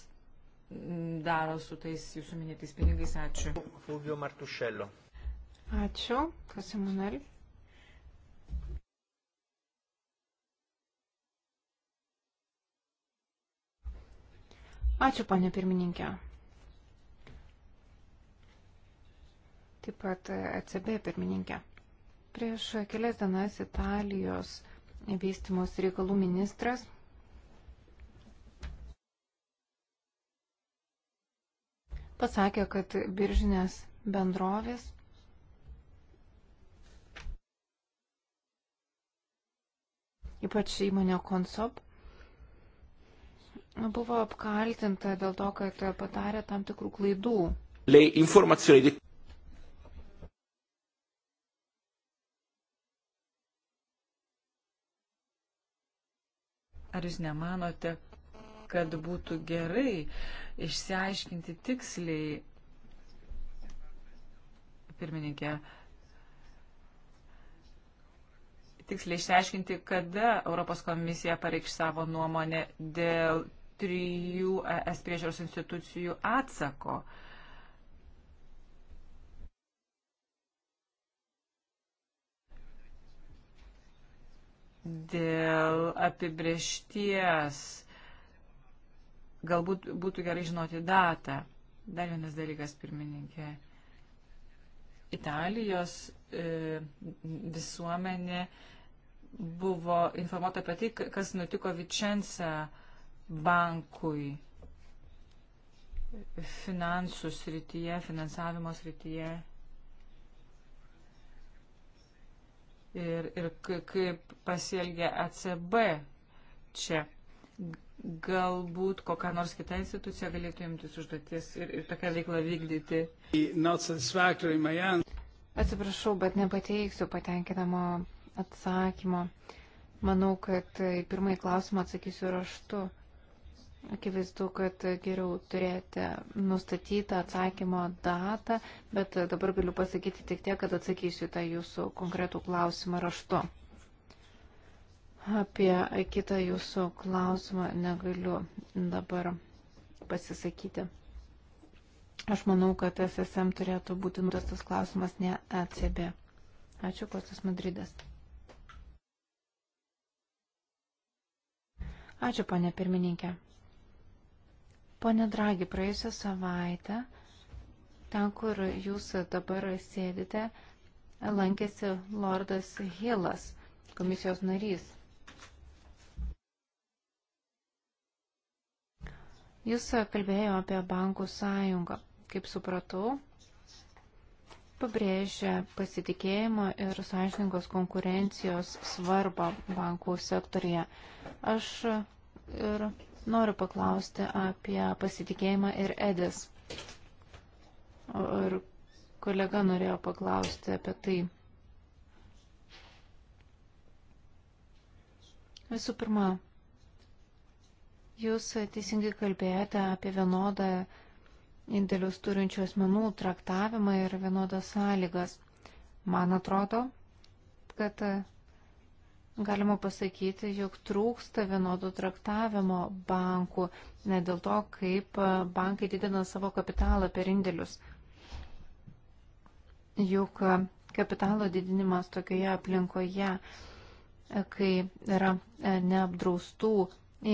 daro su tais jūsų minėtais pinigais. Ačiū. Fulvio Martušello. Ačiū. Kas Emanuel? Ačiū, ponė pirmininkė. Taip pat ECB e pirmininkė. Prieš kelias dienas Italijos vystimos reikalų ministras pasakė, kad biržinės bendrovės ypač įmonė Konsop, buvo apkaltinta dėl to, kad patarė tam tikrų klaidų. Ar jūs nemanote, kad būtų gerai išsiaiškinti tiksliai, pirmininkė, tiksliai išsiaiškinti, kada Europos komisija pareikš savo nuomonę dėl trijų ES priežiūros institucijų atsako. dėl apibriešties galbūt būtų gerai žinoti datą. Dar vienas dalykas, pirmininkė. Italijos e, visuomenė buvo informuota apie tai, kas nutiko Vicenza bankui finansų srityje, finansavimo srityje. Ir, ir kaip pasielgia ACB čia galbūt kokią nors kitą instituciją galėtų imtis užduotis ir, ir tokią veiklą vykdyti. Atsiprašau, bet nepateiksiu patenkinamo atsakymo. Manau, kad į pirmąjį klausimą atsakysiu raštu. Akivaizdu, kad geriau turėti nustatytą atsakymo datą, bet dabar galiu pasakyti tik tiek, kad atsakysiu tą jūsų konkretų klausimą raštu. Apie kitą jūsų klausimą negaliu dabar pasisakyti. Aš manau, kad SSM turėtų būti nutestas klausimas ne ECB. Ačiū, Kostas Madridas. Ačiū, ponė pirmininkė. Pone Dragi, praėjusią savaitę, ten, kur jūs dabar sėdite, lankėsi Lordas Hillas, komisijos narys. Jis e, kalbėjo apie bankų sąjungą. Kaip supratau, pabrėžia pasitikėjimo ir sąžiningos konkurencijos svarbą bankų sektorija. Aš e, ir noriu paklausti apie pasitikėjimą ir edis. Ir kolega norėjo paklausti apie tai. Visų pirma, Jūs teisingai kalbėjote apie vienodą indėlius turinčių asmenų traktavimą ir vienodas sąlygas. Man atrodo, kad galima pasakyti, jog trūksta vienodų traktavimo bankų, ne dėl to, kaip bankai didina savo kapitalą per indėlius. Juk kapitalo didinimas tokioje aplinkoje, kai yra neapdraustų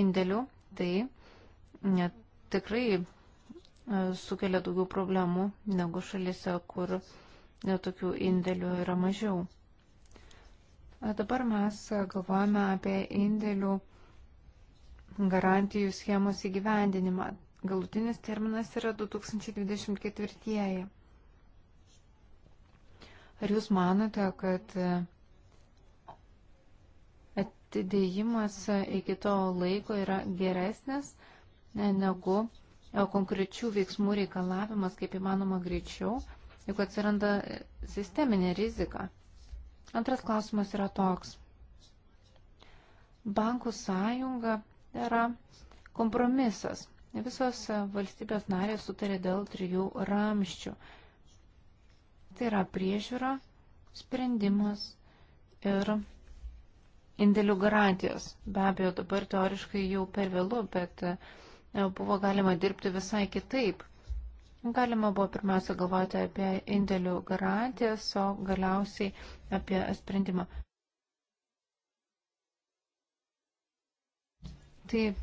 indėlių, tai tikrai e, sukelia daugiau problemų negu šalise, kur e, tokių indėlių yra mažiau. Dabar mes galvojame apie indėlių garantijų schemos įgyvendinimą. Galutinis terminas yra 2024. Ar jūs manote, kad e, atidėjimas iki to laiko yra geresnis negu e, konkrečių veiksmų reikalavimas kaip įmanoma greičiau, juk atsiranda sisteminė rizika. Antras klausimas yra toks. Bankų sąjunga yra kompromisas. Visos valstybės narės sutarė dėl trijų ramščių. Tai yra priežiūra, sprendimas ir indėlių garantijos. Be abejo, dabar teoriškai jau per vėlu, bet e, buvo galima dirbti visai kitaip. Galima buvo pirmiausia galvoti apie indėlių garantijas, o galiausiai apie sprendimą. Tai e,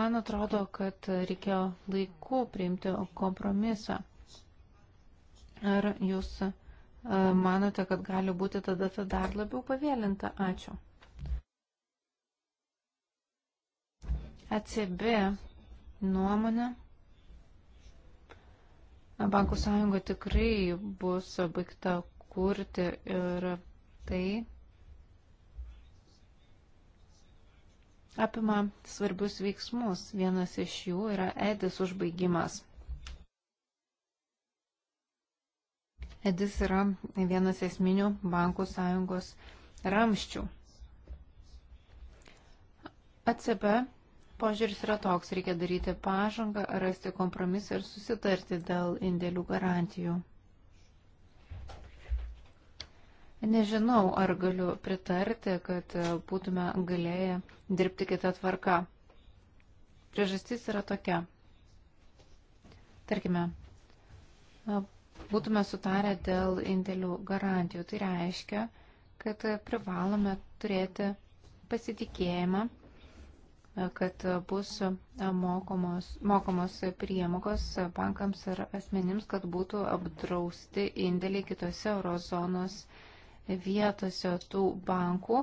man atrodo, kad reikėjo laiku priimti kompromisą. Ar jūs manote, kad gali būti tada ta dar labiau pavėlinta? Ačiū. ECB nuomonė. Bankų sąjunga tikrai bus baigta kurti ir tai apima svarbius veiksmus. Vienas iš jų yra edis užbaigimas. Edis yra vienas esminių bankų sąjungos ramščių. ACP požiūris yra toks, reikia daryti pažangą, rasti kompromisą ir susitarti dėl indėlių garantijų. Nežinau, ar galiu pritarti, kad būtume galėję dirbti kitą tvarką. Priežastis yra tokia. Tarkime, būtume sutarę dėl indėlių garantijų. Tai reiškia, kad privalome turėti pasitikėjimą, kad bus mokomos, mokomos priemokos bankams ir asmenims, kad būtų apdrausti indėliai kitose eurozonos vietose tų bankų,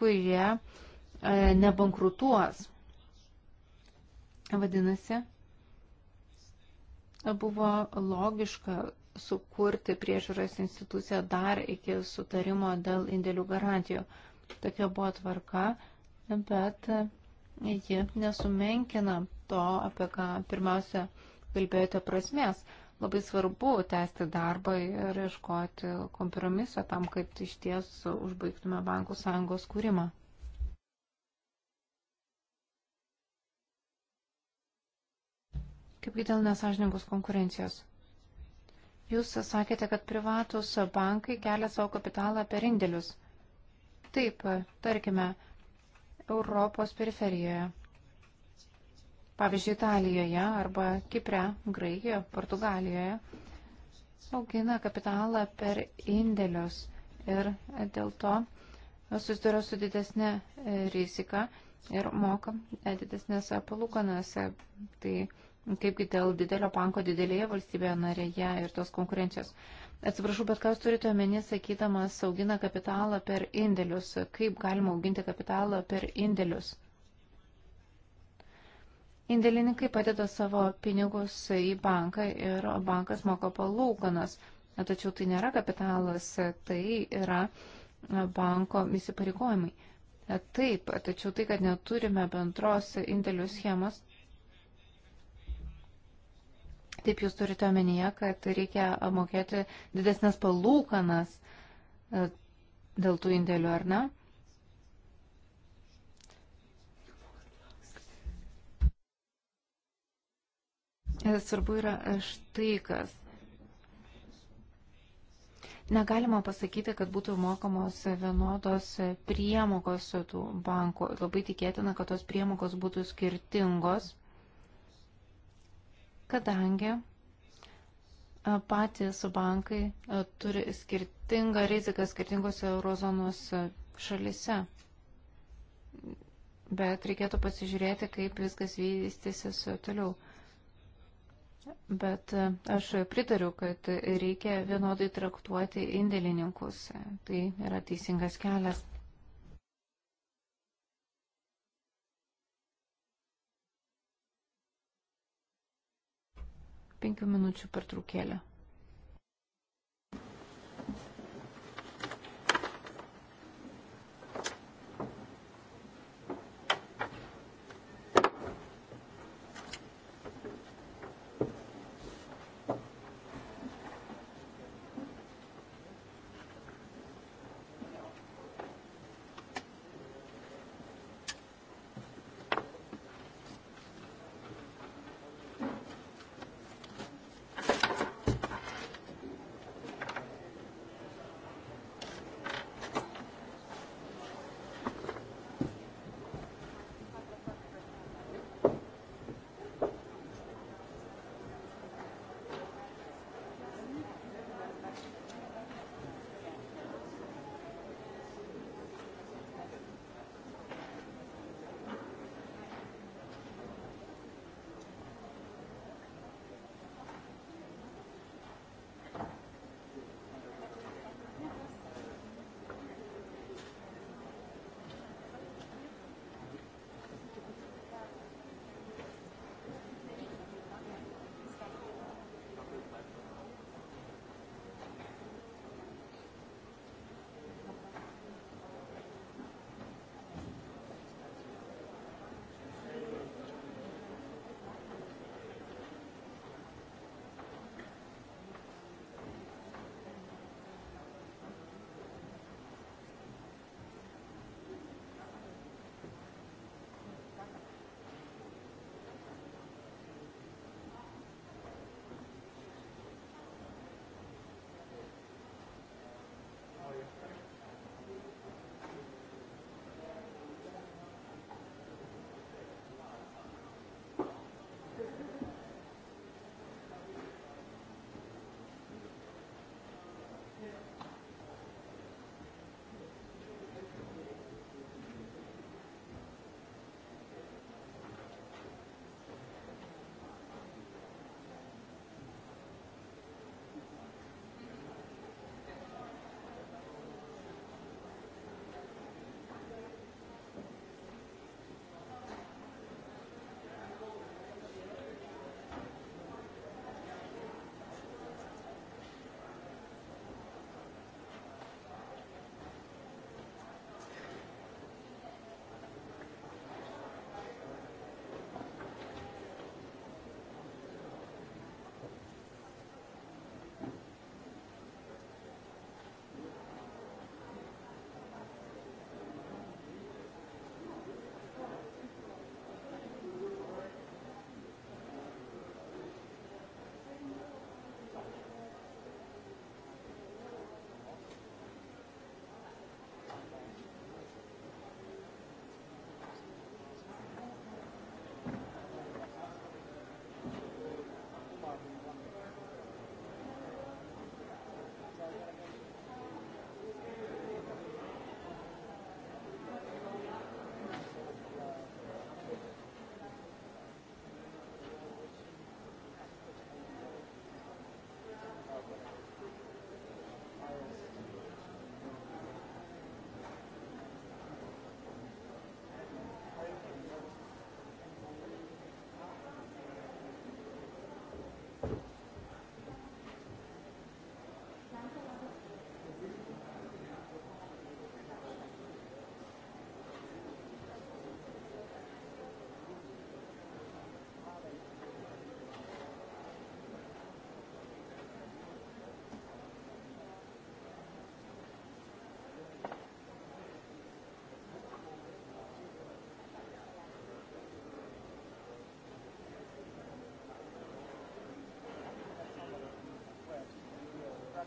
kurie e, nebankrutuos. Vadinasi, buvo logiška sukurti priežiūros instituciją dar iki sutarimo dėl indėlių garantijų. Tokia buvo tvarka, bet ji nesumenkina to, apie ką pirmiausia kalbėjote prasmės. Labai svarbu tęsti darbą ir iškoti kompromiso tam, kad iš ties užbaigtume bankų sąjungos kūrimą. Kaipgi dėl nesažininkos konkurencijos? Jūs sakėte, kad privatus bankai kelia savo kapitalą per indėlius. Taip, tarkime, Europos periferijoje. Pavyzdžiui, Italijoje arba Kipre, Graikijoje, Portugalijoje augina kapitalą per indėlius ir dėl to susiduria su didesnė e, rizika ir moka e, didesnės palūkanas. E, tai kaipgi dėl didelio banko didelėje valstybėje narėje ir tos konkurencijos. Atsiprašau, bet ką jūs turite omeny, sakydamas, augina kapitalą per indėlius? Kaip galima auginti kapitalą per indėlius? Indėlininkai padeda savo pinigus į banką ir bankas moka palūkanas, tačiau tai nėra kapitalas, tai yra banko įsipareigojimai. Taip, tačiau tai, kad neturime bendros indėlių schemos, Taip jūs turite omenyje, kad reikia mokėti didesnės palūkanas e, dėl tų indėlių, ar ne? E, svarbu yra e, štai kas. Negalima pasakyti, kad būtų mokamos vienodos priemokos tų bankų. Labai tikėtina, kad tos priemokos būtų skirtingos kadangi patys bankai turi skirtingą riziką skirtingose eurozonos šalise. Bet reikėtų pasižiūrėti, kaip viskas vystysis toliau. Bet aš pritariu, kad reikia vienodai traktuoti indėlininkus. Tai yra teisingas kelias. Penkių minučių pertraukėlė.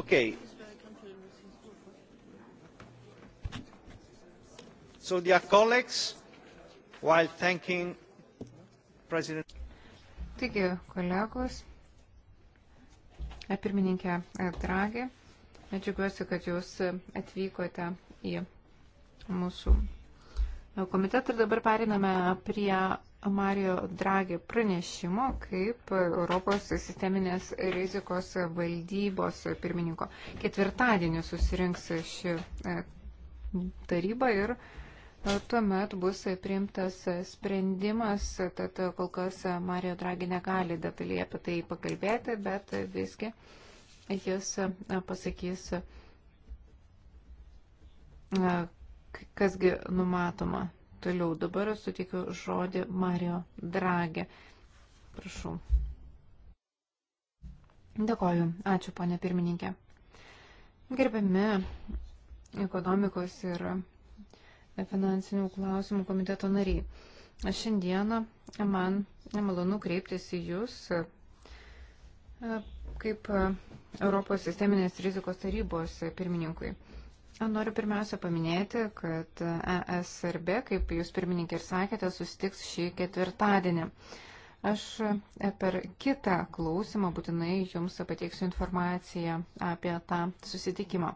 Okay. So, dear colleagues, while thanking President. Taigi, kolegos, pirmininkė e, Dragi, džiugiuosi, kad jūs atvykote į mūsų komitetą ir dabar periname prie Mario Draghi pranešimo kaip Europos sisteminės rizikos valdybos pirmininko. Ketvirtadienį susirinks ši e, taryba ir e, tuomet bus priimtas sprendimas, tad kol kas Mario Draghi negali detaliai apie tai pakalbėti, bet visgi jis pasakys, e, kasgi numatoma toliau. Dabar suteikiu žodį Mario Dragė. Prašau. Dėkoju. Ačiū, ponė pirmininkė. Gerbiami ekonomikos ir finansinių klausimų komiteto nariai. Šiandieną man nemalonu kreiptis į Jūs kaip Europos sisteminės rizikos tarybos pirmininkui. Noriu pirmiausia paminėti, kad ESRB, kaip jūs pirmininkė ir sakėte, susitiks šį ketvirtadienį. Aš per kitą klausimą būtinai jums pateiksiu informaciją apie tą susitikimą.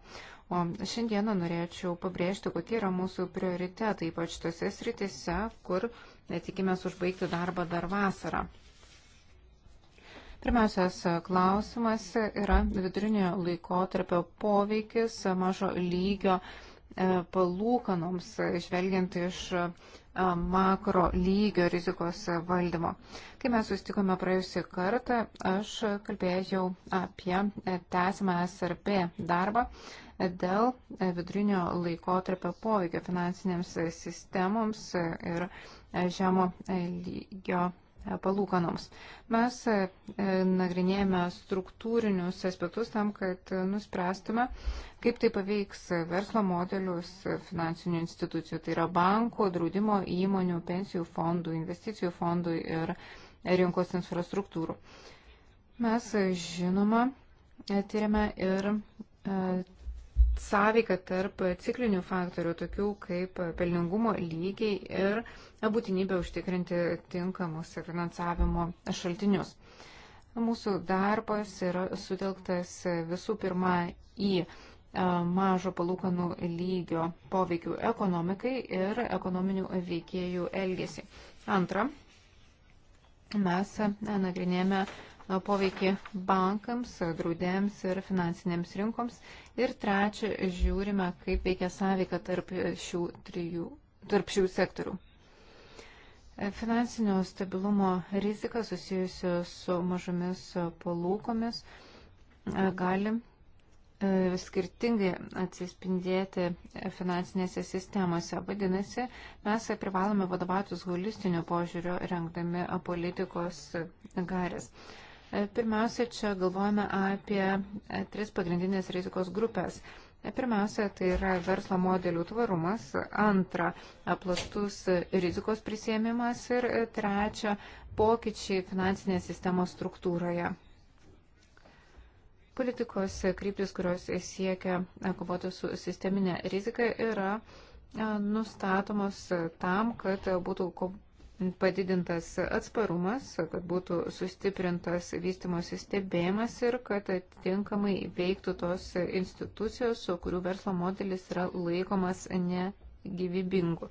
O šiandieną norėčiau pabrėžti, kokie yra mūsų prioritetai, ypač tose sritise, kur tikimės užbaigti darbą dar vasarą. Pirmiausias e, klausimas yra vidurinio laikotarpio poveikis mažo lygio e, palūkanoms, žvelgiant iš e, makro lygio rizikos valdymo. Kai mes sustikome praėjusią kartą, aš kalbėjau apie tęsimą SRP darbą dėl vidurinio laikotarpio poveikio finansinėms sistemoms ir žemo lygio palūkanoms. Mes e, e, nagrinėjame struktūrinius aspektus tam, kad nuspręstume, kaip tai paveiks verslo modelius finansinių institucijų, tai yra bankų, draudimo įmonių, pensijų fondų, investicijų fondų ir rinkos infrastruktūrų. Mes, e, žinoma, tyriame ir sąveiką tarp ciklinių faktorių, tokių kaip pelningumo lygiai ir būtinybė užtikrinti tinkamus finansavimo šaltinius. Mūsų darbas yra sutelktas visų pirma į e, mažo palūkanų lygio poveikių ekonomikai ir ekonominių veikėjų elgesį. Antra, mes e, nagrinėjame poveikį bankams, draudėjams ir finansinėms rinkoms. Ir trečia, žiūrime, kaip veikia sąveika tarp šių, trijų, tarp šių sektorių. Finansinio stabilumo rizika susijusi su mažomis palūkomis e, gali e, skirtingai atsispindėti finansinėse sistemose. Vadinasi, mes privalome vadovautis holistiniu požiūriu, rengdami politikos garės. Pirmiausia, čia galvojame apie tris pagrindinės rizikos grupės. Pirmiausia, tai yra verslo modelių tvarumas, antra, plastus rizikos prisėmimas ir trečia, pokyčiai finansinės sistemos struktūroje. Politikos kryptis, kurios siekia kovoti su sisteminė rizika, yra nustatomos tam, kad būtų padidintas atsparumas, kad būtų sustiprintas vystimosi stebėjimas ir kad atitinkamai veiktų tos institucijos, kurių verslo modelis yra laikomas negyvybingu.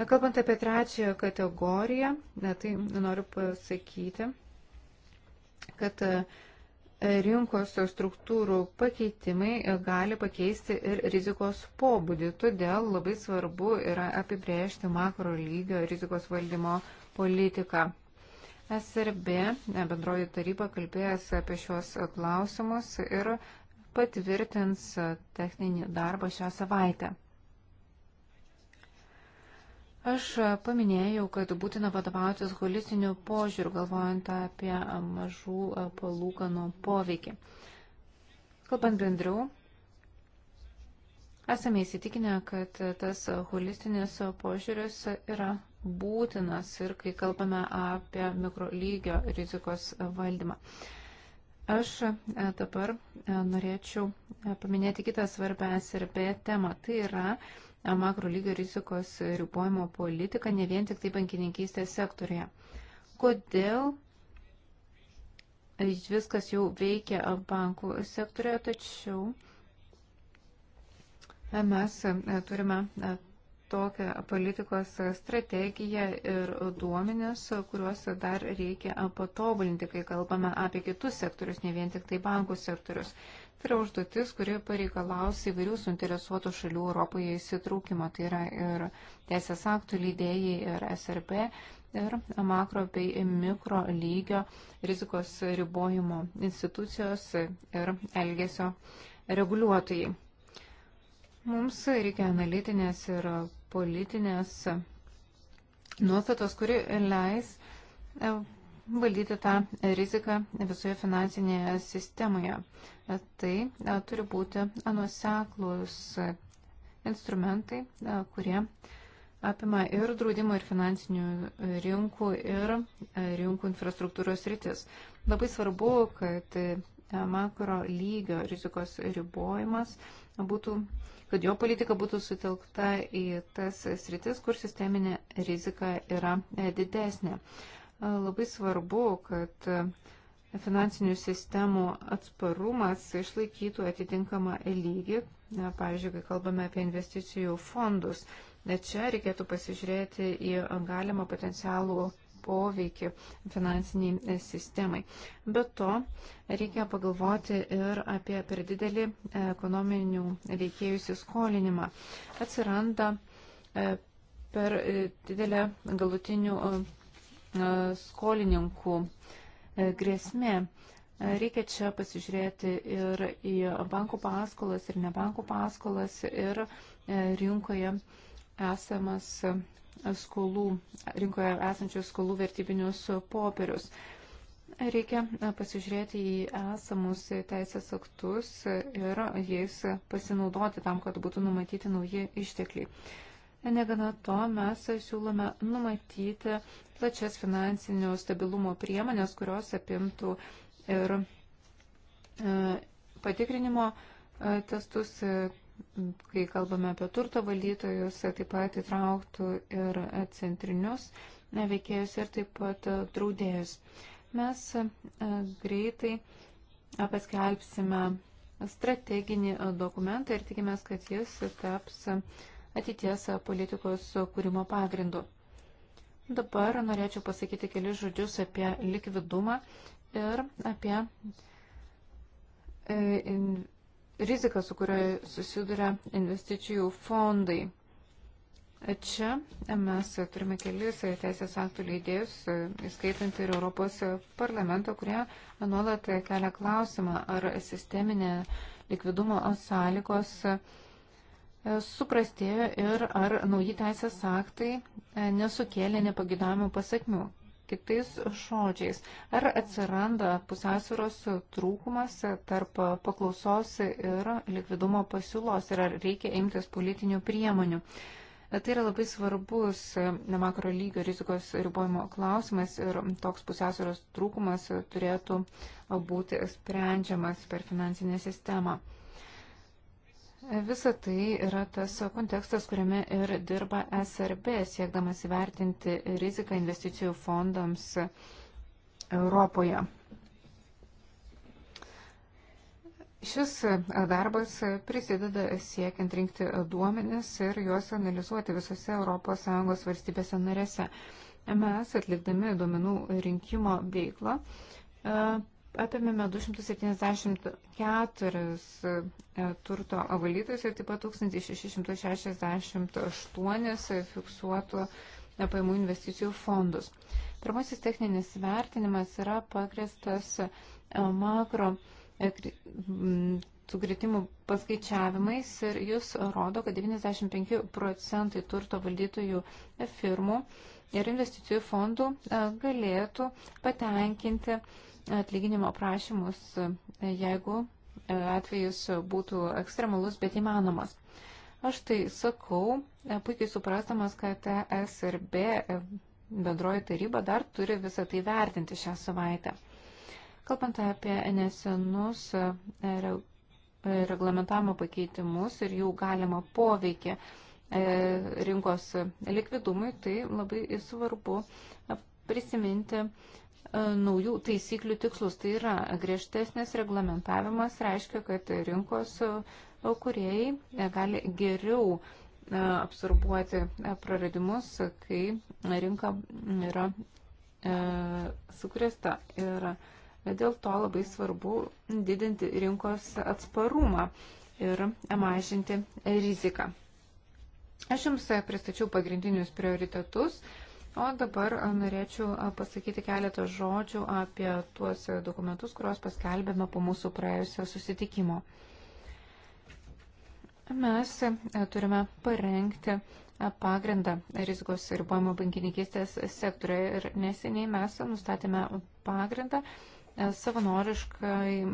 Kalbant apie trečiąją kategoriją, tai noriu pasakyti, kad uh, rinkos struktūrų pakeitimai gali pakeisti ir rizikos pobūdį. Todėl labai svarbu yra apibrėžti makro lygio rizikos valdymo politiką. SRB bendroji taryba kalbėjęs apie šios klausimus ir patvirtins techninį darbą šią savaitę. Aš paminėjau, kad būtina vadovautis holistiniu požiūriu, galvojant apie mažų palūkanų poveikį. Kalbant bendriau, esame įsitikinę, kad tas holistinis požiūris yra būtinas ir kai kalbame apie mikrolygio rizikos valdymą. Aš e, dabar e, norėčiau e, paminėti kitą svarbę SRB temą. Tai yra makro lygio rizikos ribojimo politiką ne vien tik tai bankininkystės sektorėje. Kodėl viskas jau veikia bankų sektorėje, tačiau e, mes e, turime e, tokią politikos strategiją ir duomenis, kuriuos dar reikia patobulinti, kai kalbame apie kitus sektorius, ne vien tik tai bankų sektorius. Tai yra užduotis, kuri pareikalaus įvairių suinteresuotų šalių Europoje įsitraukimo. Tai yra ir teisės aktų lydėjai, ir SRB, ir makro bei mikro lygio rizikos ribojimo institucijos ir elgesio reguliuotojai. Mums reikia analitinės ir politinės nuostatos, kuri leis valdyti tą riziką visoje finansinėje sistemoje. Tai turi būti nuseklus instrumentai, kurie apima ir draudimo, ir finansinių rinkų, ir rinkų infrastruktūros rytis. Labai svarbu, kad makro lygio rizikos ribojimas būtų, kad jo politika būtų sutelkta į tas sritis, kur sisteminė rizika yra e, didesnė. Labai svarbu, kad e, finansinių sistemų atsparumas išlaikytų atitinkamą lygį, pavyzdžiui, kai kalbame apie investicijų fondus. Net čia reikėtų pasižiūrėti į galimą potencialų poveikį finansiniai sistemai. Be to, reikia pagalvoti ir apie per didelį e, ekonominių veikėjų įsiskolinimą. Atsiranda e, per didelę galutinių E, skolininkų e, grėsmė. E, reikia čia pasižiūrėti ir į bankų paskolas, ir ne bankų paskolas, ir rinkoje esamas skolų, rinkoje esančių skolų vertybinius popierius. Reikia pasižiūrėti į esamus teisės aktus ir jais pasinaudoti tam, kad būtų numatyti nauji ištekliai. Negana to, mes siūlome numatyti plačias finansinio stabilumo priemonės, kurios apimtų ir e, patikrinimo e, testus, e, kai kalbame apie turto valytojus, taip pat įtrauktų ir centrinius veikėjus ir taip pat draudėjus. Mes greitai paskelbsime strateginį dokumentą ir tikimės, kad jis taps ateities politikos kūrimo pagrindu. Dabar norėčiau pasakyti kelius žodžius apie likvidumą ir apie e, riziką, su kurioje susiduria investicijų fondai. Čia mes turime kelis teisės aktų leidėjus, įskaitant ir Europos parlamento, kurie nuolat kelia klausimą, ar sisteminė likvidumo sąlygos E, suprastėjo ir ar nauji teisės aktai e, nesukėlė nepagidavimų pasakmių. Kitais žodžiais, ar atsiranda pusiausvėros trūkumas tarp paklausos ir likvidumo pasiūlos ir ar reikia imtis politinių priemonių. E, tai yra labai svarbus makro lygio rizikos ribojimo klausimas ir toks pusiausvėros trūkumas turėtų būti sprendžiamas per finansinę sistemą. Visa tai yra tas kontekstas, kuriame ir dirba SRB, siekdamas įvertinti riziką investicijų fondams Europoje. Šis darbas prisideda siekiant rinkti duomenis ir juos analizuoti visose ES valstybėse narėse. Mes atlikdami duomenų rinkimo veiklą apėmėme 274 e, turto avalytojus ir taip pat 1668 fiksuotų pajamų investicijų fondus. Pirmasis techninis vertinimas yra pakrestas e, makro e, sugritimų paskaičiavimais ir jis rodo, kad 95 procentai turto valdytojų firmų ir investicijų fondų galėtų patenkinti uh, atlyginimo prašymus, jeigu e, atvejis būtų ekstremalus, bet įmanomas. Aš tai sakau, e, puikiai suprastamas, kad ESRB e, bendroji taryba dar turi visą tai vertinti šią savaitę. Kalbant apie nesenus reglamentavimo pakeitimus ir jų galimą poveikį rinkos likvidumui, tai labai svarbu prisiminti E, naujų taisyklių tikslus. Tai yra griežtesnis reglamentavimas reiškia, kad rinkos e, kuriejai e, gali geriau absorbuoti praradimus, kai rinka yra sukrista. Ir dėl to labai svarbu didinti rinkos atsparumą ir mažinti riziką. Aš jums pristačiau pagrindinius prioritetus O dabar norėčiau pasakyti keletą žodžių apie tuos e, dokumentus, kuriuos paskelbėme po mūsų praėjusio susitikimo. Mes e, turime parengti e, pagrindą rizikos ribojimo bankininkistės sektoriuje ir neseniai mes nustatėme pagrindą savanoriškai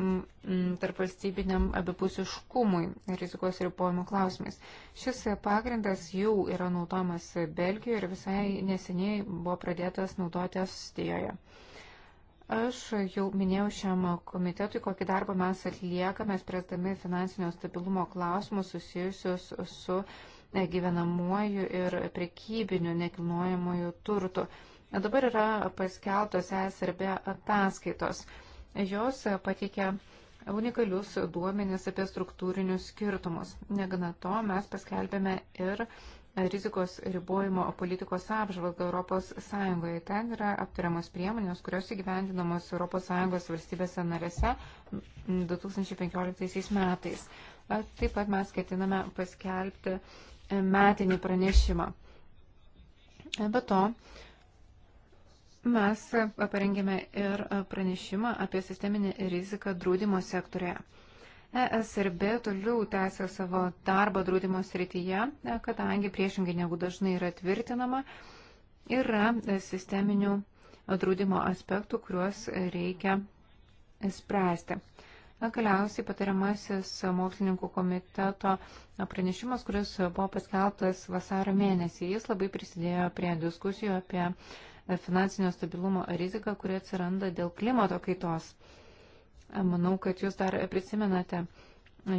tarpvalstybiniam abipusiškumui rizikos ribojimo klausimais. Šis pagrindas jau yra naudojamas Belgijoje ir visai neseniai buvo pradėtas naudoti Estijoje. Aš jau minėjau šiam komitetui, kokį darbą mes atliekame, spręsdami finansinio stabilumo klausimus susijusius su e, gyvenamuoju ir prekybiniu nekilnojamoju turtu. Dabar yra paskeltos ESRB ataskaitos. Jos pateikia unikalius duomenis apie struktūrinius skirtumus. Negana to, mes paskelbėme ir rizikos ribojimo politikos apžvalgą ES. Ten yra aptariamos priemonės, kurios įgyvendinamos ES valstybėse narėse 2015 metais. Taip pat mes ketiname paskelbti metinį pranešimą. Be to, Mes parengėme ir pranešimą apie sisteminę riziką draudimo sektorėje. ESRB toliau tęsia savo darbą draudimo srityje, kadangi priešingai negu dažnai yra tvirtinama, yra sisteminių draudimo aspektų, kuriuos reikia spręsti. Galiausiai patariamasis mokslininkų komiteto pranešimas, kuris buvo paskelbtas vasario mėnesį, jis labai prisidėjo prie diskusijų apie finansinio stabilumo riziką, kuri atsiranda dėl klimato kaitos. Manau, kad jūs dar prisimenate,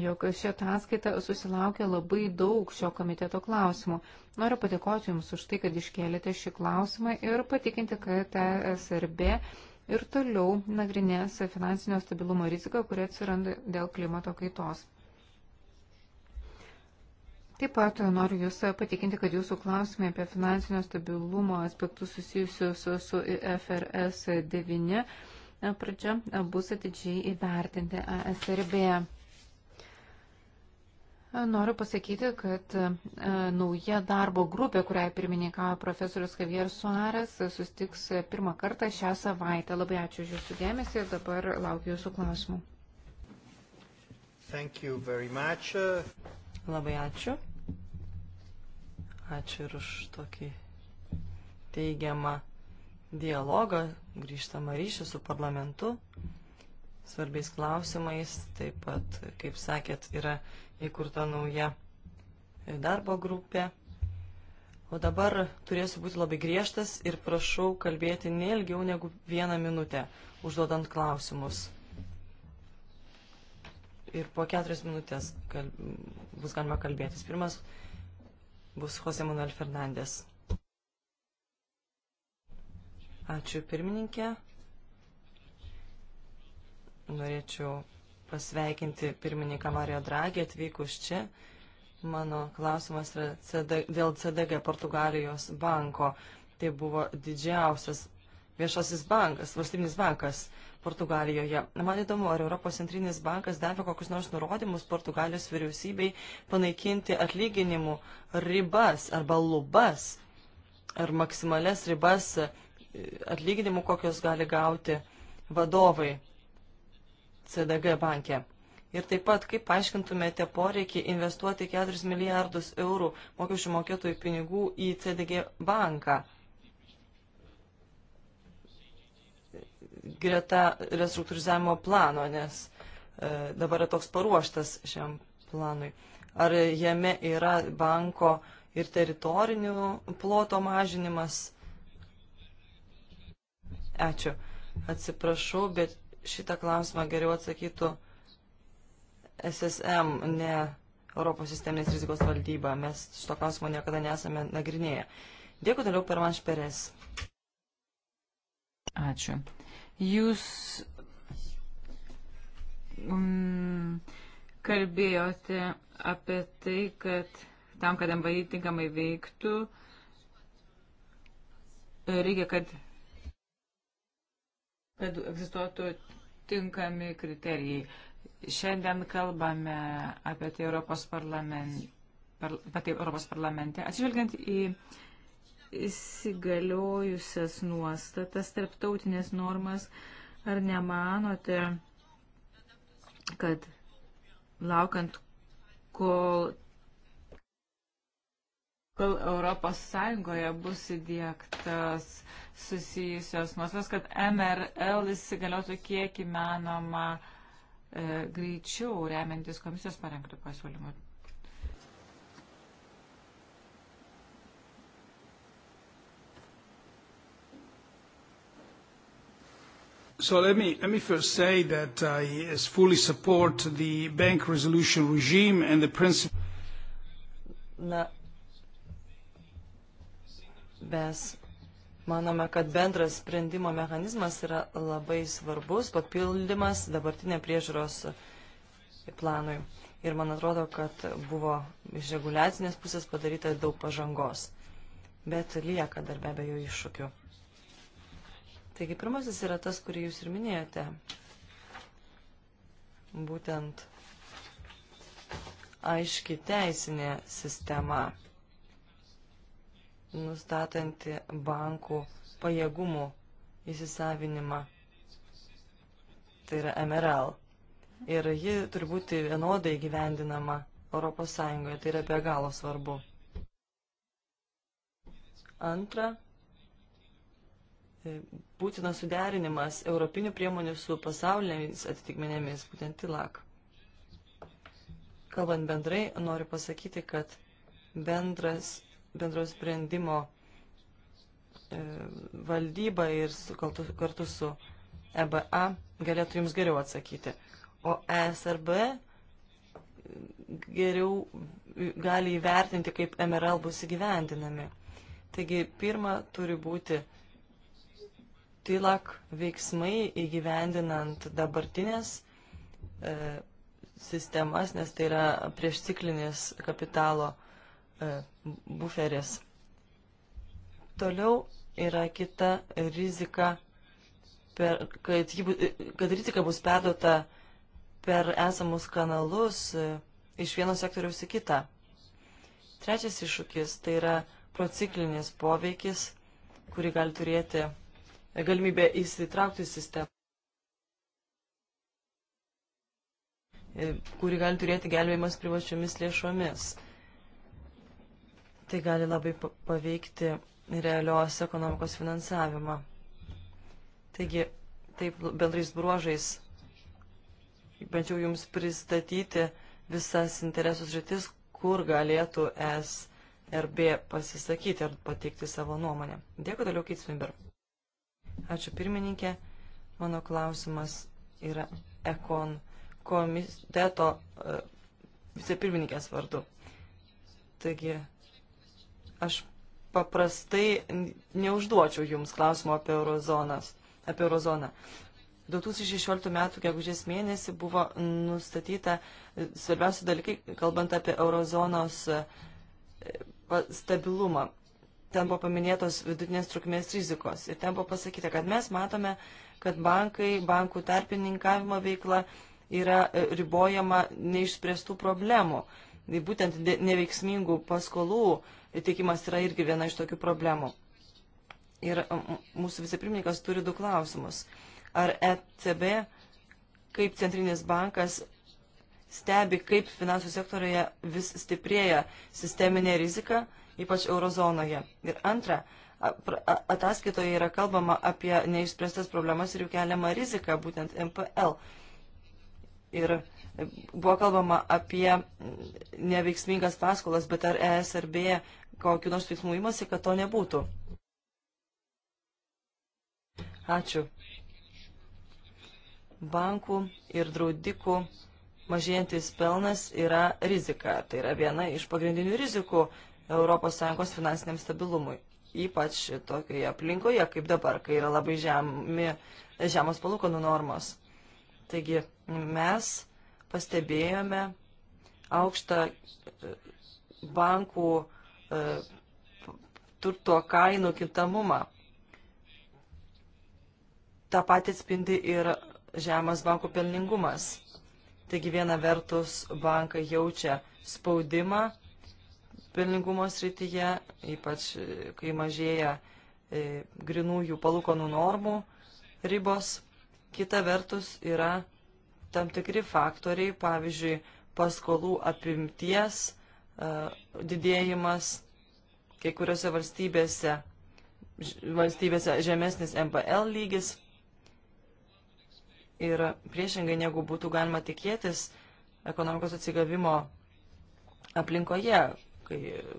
jog ši ataskaita susilaukė labai daug šio komiteto klausimų. Noriu padėkoti Jums už tai, kad iškėlėte šį klausimą ir patikinti, kad e SRB ir toliau nagrinės finansinio stabilumo riziką, kuri atsiranda dėl klimato kaitos. Taip pat noriu Jūs patikinti, kad Jūsų klausimai apie finansinio stabilumo aspektus susijusius su IFRS 9 e, pradžia e, bus atidžiai įvertinti ASRB. E, noriu pasakyti, kad nauja darbo grupė, kuriai pirmininkavo profesorius Javier Suarez, sustiks pirmą kartą šią savaitę. Labai ačiū už Jūsų dėmesį ir dabar laukiu Jūsų klausimų. Labai ačiū. Ačiū ir už tokį teigiamą dialogą, grįžtamą ryšį su parlamentu, svarbiais klausimais. Taip pat, kaip sakėt, yra įkurta nauja darbo grupė. O dabar turėsiu būti labai griežtas ir prašau kalbėti neilgiau negu vieną minutę, užduodant klausimus. Ir po keturias minutės kal... bus galima kalbėtis. Pirmas bus Jose Manuel Fernandės. Ačiū pirmininkė. Norėčiau pasveikinti pirmininką Mario Dragį atvykus čia. Mano klausimas yra CD, dėl CDG Portugalijos banko. Tai buvo didžiausias viešasis bankas, valstybinis bankas Portugalijoje. Man įdomu, ar Europos centrinis bankas davė kokius nors nurodymus Portugalijos vyriausybei panaikinti atlyginimų ribas arba lubas ar maksimales ribas e, atlyginimų, kokios gali gauti vadovai CDG banke. Ir taip pat, kaip paaiškintumėte poreikį investuoti 4 milijardus eurų mokesčių mokėtojų pinigų į CDG banką? greta restruktūrizavimo plano, nes e, dabar yra toks paruoštas šiam planui. Ar jame yra banko ir teritorinių ploto mažinimas? Ačiū. Atsiprašau, bet šitą klausimą geriau atsakytų SSM, ne Europos sisteminės rizikos valdyba. Mes šito klausimo niekada nesame nagrinėję. Dėkui toliau per man šperes. Ačiū. Jūs mm, kalbėjote apie tai, kad tam, kad MVI tinkamai veiktų, reikia, kad, kad egzistuotų tinkami kriterijai. Šiandien kalbame apie tai Europos parlamente. Par, tai Europos parlamente. Atsižvelgiant į uh, įsigaliojusias nuostatas, tarptautinės normas, ar nemanote, kad laukant, kol, kol Europos Sąjungoje bus įdėktas susijusios nuostatos, kad MRL įsigaliotų kiek įmanoma e, greičiau remiantis komisijos parengtų pasiūlymų. So let me, let me first say that I fully support the bank resolution regime and the principle. Na, mes manome, kad bendras sprendimo mechanizmas yra labai svarbus papildymas dabartinė priežiūros planui. Ir man atrodo, kad buvo iš reguliacinės pusės padaryta daug pažangos. Bet lieka dar be abejo iššūkių. Taigi pirmasis yra tas, kurį jūs ir minėjote. Būtent aiški teisinė sistema, nustatanti bankų pajėgumų įsisavinimą. Tai yra MRL. Ir ji turi būti vienodai gyvendinama Europos Sąjungoje. Tai yra be galo svarbu. Antra, būtinas suderinimas europinių priemonių su pasaulinėmis atitikmenėmis, būtent TILAK. Kalbant bendrai, noriu pasakyti, kad bendras, bendro sprendimo e, valdyba ir su, kartu, kartu su EBA galėtų jums geriau atsakyti. O ESRB e, geriau gali įvertinti, kaip MRL bus įgyvendinami. Taigi, pirma, turi būti tilak veiksmai įgyvendinant dabartinės e, sistemas, nes tai yra priešciklinis kapitalo e, buferis. Toliau yra kita rizika, per, kad, ji, e, kad rizika bus perduota per esamus kanalus e, iš vieno sektoriaus į kitą. Trečias iššūkis tai yra prociklinis poveikis, kurį gali turėti galimybę įsitraukti į sistemą, e, kuri gali turėti gelbėjimas privačiomis lėšomis. Tai gali labai paveikti realios ekonomikos finansavimą. Taigi, taip bendrais bruožais bandžiau Jums pristatyti visas interesus rytis, kur galėtų SRB pasisakyti ir pateikti savo nuomonę. Dėkui toliau, Keitsvimber. Ačiū pirmininkė. Mano klausimas yra Ekon komiteto uh, vicepirmininkės vardu. Taigi, aš paprastai neužduočiau jums klausimo apie eurozonas, apie eurozoną. 2016 m. gegužės mėnesį buvo nustatyta e, svarbiausi dalykai, kalbant apie eurozonos e, stabilumą ten buvo paminėtos vidutinės trukmės rizikos. Ir ten buvo pasakyta, kad mes matome, kad bankai, bankų tarpininkavimo veikla yra e, ribojama neišspręstų problemų. Tai būtent neveiksmingų paskolų teikimas yra irgi viena iš tokių problemų. Ir mūsų vicepirmininkas turi du klausimus. Ar ECB, kaip centrinis bankas, stebi, kaip finansų sektorioje vis stiprėja sisteminė rizika ypač eurozonoje. Ir antra, ataskaitoje yra kalbama apie neišspręstas problemas ir jų keliamą riziką, būtent MPL. Ir buvo kalbama apie neveiksmingas paskolas, bet ar ESRB kokiu nors veiksmų įmasi, kad to nebūtų. Ačiū. Bankų ir draudikų mažėjantis pelnas yra rizika. Tai yra viena iš pagrindinių rizikų ES finansiniam stabilumui. Ypač tokioje aplinkoje kaip dabar, kai yra labai žemi, žemos palūkanų normos. Taigi mes pastebėjome aukštą e, bankų e, turto kainų kintamumą. Ta pati atspindi ir žemas bankų pelningumas. Taigi viena vertus bankai jaučia spaudimą pelningumo srityje, ypač e, kai mažėja e, grinųjų palūkonų normų ribos. Kita vertus yra tam tikri faktoriai, pavyzdžiui, paskolų apimties e, didėjimas kai kuriuose valstybėse, valstybėse žemesnis MPL lygis. Ir priešingai, negu būtų galima tikėtis ekonomikos atsigavimo aplinkoje,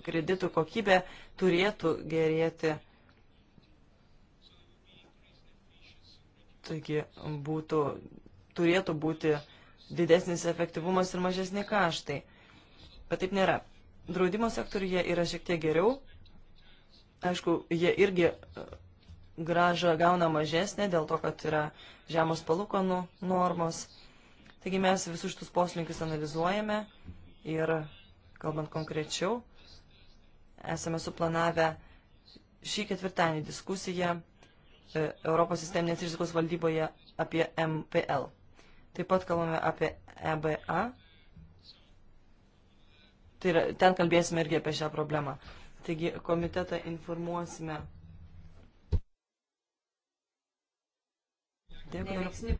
kreditų kokybė turėtų gerėti. Taigi būtų, turėtų būti didesnis efektyvumas ir mažesni kaštai. Bet taip nėra. Draudimo sektoriuje yra šiek tiek geriau. Aišku, jie irgi e, gražą gauna mažesnė dėl to, kad yra žemos palūkanų normos. Taigi mes visus šitus poslinkius analizuojame ir Kalbant konkrečiau, esame suplanavę šį ketvirtadienį diskusiją e, Europos sisteminės rizikos valdyboje apie MPL. Taip pat kalbame apie EBA. Tai yra, ten kalbėsime irgi apie šią problemą. Taigi komitetą informuosime. Dėkui.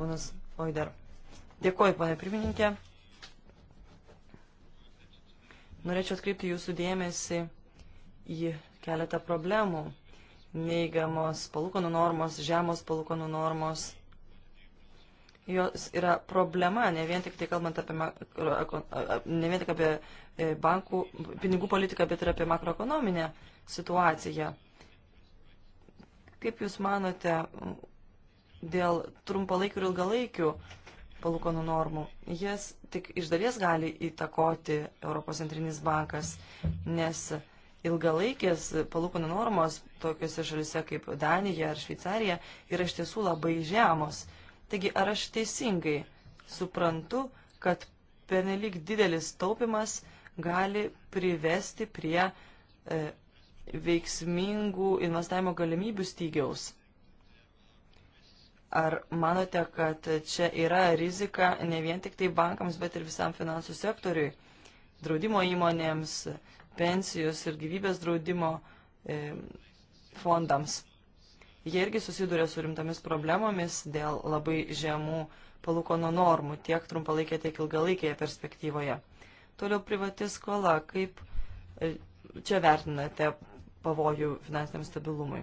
Ponas Oider. Dėkuoju, pane pirmininkė. Norėčiau atkreipti jūsų dėmesį į keletą problemų. Neigiamos palūkanų normos, žemos palūkanų normos. Jos yra problema, ne vien tik tai kalbant apie, ne vien tik apie e, bankų, pinigų politiką, bet ir apie makroekonominę situaciją. Kaip Jūs manote dėl trumpalaikių ir ilgalaikių palūkanų normų. Jas tik iš dalies gali įtakoti Europos centrinis bankas, nes ilgalaikės palūkanų normos tokiuose šalise kaip Danija ar Šveicarija yra iš tiesų labai žemos. Taigi, ar aš teisingai suprantu, kad penelik didelis taupimas gali privesti prie e, veiksmingų investavimo galimybių stygiaus? Ar manote, kad čia yra rizika ne vien tik tai bankams, bet ir visam finansų sektoriui, draudimo įmonėms, pensijos ir gyvybės draudimo e, fondams? Jie irgi susiduria su rimtomis problemomis dėl labai žemų palūkono normų tiek trumpalaikėje, tiek ilgalaikėje perspektyvoje. Toliau privati skola, kaip e, čia vertinate pavojų finansiniam stabilumui?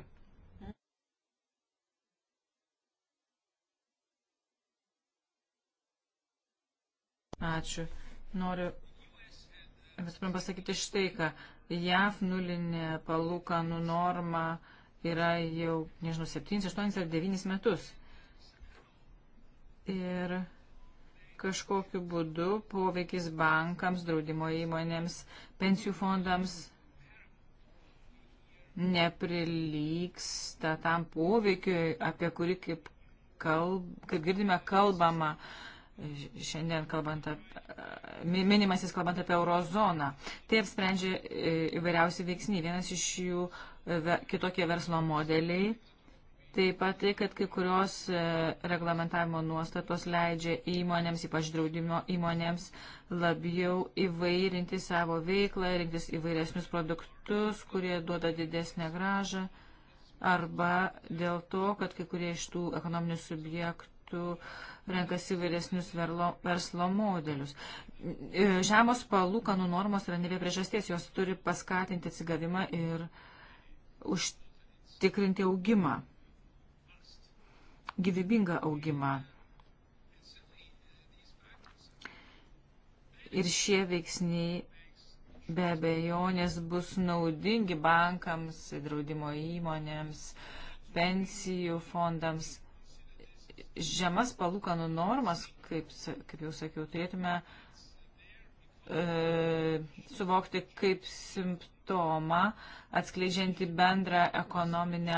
Ačiū. Noriu visų pirma pasakyti štai, ką JAV nulinė palūkanų norma yra jau, nežinau, 7, 8 ar 9 metus. Ir kažkokiu būdu poveikis bankams, draudimo įmonėms, pensijų fondams neprilyksta tam poveikiui, apie kurį, kaip, kalb, kaip girdime, kalbama uh, šiandien kalbant apie, minimasis kalbant apie eurozoną. Tai apsprendžia e, įvairiausi veiksniai. Vienas iš jų e, kitokie verslo modeliai. Taip pat tai, kad kai kurios e, reglamentavimo nuostatos leidžia įmonėms, ypač draudimo įmonėms, labiau įvairinti savo veiklą, rinktis įvairesnius produktus, kurie duoda didesnę gražą, arba dėl to, kad kai kurie iš tų ekonominių subjektų metu renkasi vėlesnius verlo, verslo modelius. E, žemos palūkanų normos yra nebė priežasties, jos turi paskatinti atsigavimą ir užtikrinti augimą, gyvybingą augimą. Ir šie veiksniai be abejonės bus naudingi bankams, draudimo įmonėms, pensijų fondams žemas palūkanų normas, kaip, kaip jau sakiau, turėtume e, suvokti kaip simptomą, atskleidžianti bendrą ekonominę,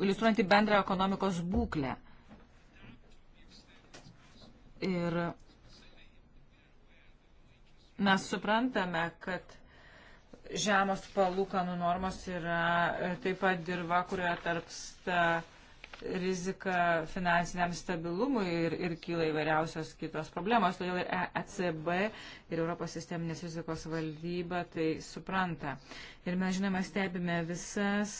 iliustruojantį bendrą ekonomikos būklę. Ir mes suprantame, kad žemos palūkanų normos yra e, taip pat dirba, kurioje tarpsta rizika finansiniam stabilumui ir, ir kyla įvairiausios kitos problemos. Todėl ir ECB e ir Europos sisteminės rizikos valdyba tai supranta. Ir mes, žinoma, stebime visas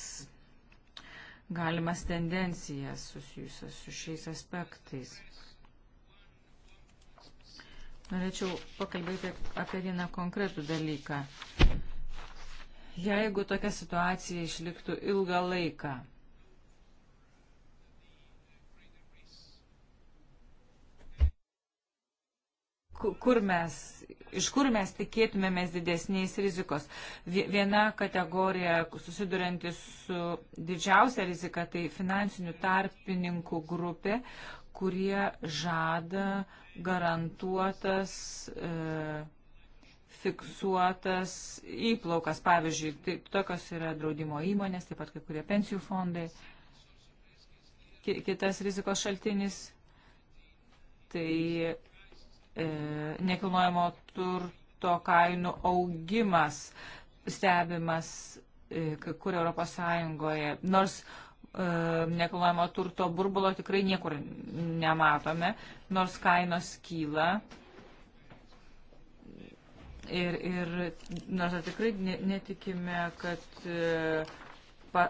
galimas tendencijas susijusias su šiais aspektais. Norėčiau pakalbėti apie vieną konkretų dalyką. Jeigu tokia situacija išliktų ilgą laiką, kur mes, iš kur mes tikėtumėmės didesniais rizikos. Viena kategorija susidurinti su didžiausia rizika tai finansinių tarpininkų grupė, kurie žada garantuotas e, fiksuotas įplaukas. Pavyzdžiui, tai, tokios yra draudimo įmonės, taip pat kai kurie pensijų fondai. Kitas rizikos šaltinis tai E, nekilnojamo turto kainų augimas stebimas e, kur Europos Sąjungoje. Nors e, nekilnojamo turto burbulo tikrai niekur nematome, nors kainos kyla. Ir, ir nors tikrai netikime, kad pa,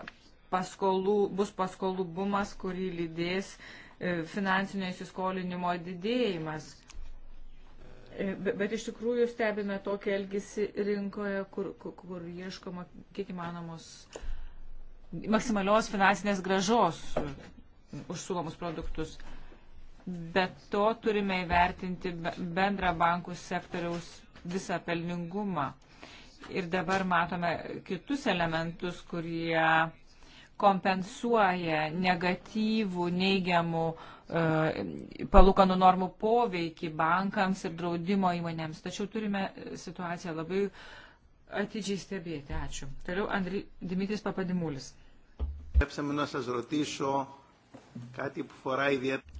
paskolų, bus paskolų bumas, kurį lydės finansinio įsiskolinimo didėjimas. E, bet iš tikrųjų stebime tokį elgesį rinkoje, kur, kur, kur ieškoma kiek įmanomos maksimalios finansinės gražos už siūlomus produktus. Bet to turime įvertinti bendrą bankų sektoriaus visą pelningumą. Ir dabar matome kitus elementus, kurie kompensuoja negatyvų, neigiamų uh, E, palūkanų normų poveikį bankams ir draudimo įmonėms. Tačiau turime e, situaciją labai atidžiai stebėti. Ačiū. Toliau Andri, Dimitris Papadimulis.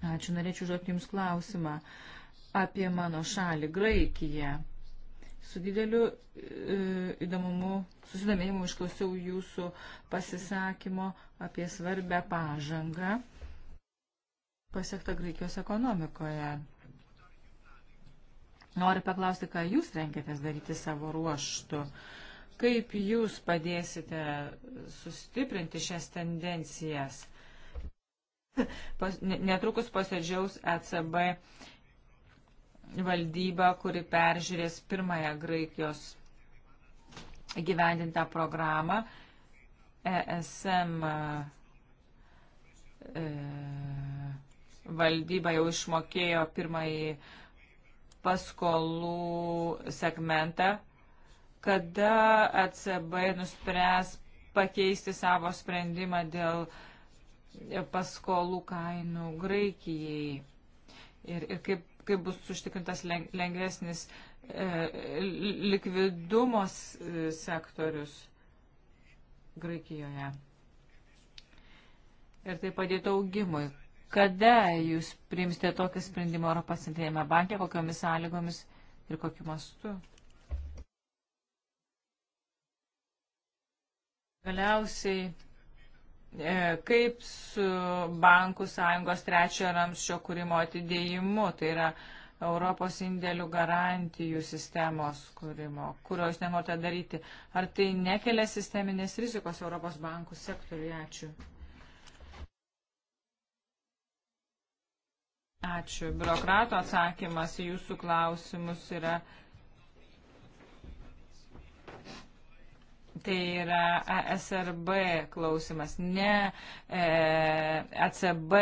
Ačiū, norėčiau žodžiu Jums klausimą apie mano šalį, Graikiją. Su dideliu e, įdomumu, susidomėjimu išklausiau Jūsų pasisakymo apie svarbę pažangą pasiekta Graikijos ekonomikoje. Noriu paklausti, ką jūs renkėtės daryti savo ruoštų. Kaip jūs padėsite sustiprinti šias tendencijas? Netrukus posėdžiaus ECB valdyba, kuri peržiūrės pirmąją Graikijos gyvendintą programą. ESM e, Valdyba jau išmokėjo pirmąjį paskolų segmentą. Kada ECB nuspręs pakeisti savo sprendimą dėl paskolų kainų Graikijai ir, ir kaip, kaip bus užtikrintas lengvesnis e, likvidumos sektorius Graikijoje. Ir tai padėtų augimui. Kada jūs priimsite tokį sprendimą Europos centrinėme banke, kokiomis sąlygomis ir kokiu mastu? Galiausiai, e, kaip su Bankų sąjungos trečiojo ramščio kūrimo atidėjimu, tai yra Europos indėlių garantijų sistemos kūrimo, kurio jūs nenorite daryti, ar tai nekelia sisteminės rizikos Europos bankų sektoriui? Ačiū. Ačiū. Biurokrato atsakymas į jūsų klausimus yra. Tai yra ESRB klausimas, ne e, ECB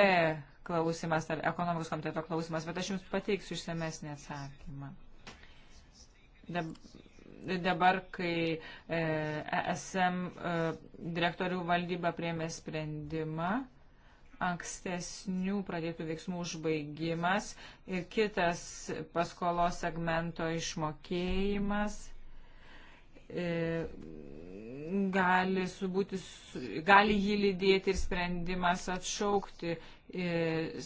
klausimas ar ekonomikos komiteto klausimas, bet aš jums pateiksiu išsamesnį atsakymą. Dab, dabar, kai e, ESM e, direktorių valdyba priemė sprendimą, e, ankstesnių pradėtų veiksmų užbaigimas ir kitas paskolos segmento išmokėjimas e, gali, subūti, gali jį lydėti ir sprendimas atšaukti e,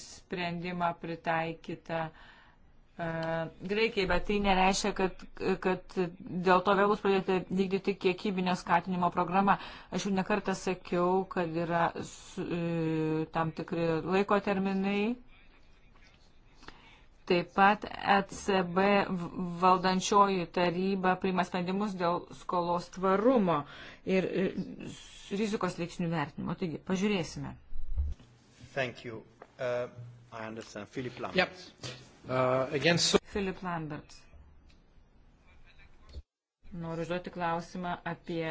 sprendimą pritaikytą uh, Graikijai, bet tai nereiškia, kad, kad dėl to vėl bus pradėta vykdyti kiekybinio skatinimo programą. Aš jau nekartą sakiau, kad yra su, e, tam tikri laiko terminai. Taip pat ECB valdančioji taryba priima sprendimus dėl skolos tvarumo ir e, rizikos veiksnių vertinimo. Taigi, pažiūrėsime. Thank you. Uh, I understand. Philip Lambert. Yep. Uh, against... Filip Lamberts. Noriu užduoti klausimą apie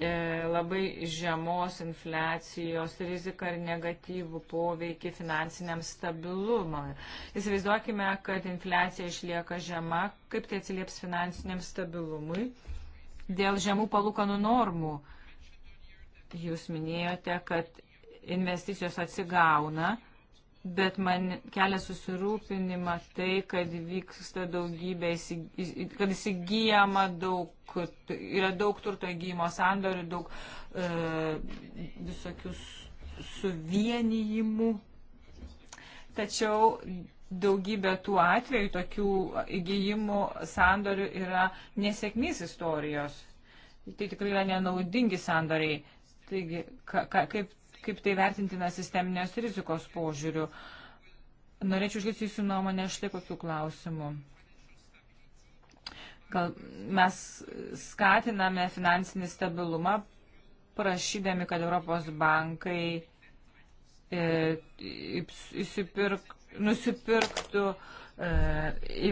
e, labai žemos infliacijos riziką ir negatyvų poveikį finansiniam stabilumui. Įsivaizduokime, kad infliacija išlieka žema, kaip tai atsilieps finansiniam stabilumui dėl žemų palūkanų normų. Jūs minėjote, kad investicijos atsigauna, bet man kelia susirūpinimą tai, kad vyksta daugybė, kad įsigijama daug, yra daug turto įgyjimo sandorių, daug e, visokių suvienijimų. Tačiau daugybė tų atvejų, tokių įgyjimų sandorių yra nesėkmės istorijos. Tai tikrai yra nenaudingi sandoriai. Taigi, ka, ka, kaip kaip tai vertintina sisteminės rizikos požiūrių. Norėčiau išgirsti jūsų nuomonę štai kokiu klausimu. Gal mes skatiname finansinį stabilumą, prašydami, kad Europos bankai e, įsipirk, nusipirktų e,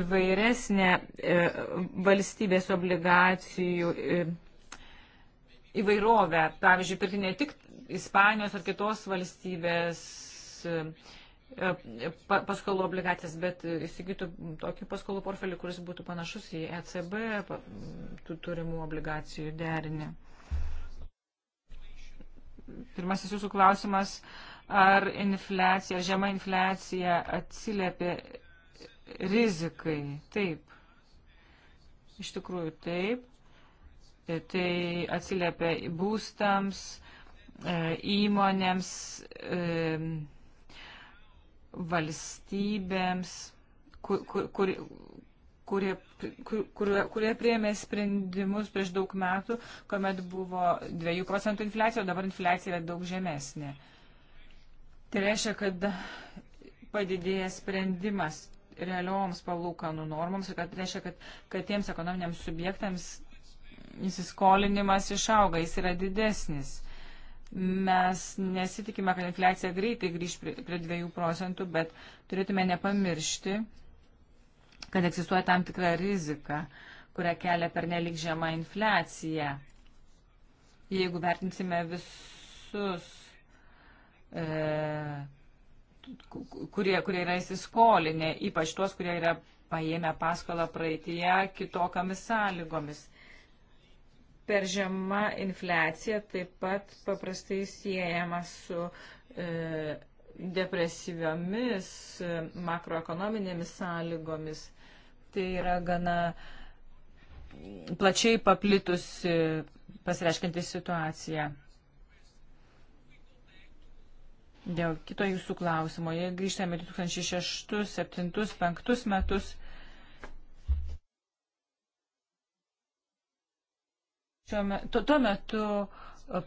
įvairesnę e, valstybės obligacijų. E, įvairovę, pavyzdžiui, pirkti ne tik Ispanijos ar kitos valstybės e, e, paskolų obligacijas, bet įsigytų tokį paskolų portfelį, kuris būtų panašus į ECB tų turimų obligacijų derinį. Pirmasis jūsų klausimas, ar infliacija, žema infliacija atsiliepia rizikai? Taip. Iš tikrųjų taip. Tai atsiliepia būstams, E, įmonėms, e, valstybėms, kur, kur, kur, kurie, kurie, kurie priėmė sprendimus prieš daug metų, kuomet buvo 2 procentų infliacija, o dabar infliacija yra daug žemesnė. Tai reiškia, kad padidėja sprendimas realioms palūkanų normoms ir kad reiškia, kad, kad tiems ekonominiams subjektams įsiskolinimas išauga, jis yra didesnis. Mes nesitikime, kad infliacija greitai grįž prie 2 procentų, bet turėtume nepamiršti, kad egzistuoja tam tikra rizika, kurią kelia per nelik žemą infliaciją. Jeigu vertinsime visus, e, kurie, kurie yra įsiskolinę, ypač tuos, kurie yra paėmę paskolą praeitie kitokiamis sąlygomis per žema infliacija taip pat paprastai siejama su e, depresyviomis e, makroekonominėmis sąlygomis. Tai yra gana plačiai paplitusi pasireiškinti situacija. Dėl kito jūsų klausimo, jei grįžtame 2006, 2007, 2005 metus, Šiuo metu, tuo metu e,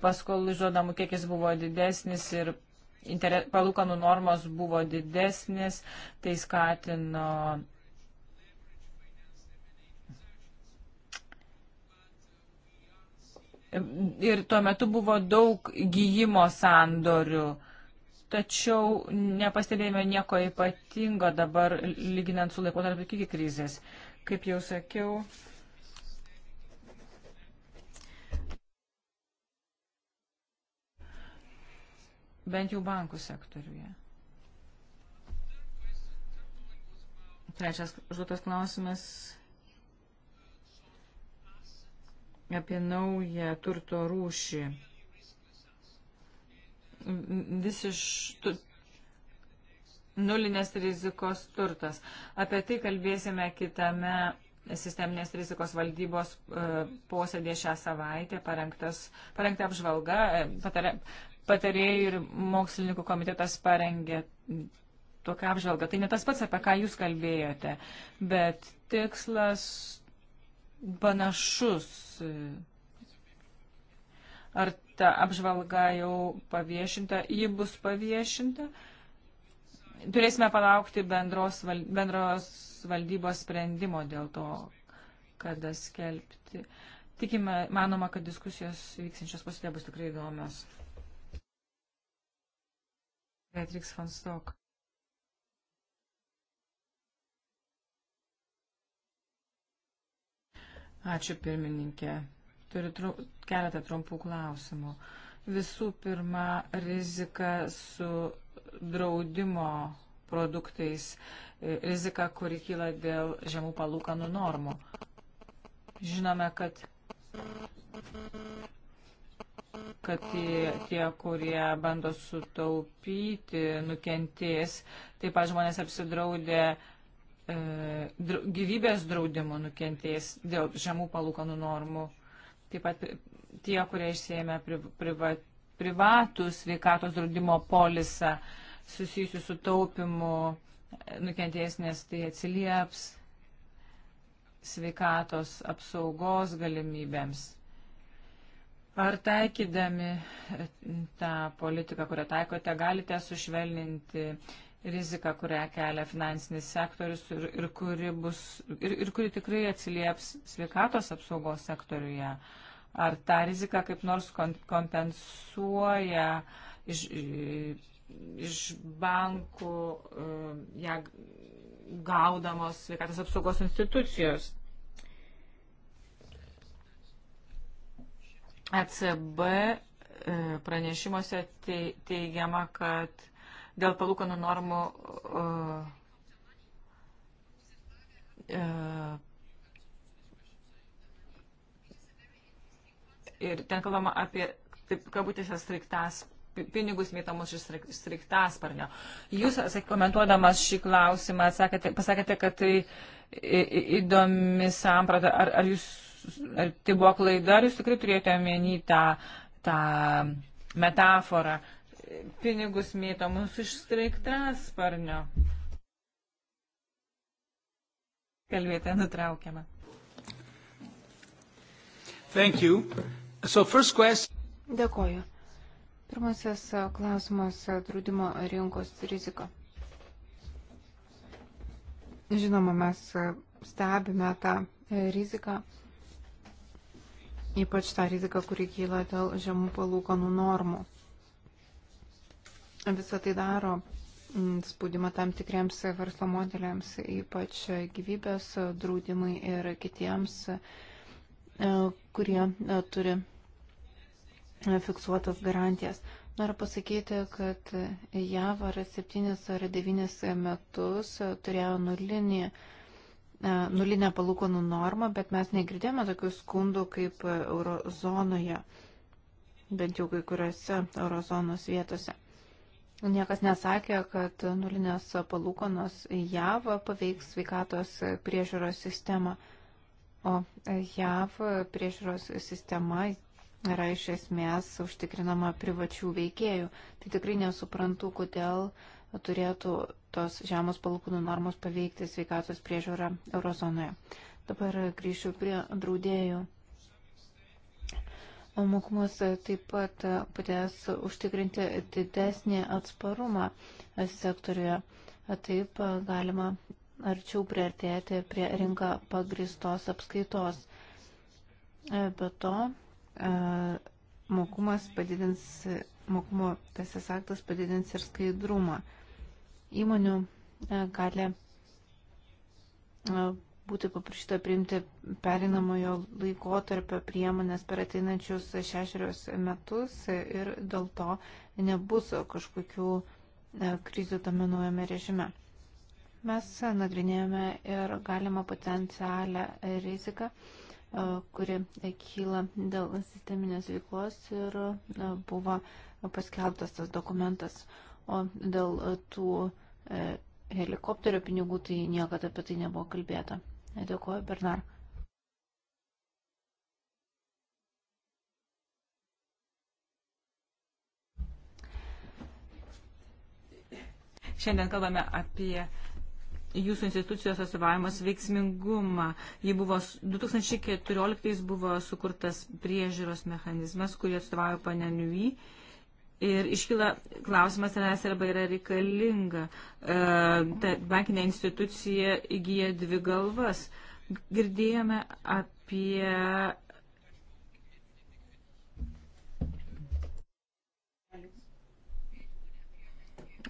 paskolų išduodamų kiekis buvo didesnis ir palūkanų normos buvo didesnis, tai skatino e, ir tuo metu buvo daug gyjimo sandorių. Tačiau nepastebėjome nieko ypatingo dabar, lyginant su laikotarpiu iki krizės. Kaip jau sakiau, bent jau bankų sektoriuje. Trečias užduotas klausimas apie naują turto rūšį. Visiš tu, nulinės rizikos turtas. Apie tai kalbėsime kitame sisteminės rizikos valdybos e, posėdė šią savaitę, parengta apžvalga, e, patare, patarėjai ir mokslininkų komitetas parengė tokią apžvalgą. Tai ne tas pats, apie ką jūs kalbėjote, bet tikslas panašus. Ar ta apžvalga jau paviešinta, ji bus paviešinta? Turėsime palaukti bendros, val, bendros valdybos sprendimo dėl to, kada skelbti. Tikime, manoma, kad diskusijos vyksinčios posėdė bus tikrai įdomios. Beatrix von Stock. Ačiū pirmininkė. Turiu tru, keletą trumpų klausimų. Visų pirma, rizika su draudimo produktais, e, rizika, kuri kyla dėl žemų palūkanų normų. Žinome, kad kad tie, tie, kurie bando sutaupyti, nukentės. Taip pat žmonės apsidraudė e, dra, gyvybės draudimu nukentės dėl žemų palūkanų normų. Taip pat tie, kurie išsėmė priva, privatų sveikatos draudimo polisą susijusių su taupimu, nukentės, nes tai atsilieps sveikatos apsaugos galimybėms. Ar taikydami e, tą politiką, kurią taikote, galite sušvelninti riziką, kurią kelia finansinis sektorius ir, ir, kuri, bus, ir, ir kuri tikrai atsilieps sveikatos apsaugos sektoriuje? Ar tą riziką kaip nors kompensuoja iš, iš bankų e, ją ja, gaudamos sveikatos apsaugos institucijos? ECB e, pranešimuose teigiama, kad dėl palūkanų normų e, e, ir ten kalbama apie, taip kabutėse, striktas pinigus mėtamus iš striktasparnio. Jūs, komentuodamas šį klausimą, atsakėte, pasakėte, kad tai įdomi samprata. Ar, ar jūs ar tai buvo klaida, ar jūs tikrai turėjote omeny tą, tą metaforą. Pinigus mėto mūsų iš straiktasparnio. Kalbėtė nutraukiama. Thank you. So first question. Dėkoju. Pirmasis e, klausimas e, - draudimo rinkos rizika. Žinoma, mes e, stebime tą riziką ypač tą riziką, kuri kyla dėl žemų palūkanų normų. Visą tai daro mm, spaudimą tam tikriems verslo modeliams, ypač gyvybės draudimai ir kitiems, e, kurie e, turi e, fiksuotas garantijas. Noriu pasakyti, kad JAV ar 7 ar 9 metus turėjo nulinį E, nulinę palūkanų normą, bet mes negirdėjome tokių skundų kaip eurozonoje, bent jau kai kuriuose eurozonos vietose. Niekas nesakė, kad nulinės palūkanos JAV paveiks sveikatos priežiūros sistemą, o JAV priežiūros sistema yra iš esmės užtikrinama privačių veikėjų. Tai tikrai nesuprantu, kodėl uh, turėtų tos žemos palūkanų normos paveikti sveikatos priežiūrą eurozonoje. Dabar grįšiu prie draudėjų. Mokumus taip pat padės užtikrinti didesnį atsparumą sektoriuje. Taip galima arčiau priartėti prie rinką pagristos apskaitos. Be to, e, mokumas padidins, mokumo teisės aktas padidins ir skaidrumą įmonių e, gali e, būti paprašyta priimti perinamojo laikotarpio priemonės per ateinančius šešerius metus ir dėl to nebus kažkokių e, krizių tame naujame režime. Mes nagrinėjome ir galimą potencialią riziką, kuri kyla dėl sisteminės veiklos ir buvo paskelbtas tas dokumentas. O dėl e, tų e, helikopterio pinigų tai niekada apie tai nebuvo kalbėta. Dėkuoju, Bernard. Šiandien kalbame apie jūsų institucijos atsivavimas veiksmingumą. Ji buvo, 2014 buvo sukurtas priežiūros mechanizmas, kurį atstovauja paneniui Ir iškyla klausimas, ar SRB yra reikalinga. E, ta bankinė institucija įgyja dvi galvas. Girdėjome apie.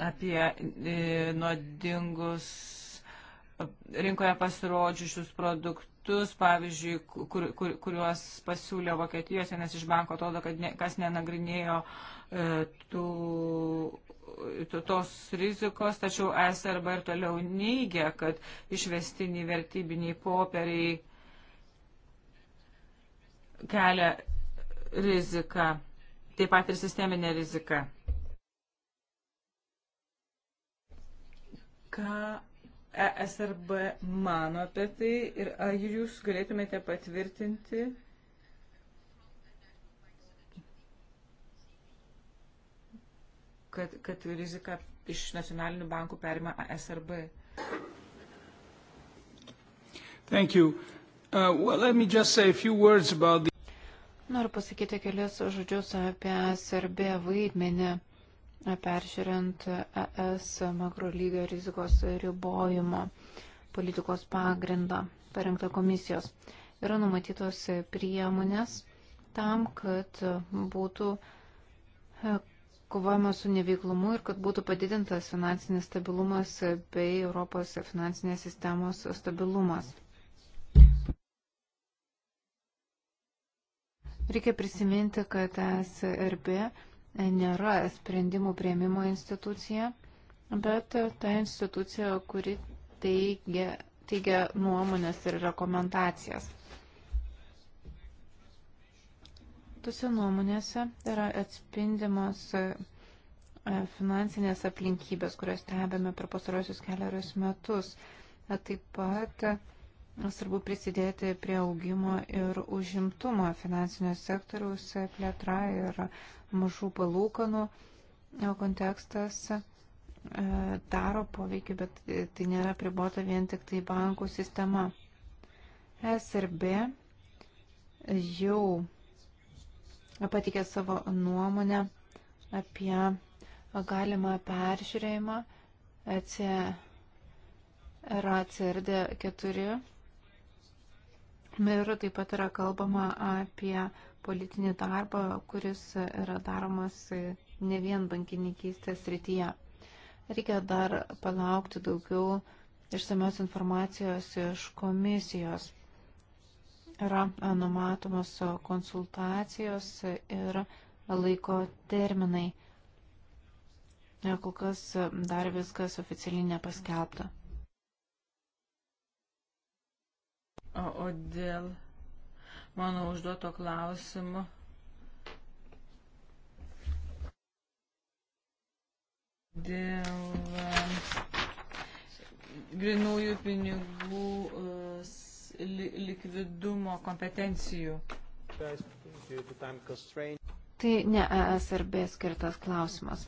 apie e, nuodingus rinkoje pasirodžiusius produktus, pavyzdžiui, kur, kur, kuriuos pasiūlė Vokietijos, nes iš banko atrodo, kad ne, kas nenagrinėjo uh, E, tų, tos rizikos, tačiau SRB ir toliau neigia, kad išvestiniai vertybiniai popieriai kelia riziką, taip pat ir sisteminė rizika. Ką ESRB mano apie tai ir ar jūs galėtumėte patvirtinti kad, kad rizika iš nacionalinių bankų perima SRB. Thank you. Uh, well, let me just say a few words about the... Noriu pasakyti kelias žodžius apie SRB vaidmenį peržiūrint ES makro lygio rizikos ribojimo politikos pagrindą parengtą komisijos. Yra numatytos priemonės tam, kad būtų kovojama su neveiklumu ir kad būtų padidintas finansinis stabilumas bei Europos finansinės sistemos stabilumas. Reikia prisiminti, kad SRB nėra sprendimų prieimimo institucija, bet ta institucija, kuri teigia, teigia nuomonės ir rekomendacijas. Tose nuomonėse yra atspindimos e, e, finansinės aplinkybės, kurias stebėme per pastarosius keliarius metus. E, taip pat svarbu prisidėti prie augimo ir užimtumo finansinio sektoriaus plėtra ir mažų palūkanų kontekstas daro poveikį, bet tai nėra pribota vien tik tai bankų sistema. SRB jau patikė savo nuomonę apie galimą peržiūrėjimą RACRD 4. Ir taip pat yra kalbama apie politinį darbą, kuris yra daromas ne vien bankininkystės rytyje. Reikia dar palaukti daugiau išsamios informacijos iš komisijos yra e, numatomos e, konsultacijos ir laiko terminai. E, kol kas dar viskas oficialiai nepaskelbta. O, o dėl mano užduoto klausimo. Dėl grinųjų pinigų uh, li likvidumo kompetencijų. Tai ne ESRB skirtas klausimas.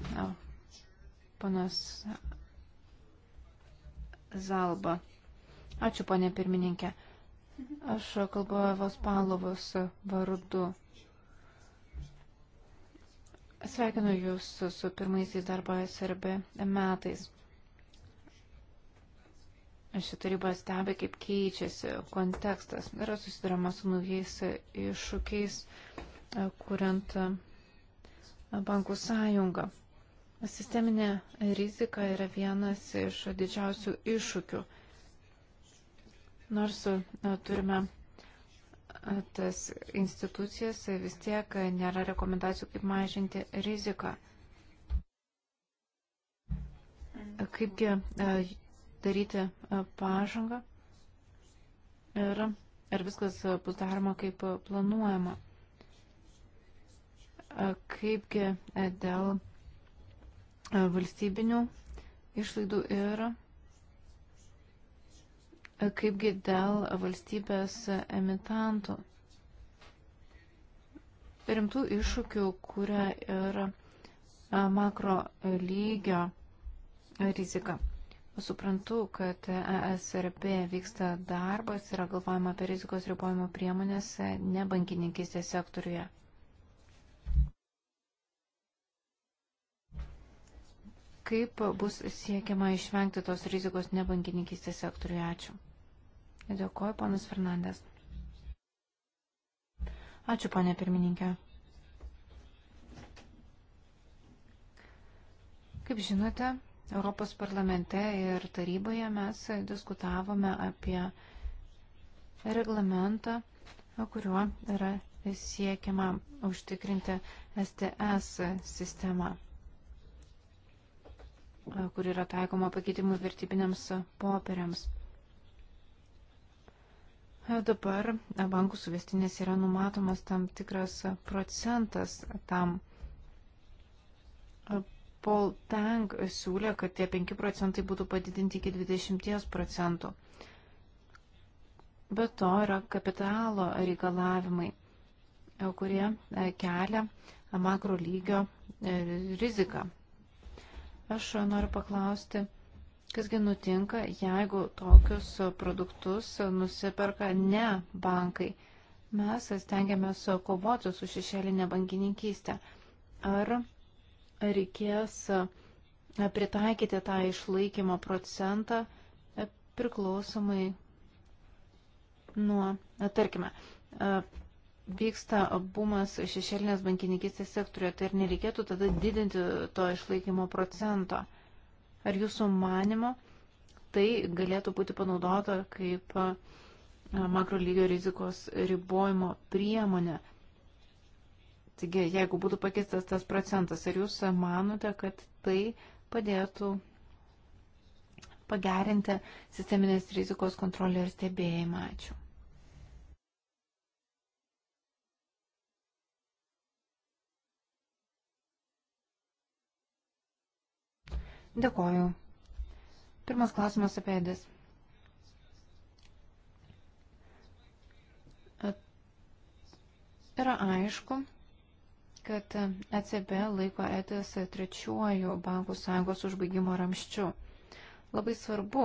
Panas Zalba. Ačiū, ponė pirmininkė. Aš kalbu Evos Palovos vardu. Sveikinu Jūs su pirmaisiais darbo e SRB metais. Ši taryba stebi, kaip keičiasi kontekstas. Yra susidurama su naujais iššūkiais, e, kuriant e, bankų sąjungą. Sisteminė rizika yra vienas iš didžiausių iššūkių. Nors e, turime tas institucijas, vis tiek nėra rekomendacijų, kaip mažinti riziką. Kaipgi daryti e, pažangą ir ar viskas e, bus daroma kaip e, planuojama. Kaipgi dėl valstybinių išlaidų ir kaipgi dėl valstybės emitantų. Rimtų iššūkių kuria ir makro lygio rizika. Suprantu, kad ESRB vyksta darbas, yra galvojama apie rizikos ribojimo priemonės e, ne bankininkistės sektoriuje. Kaip bus siekiama išvengti tos rizikos ne bankininkistės sektoriuje? Ačiū. Dėkuoju, panas Fernandes. Ačiū, ponė pirmininkė. Kaip žinote, Europos parlamente ir taryboje mes diskutavome apie reglamentą, kuriuo yra siekiama užtikrinti STS sistemą, kur yra taikoma pakeitimų vertybiniams popieriams. Dabar bankų suvestinės yra numatomas tam tikras procentas tam Paul Tang siūlė, kad tie 5 procentai būtų padidinti iki 20 procentų. Be to yra kapitalo reikalavimai, e, kurie e, kelia e, makro lygio riziką. Aš noriu paklausti, kasgi nutinka, jeigu tokius produktus nusiperka ne bankai. Mes stengiamės kovoti su šešėlinė bankininkystė. Ar reikės e, pritaikyti tą išlaikymo procentą e, priklausomai nuo, e, tarkime, vyksta bumas šešėlinės bankininkistės sektoriuje, tai ir nereikėtų tada didinti to išlaikymo procento. Ar jūsų manimo tai galėtų būti panaudota kaip makro lygio rizikos ribojimo priemonė? Taigi, jeigu būtų pakeistas tas procentas, ar jūs manote, kad tai padėtų pagerinti sisteminės rizikos kontrolę ir stebėjimą? Ačiū. Dėkoju. Pirmas klausimas apie Edis. Yra aišku, kad ECB laiko ETS trečiuoju bankų sąjungos užbaigimo ramščiu. Labai svarbu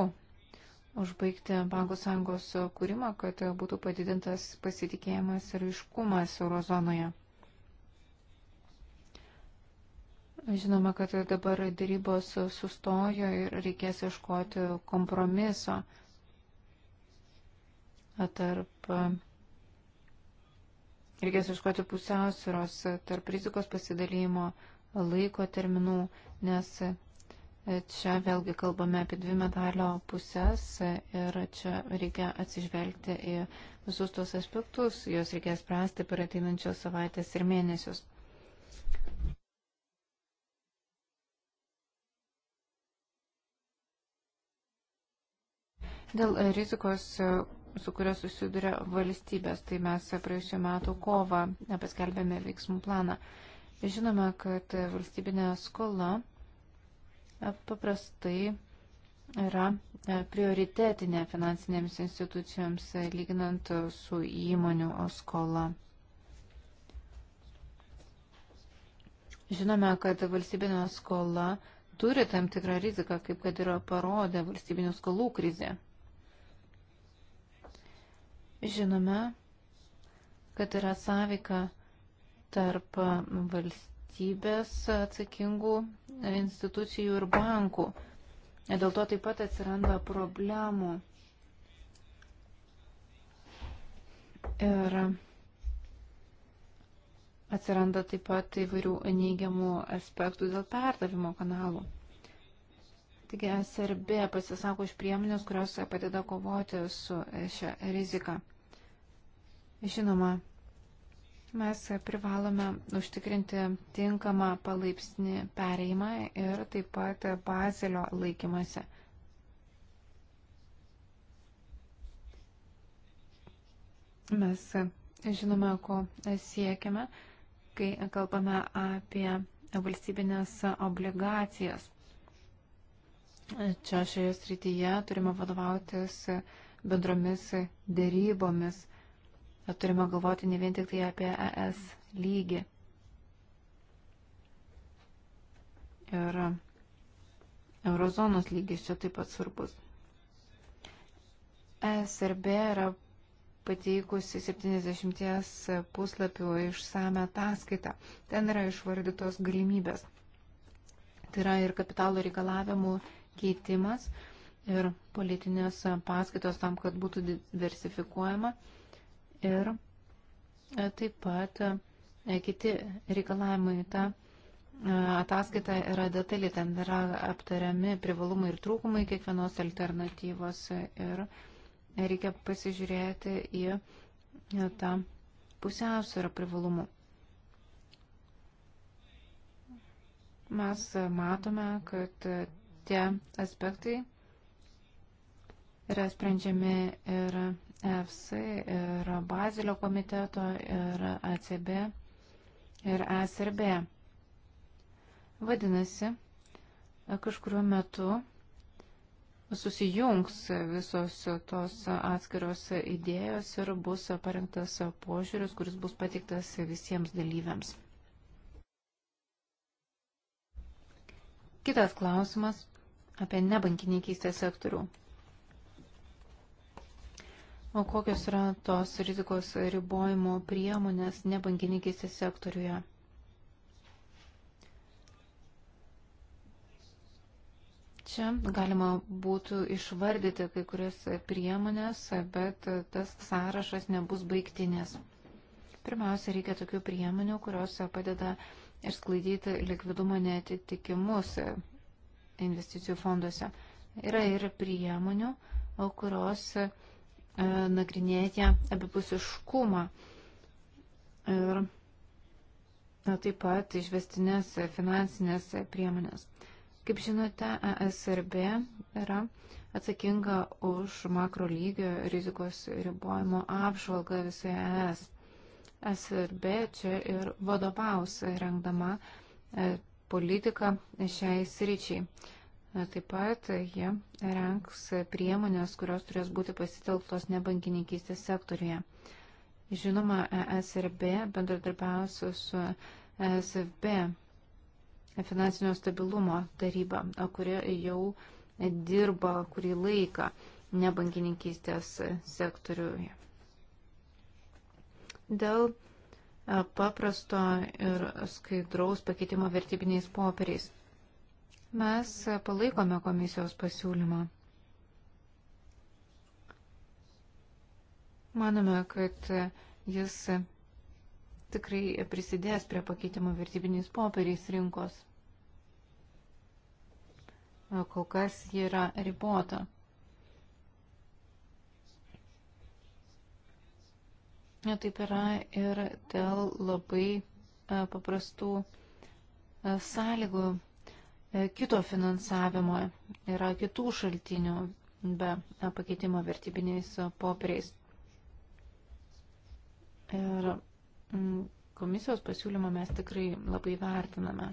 užbaigti bankų sąjungos kūrimą, kad būtų padidintas pasitikėjimas ir iškumas eurozonoje. Žinoma, kad dabar darybos sustojo ir reikės iškoti kompromiso tarp Reikės iškoti pusiausvėros tarp rizikos pasidalymo laiko terminų, nes čia vėlgi kalbame apie dvi medalio pusės ir čia reikia atsižvelgti į visus tuos aspektus, juos reikės spręsti per ateinančios savaitės ir mėnesius. Dėl rizikos su kuria susiduria valstybės. Tai mes praėjusiu metu kovą paskelbėme veiksmų planą. Žinome, kad valstybinė skola paprastai yra prioritetinė finansinėms institucijoms lyginant su įmonių skola. Žinome, kad valstybinė skola turi tam tikrą riziką, kaip kad yra parodė valstybinių skolų krizė. Žinome, kad yra sąveika tarp valstybės atsakingų institucijų ir bankų. Dėl to taip pat atsiranda problemų. Ir atsiranda taip pat įvairių neigiamų aspektų dėl perdavimo kanalų. Taigi SRB pasisako iš priemonės, kurios padeda kovoti su šia rizika. Žinoma, mes privalome užtikrinti tinkamą palaipsnį pereimą ir taip pat bazelio laikymasi. Mes žinome, ko siekiame, kai kalbame apie valstybinės obligacijas čia šioje srityje turime vadovautis bendromis dėrybomis. Turime galvoti ne vien tik tai apie ES lygį. Ir eurozonos lygis čia taip pat svarbus. ESRB yra pateikusi 70 puslapių išsame ataskaitą. Ten yra išvardytos galimybės. Tai yra ir kapitalo reikalavimų keitimas ir politinės paskaitos tam, kad būtų diversifikuojama ir e, taip pat e, kiti reikalavimai tą e, ataskaita yra detaliai, ten yra aptariami privalumai ir trūkumai kiekvienos alternatyvos ir reikia pasižiūrėti į tą pusiausvyrą privalumų. Mes matome, kad tie aspektai yra sprendžiami ir EFC, ir Bazilio komiteto, ir ACB, ir ASRB. Vadinasi, kažkuriuo metu susijungs visos tos atskiros idėjos ir bus parengtas požiūris, kuris bus patiktas visiems dalyviams. Kitas klausimas apie nebankininkystės sektorių. O kokios yra tos rizikos ribojimo priemonės nebankininkystės sektoriuje? Čia galima būtų išvardyti kai kurias priemonės, bet tas sąrašas nebus baigtinės. Pirmiausia, reikia tokių priemonių, kurios padeda išsklaidyti likvidumo netitikimus investicijų fonduose. Yra ir priemonių, kurios e, nagrinėja abipusiškumą ir taip pat išvestinės finansinės priemonės. Kaip žinote, ESRB yra atsakinga už makro lygio rizikos ribojimo apžvalgą visoje ES. ESRB čia ir vadovaus rengdama e, politiką šiai sričiai. Taip pat jie renks priemonės, kurios turės būti pasitelktos nebankininkystės sektoriuje. Žinoma, ESRB bendradarbiausia su ESFB finansinio stabilumo taryba, kuri jau dirba kurį laiką nebankininkystės sektoriuje. Dėl paprasto ir skaidraus pakeitimo vertybiniais popieriais. Mes palaikome komisijos pasiūlymą. Manome, kad jis tikrai prisidės prie pakeitimo vertybiniais popieriais rinkos. Kol kas ji yra ribota. Taip yra ir dėl labai e, paprastų e, sąlygų e, kito finansavimo yra kitų šaltinių be pakeitimo vertybiniais popieriais. Ir komisijos pasiūlymą mes tikrai labai vertiname.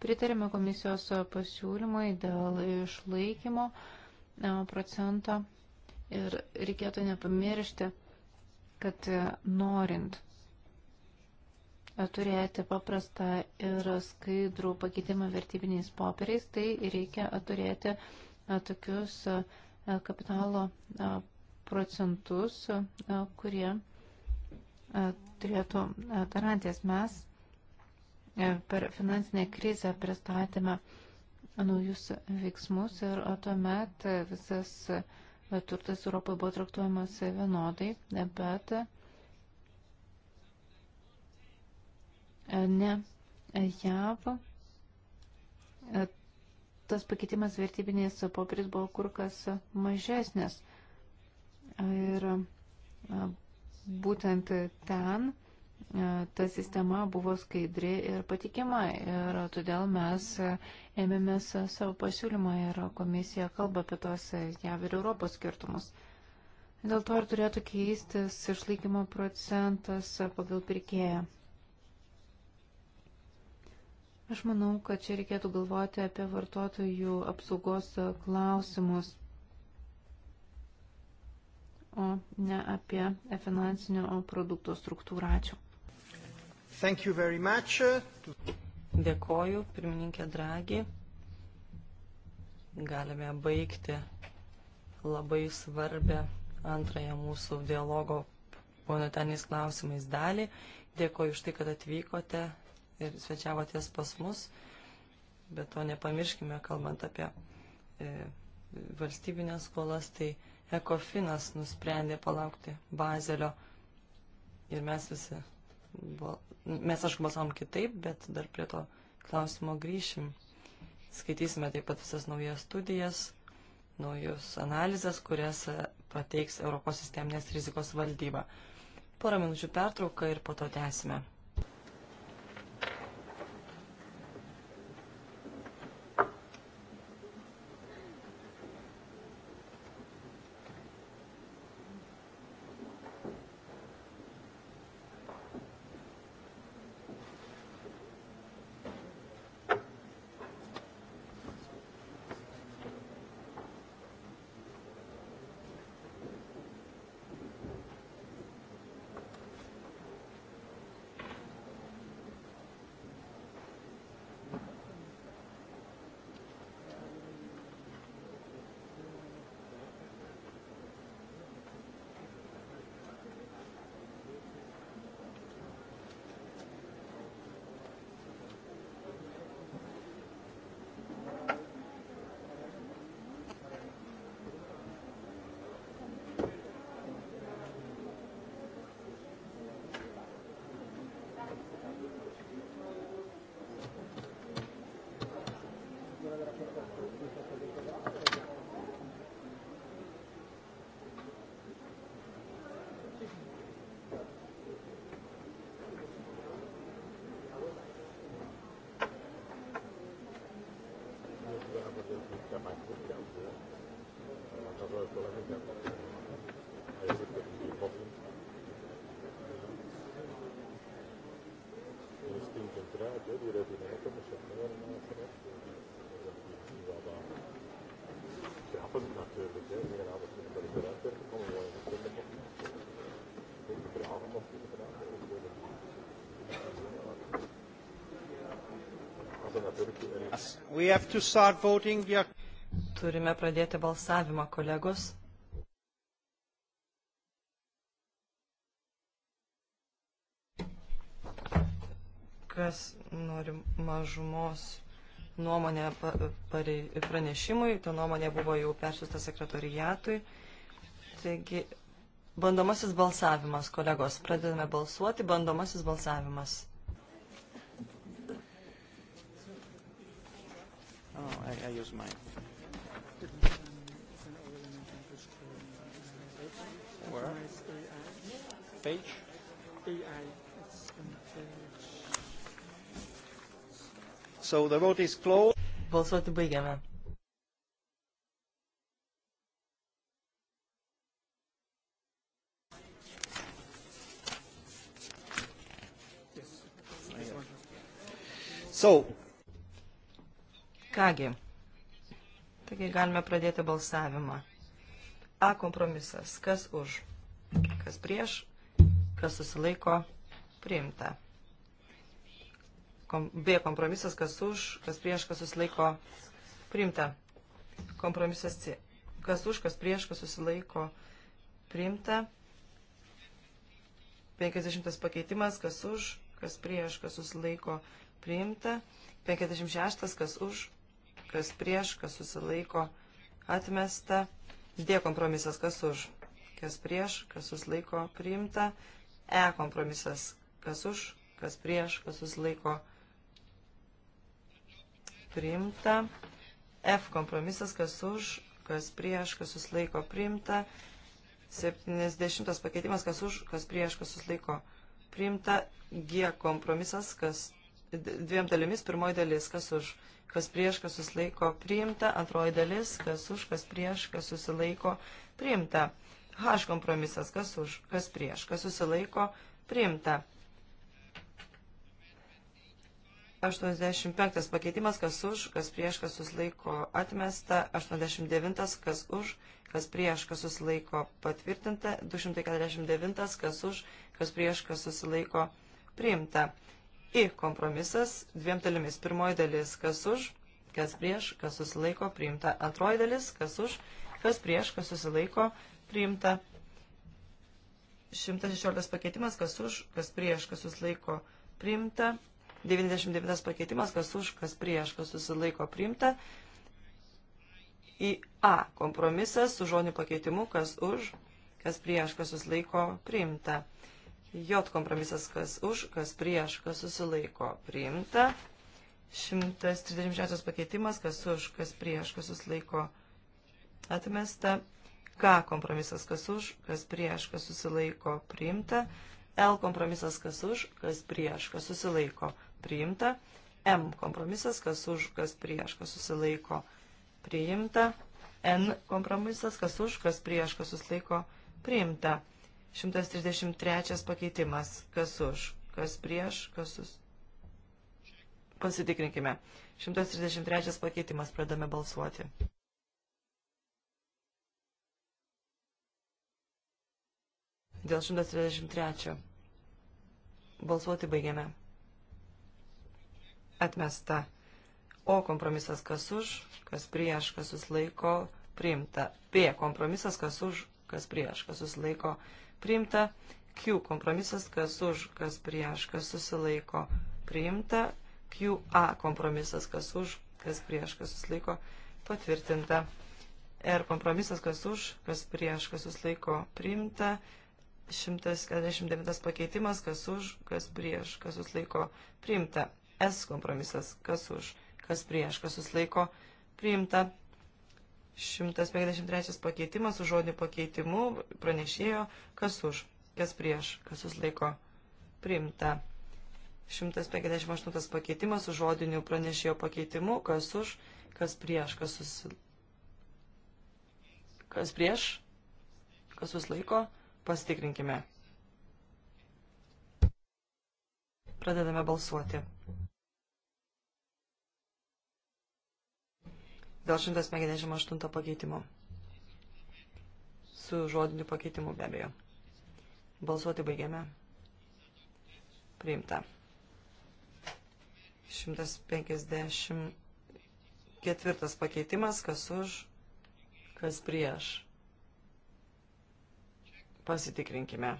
Pritarėme komisijos pasiūlymui dėl išlaikymo procento Ir reikėtų nepamiršti, kad norint turėti paprastą ir skaidrų pakeitimą vertybiniais popieriais, tai reikia turėti tokius kapitalo procentus, kurie turėtų garantijas. Mes per finansinę krizę pristatėme naujus veiksmus ir tuomet visas turtas Europoje buvo traktuojamas vienodai, bet ne JAV tas pakeitimas vertybinės popieris buvo kur kas mažesnis. Ir būtent ten E, ta sistema buvo skaidri ir patikima ir todėl mes ėmėmės savo pasiūlymą ir komisija kalba apie tos JAV ir Europos skirtumus. Dėl to ir turėtų keistis išlaikymo procentas pagal pirkėją. Aš manau, kad čia reikėtų galvoti apie vartotojų apsaugos klausimus, o ne apie finansinio produkto struktūrą. Ačiū. Thank you very much. Dėkoju, pirmininkė Dragi. Galime baigti labai svarbę antrąją mūsų dialogo monetariniais klausimais dalį. Dėkoju už tai, kad atvykote ir svečiavotės pas mus. Bet to nepamirškime, kalbant apie e, valstybinės skolas, tai Ekofinas nusprendė palaukti Bazelio ir mes visi buvo, mes aišku balsavom kitaip, bet dar prie to klausimo grįšim. Skaitysime taip pat visas naujas studijas, naujus analizės, kurias e, pateiks Europos sisteminės rizikos valdyba. Porą minučių pertrauką ir po to tęsime. Turime pradėti balsavimą, kolegos. Kas nori mažumos nuomonę pranešimui, ta nuomonė buvo jau persiusta sekretoriatui. Taigi, bandomasis balsavimas, kolegos, pradedame balsuoti, bandomasis balsavimas. I, I use mine. Where? Page? AI. It's on page. So the vote is closed. Balsuoti baigiame. So. Kągi. Taigi galime pradėti balsavimą. A kompromisas. Kas už? Kas prieš? Kas susilaiko? Priimta. Kom, B kompromisas. Kas už? Kas prieš? Kas susilaiko? Priimta. Kompromisas C. Kas už? Kas prieš? Kas susilaiko? Priimta. 50 pakeitimas. Kas už? Kas prieš? Kas susilaiko? Priimta. 56. Kas už? kas prieš, kas susilaiko, atmesta. D kompromisas, kas už, kas prieš, kas susilaiko, priimta. E kompromisas, kas už, kas prieš, kas susilaiko, priimta. F kompromisas, kas už, kas prieš, kas susilaiko, priimta. 70 pakeitimas, kas už, kas prieš, kas susilaiko, priimta. G kompromisas, kas dviem dalimis, pirmoji dalis, kas už, kas prieš, kas susilaiko priimta, antroji dalis, kas už, kas prieš, kas susilaiko priimta. H kompromisas, kas už, kas prieš, kas susilaiko priimta. 85 pakeitimas, kas už, kas prieš, kas susilaiko atmesta, 89 kas už, kas prieš, kas susilaiko patvirtinta, 249 kas už, kas prieš, kas susilaiko priimta į kompromisas dviem dalimis. Pirmoji dalis, kas už, kas prieš, kas susilaiko, priimta. Antroji dalis, kas už, kas prieš, kas susilaiko, priimta. 116 pakeitimas, kas už, kas prieš, kas susilaiko, priimta. 99 pakeitimas, kas už, kas prieš, kas susilaiko, priimta. Į A kompromisas su žodiniu pakeitimu, kas už, kas prieš, kas susilaiko, priimta. J kompromisas, kas už, kas prieš, kas susilaiko, priimta. 136 pakeitimas, kas už, kas prieš, kas susilaiko, atmesta. K kompromisas, kas už, kas prieš, kas susilaiko, priimta. L kompromisas, kas už, kas prieš, kas susilaiko, priimta. M kompromisas, kas už, kas prieš, kas susilaiko, priimta. N kompromisas, kas už, kas prieš, kas susilaiko, priimta. 133 pakeitimas. Kas už, kas prieš, kas už. Pasitikrinkime. 133 pakeitimas. Pradame balsuoti. Dėl 133. Balsuoti baigiame. Atmesta. O kompromisas kas už, kas prieš, kas susilaiko, priimta. P kompromisas kas už, kas prieš, kas susilaiko, priimta priimta, Q kompromisas, kas už, kas prieš, kas susilaiko, priimta, QA kompromisas, kas už, kas prieš, kas susilaiko, patvirtinta, R kompromisas, kas už, kas prieš, kas susilaiko, priimta, 149 pakeitimas, kas už, kas prieš, kas susilaiko, priimta, S kompromisas, kas už, kas prieš, kas susilaiko, priimta, 153 pakeitimas su žodiniu pakeitimu pranešėjo, kas už, kas prieš, kas susilaiko priimta. 158 pakeitimas su žodiniu pranešėjo pakeitimu, kas už, kas prieš, kas susilaiko. Kas prieš, kas susilaiko, pasitikrinkime. Pradedame balsuoti. dėl 158 pakeitimo. Su žodiniu pakeitimu be abejo. Balsuoti baigiame. Priimta. 154 pakeitimas, kas už, kas prieš. Pasitikrinkime.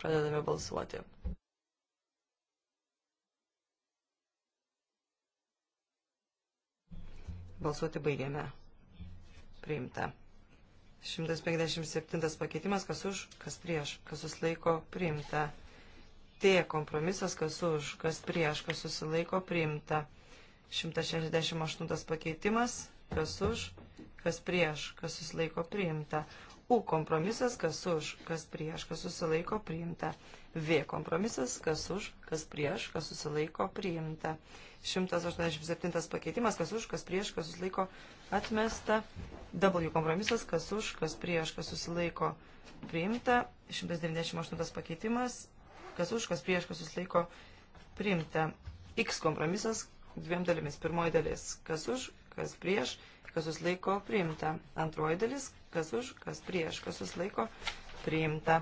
Pradedame balsuoti. Balsuoti baigėme. Priimta. 157 pakeitimas, kas už, kas prieš, kas susilaiko, priimta. T kompromisas, kas už, kas prieš, kas susilaiko, priimta. 168 pakeitimas, kas už, kas prieš, kas susilaiko, priimta. U kompromisas, kas už, kas prieš, kas susilaiko priimta. V kompromisas, kas už, kas prieš, kas susilaiko priimta. 187 pakeitimas, kas už, kas prieš, kas susilaiko atmesta. W kompromisas, kas už, kas prieš, kas susilaiko priimta. 198 pakeitimas, kas už, kas prieš, kas susilaiko priimta. X kompromisas dviem dalimis. Pirmoji dalis, kas už, kas prieš, kas susilaiko priimta. Antroji dalis, kas už, kas prieš, kas susilaiko priimta.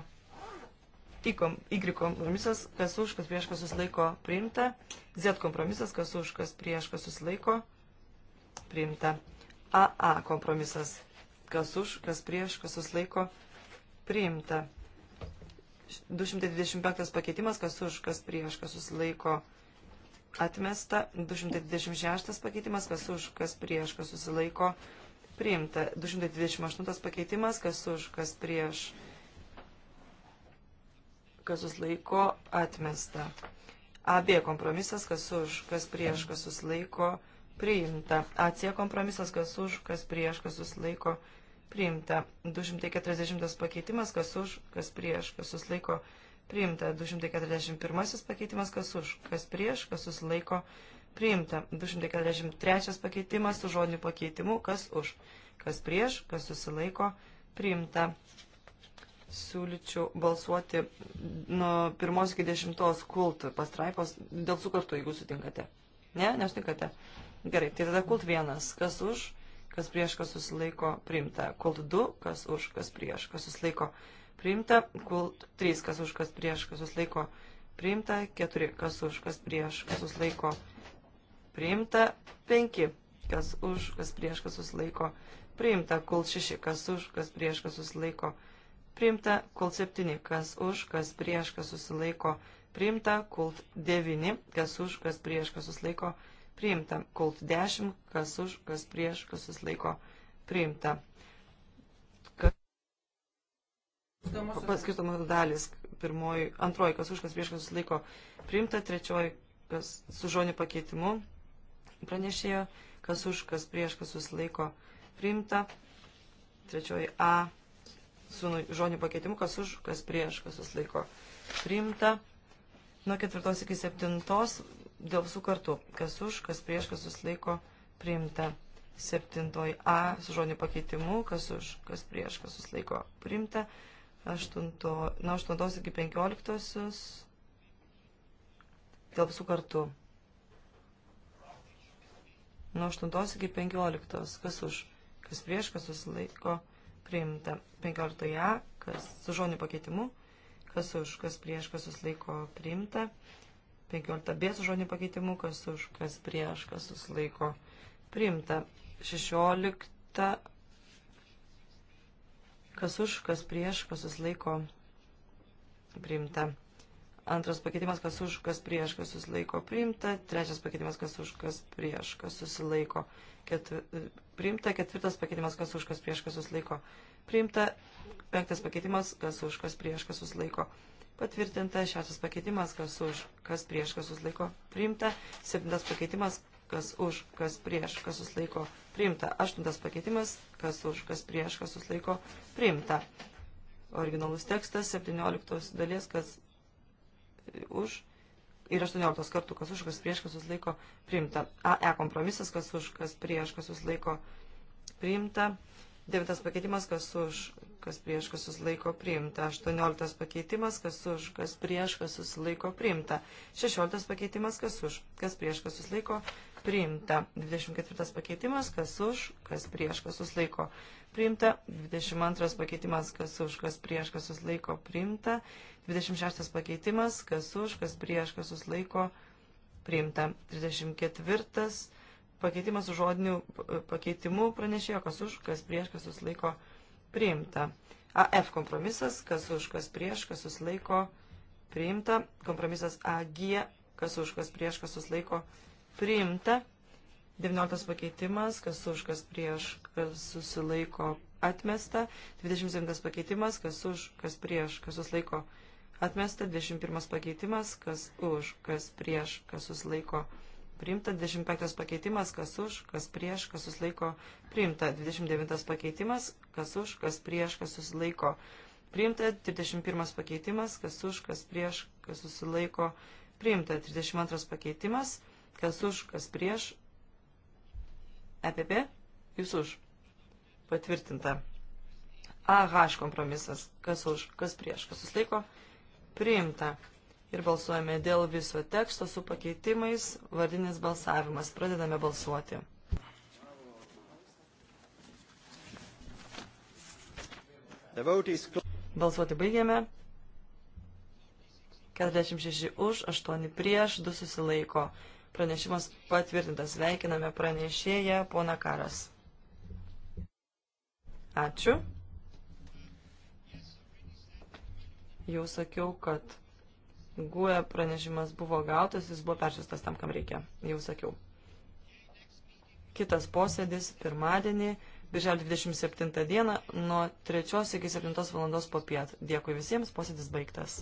Y kompromisas, kas už, kas prieš, kas susilaiko priimta. Z kompromisas, kas už, kas prieš, kas susilaiko priimta. AA kompromisas, kas už, kas prieš, kas susilaiko priimta. 225 pakeitimas, kas už, kas prieš, kas susilaiko priimta atmesta, 226 pakeitimas, kas už, kas prieš, kas susilaiko, priimta, 228 pakeitimas, kas už, kas prieš, kas susilaiko, atmesta. AB kompromisas, kas už, kas prieš, kas susilaiko, priimta. AC kompromisas, kas už, kas prieš, kas susilaiko, priimta. 240 pakeitimas, kas už, kas prieš, kas susilaiko, priimta priimta. 241 pakeitimas, kas už, kas prieš, kas susilaiko, priimta. 243 pakeitimas su žodiniu pakeitimu, kas už, kas prieš, kas susilaiko, priimta. Siūlyčiau balsuoti nuo pirmos iki dešimtos kultų pastraipos dėl sukartų, jeigu sutinkate. Ne, nesutinkate. Gerai, tai tada kult vienas, kas už, kas prieš, kas susilaiko, priimta. Kult du, kas už, kas prieš, kas susilaiko, priimta priimta, kult 3, kas už kas prieš, kas susilaiko priimta, 4, kas už kas prieš, kas susilaiko priimta, 5, kas už kas prieš, kas susilaiko priimta, kult 6, kas už kas prieš, kas susilaiko priimta, kult 7, kas už kas prieš, kas susilaiko priimta, kult 9, kas už kas prieš, kas susilaiko priimta, kult 10, kas už kas prieš, kas susilaiko priimta Paskirtomos dalis. Pirmoji, antroji, kas už, kas prieš, kas susilaiko priimta. Trečioji, kas su žodiniu pakeitimu pranešėjo, kas už, kas prieš, kas susilaiko priimta. Trečioji A su nu- žodiniu pakeitimu, kas už, kas prieš, kas susilaiko priimta. Nuo ketvirtos iki septintos dėl visų kartų, kas už, kas prieš, kas susilaiko priimta. 7a su žodiniu pakeitimu, kas už, kas prieš, kas susilaiko priimta, 8, nuo 8 iki 15 dėl visų kartų. Nuo 8 iki 15, kas už, kas prieš, kas susilaiko, priimta. 15 A, kas su žonių pakeitimu, kas už, kas prieš, kas susilaiko, priimta. 15 B su žonių pakeitimu, kas už, kas prieš, kas susilaiko, priimta. 16 Kas už, kas prieš, kas susilaiko priimta. Antras pakeitimas, kas už, kas prieš, kas susilaiko priimta. Trečias pakeitimas, kas už, kas prieš, kas susilaiko Ketu, e, priimta. Ketvirtas pakeitimas, kas už, kas prieš, kas susilaiko priimta. Penktas pakeitimas, kas už, kas prieš, kas susilaiko patvirtinta. Šeštas pakeitimas, kas už, kas prieš, kas susilaiko priimta. Septintas pakeitimas, kas už, kas prieš, kas suslaiko priimta. Aštuntas pakeitimas, kas už, kas prieš, kas suslaiko priimta. Originalus tekstas, 17 dalies, kas už ir 18 kartų, kas už, kas prieš, kas suslaiko priimta. AE kompromisas, kas už, kas prieš, kas suslaiko priimta. Devintas pakeitimas, kas už, kas prieš, kas suslaiko priimta. Aštuonioliktas pakeitimas, kas už, kas prieš, kas suslaiko priimta. Šešioliktas pakeitimas, kas už, kas prieš, kas suslaiko priimta priimta. 24 pakeitimas, kas už, kas prieš, kas suslaiko priimta. 22 pakeitimas, kas už, kas prieš, kas suslaiko priimta. 26 pakeitimas, kas už, kas prieš, kas suslaiko priimta. 34 pakeitimas su žodiniu e, pakeitimu pranešėjo, kas už, kas prieš, kas suslaiko priimta. AF kompromisas, kas už, kas prieš, kas suslaiko priimta. Kompromisas AG, kas už, kas prieš, kas suslaiko priimta priimta. 19 pakeitimas, kas už, kas prieš, kas susilaiko atmesta. 27 pakeitimas, kas už, kas prieš, kas susilaiko atmesta. 21 pakeitimas, kas už, kas prieš, kas susilaiko priimta. 25 pakeitimas, kas už, kas prieš, kas susilaiko priimta. 29 pakeitimas, kas už, kas prieš, kas susilaiko priimta. 31 pakeitimas, kas už, kas prieš, kas susilaiko priimta. 32 pakeitimas Kas už, kas prieš. EPP, jūs už. Patvirtinta. AH kompromisas. Kas už, kas prieš, kas susilaiko. Priimta. Ir balsuojame dėl viso teksto su pakeitimais. Vardinis balsavimas. Pradedame balsuoti. Balsuoti baigėme. 46 už, 8 prieš, 2 susilaiko. Pranešimas patvirtintas. Veikiname pranešėją, pona Karas. Ačiū. Jau sakiau, kad GUE pranešimas buvo gautas, jis buvo persiustas tam, kam reikia. Jau sakiau. Kitas posėdis pirmadienį, birželio 27 dieną, nuo 3 iki 7 valandos po piet. Dėkui visiems, posėdis baigtas.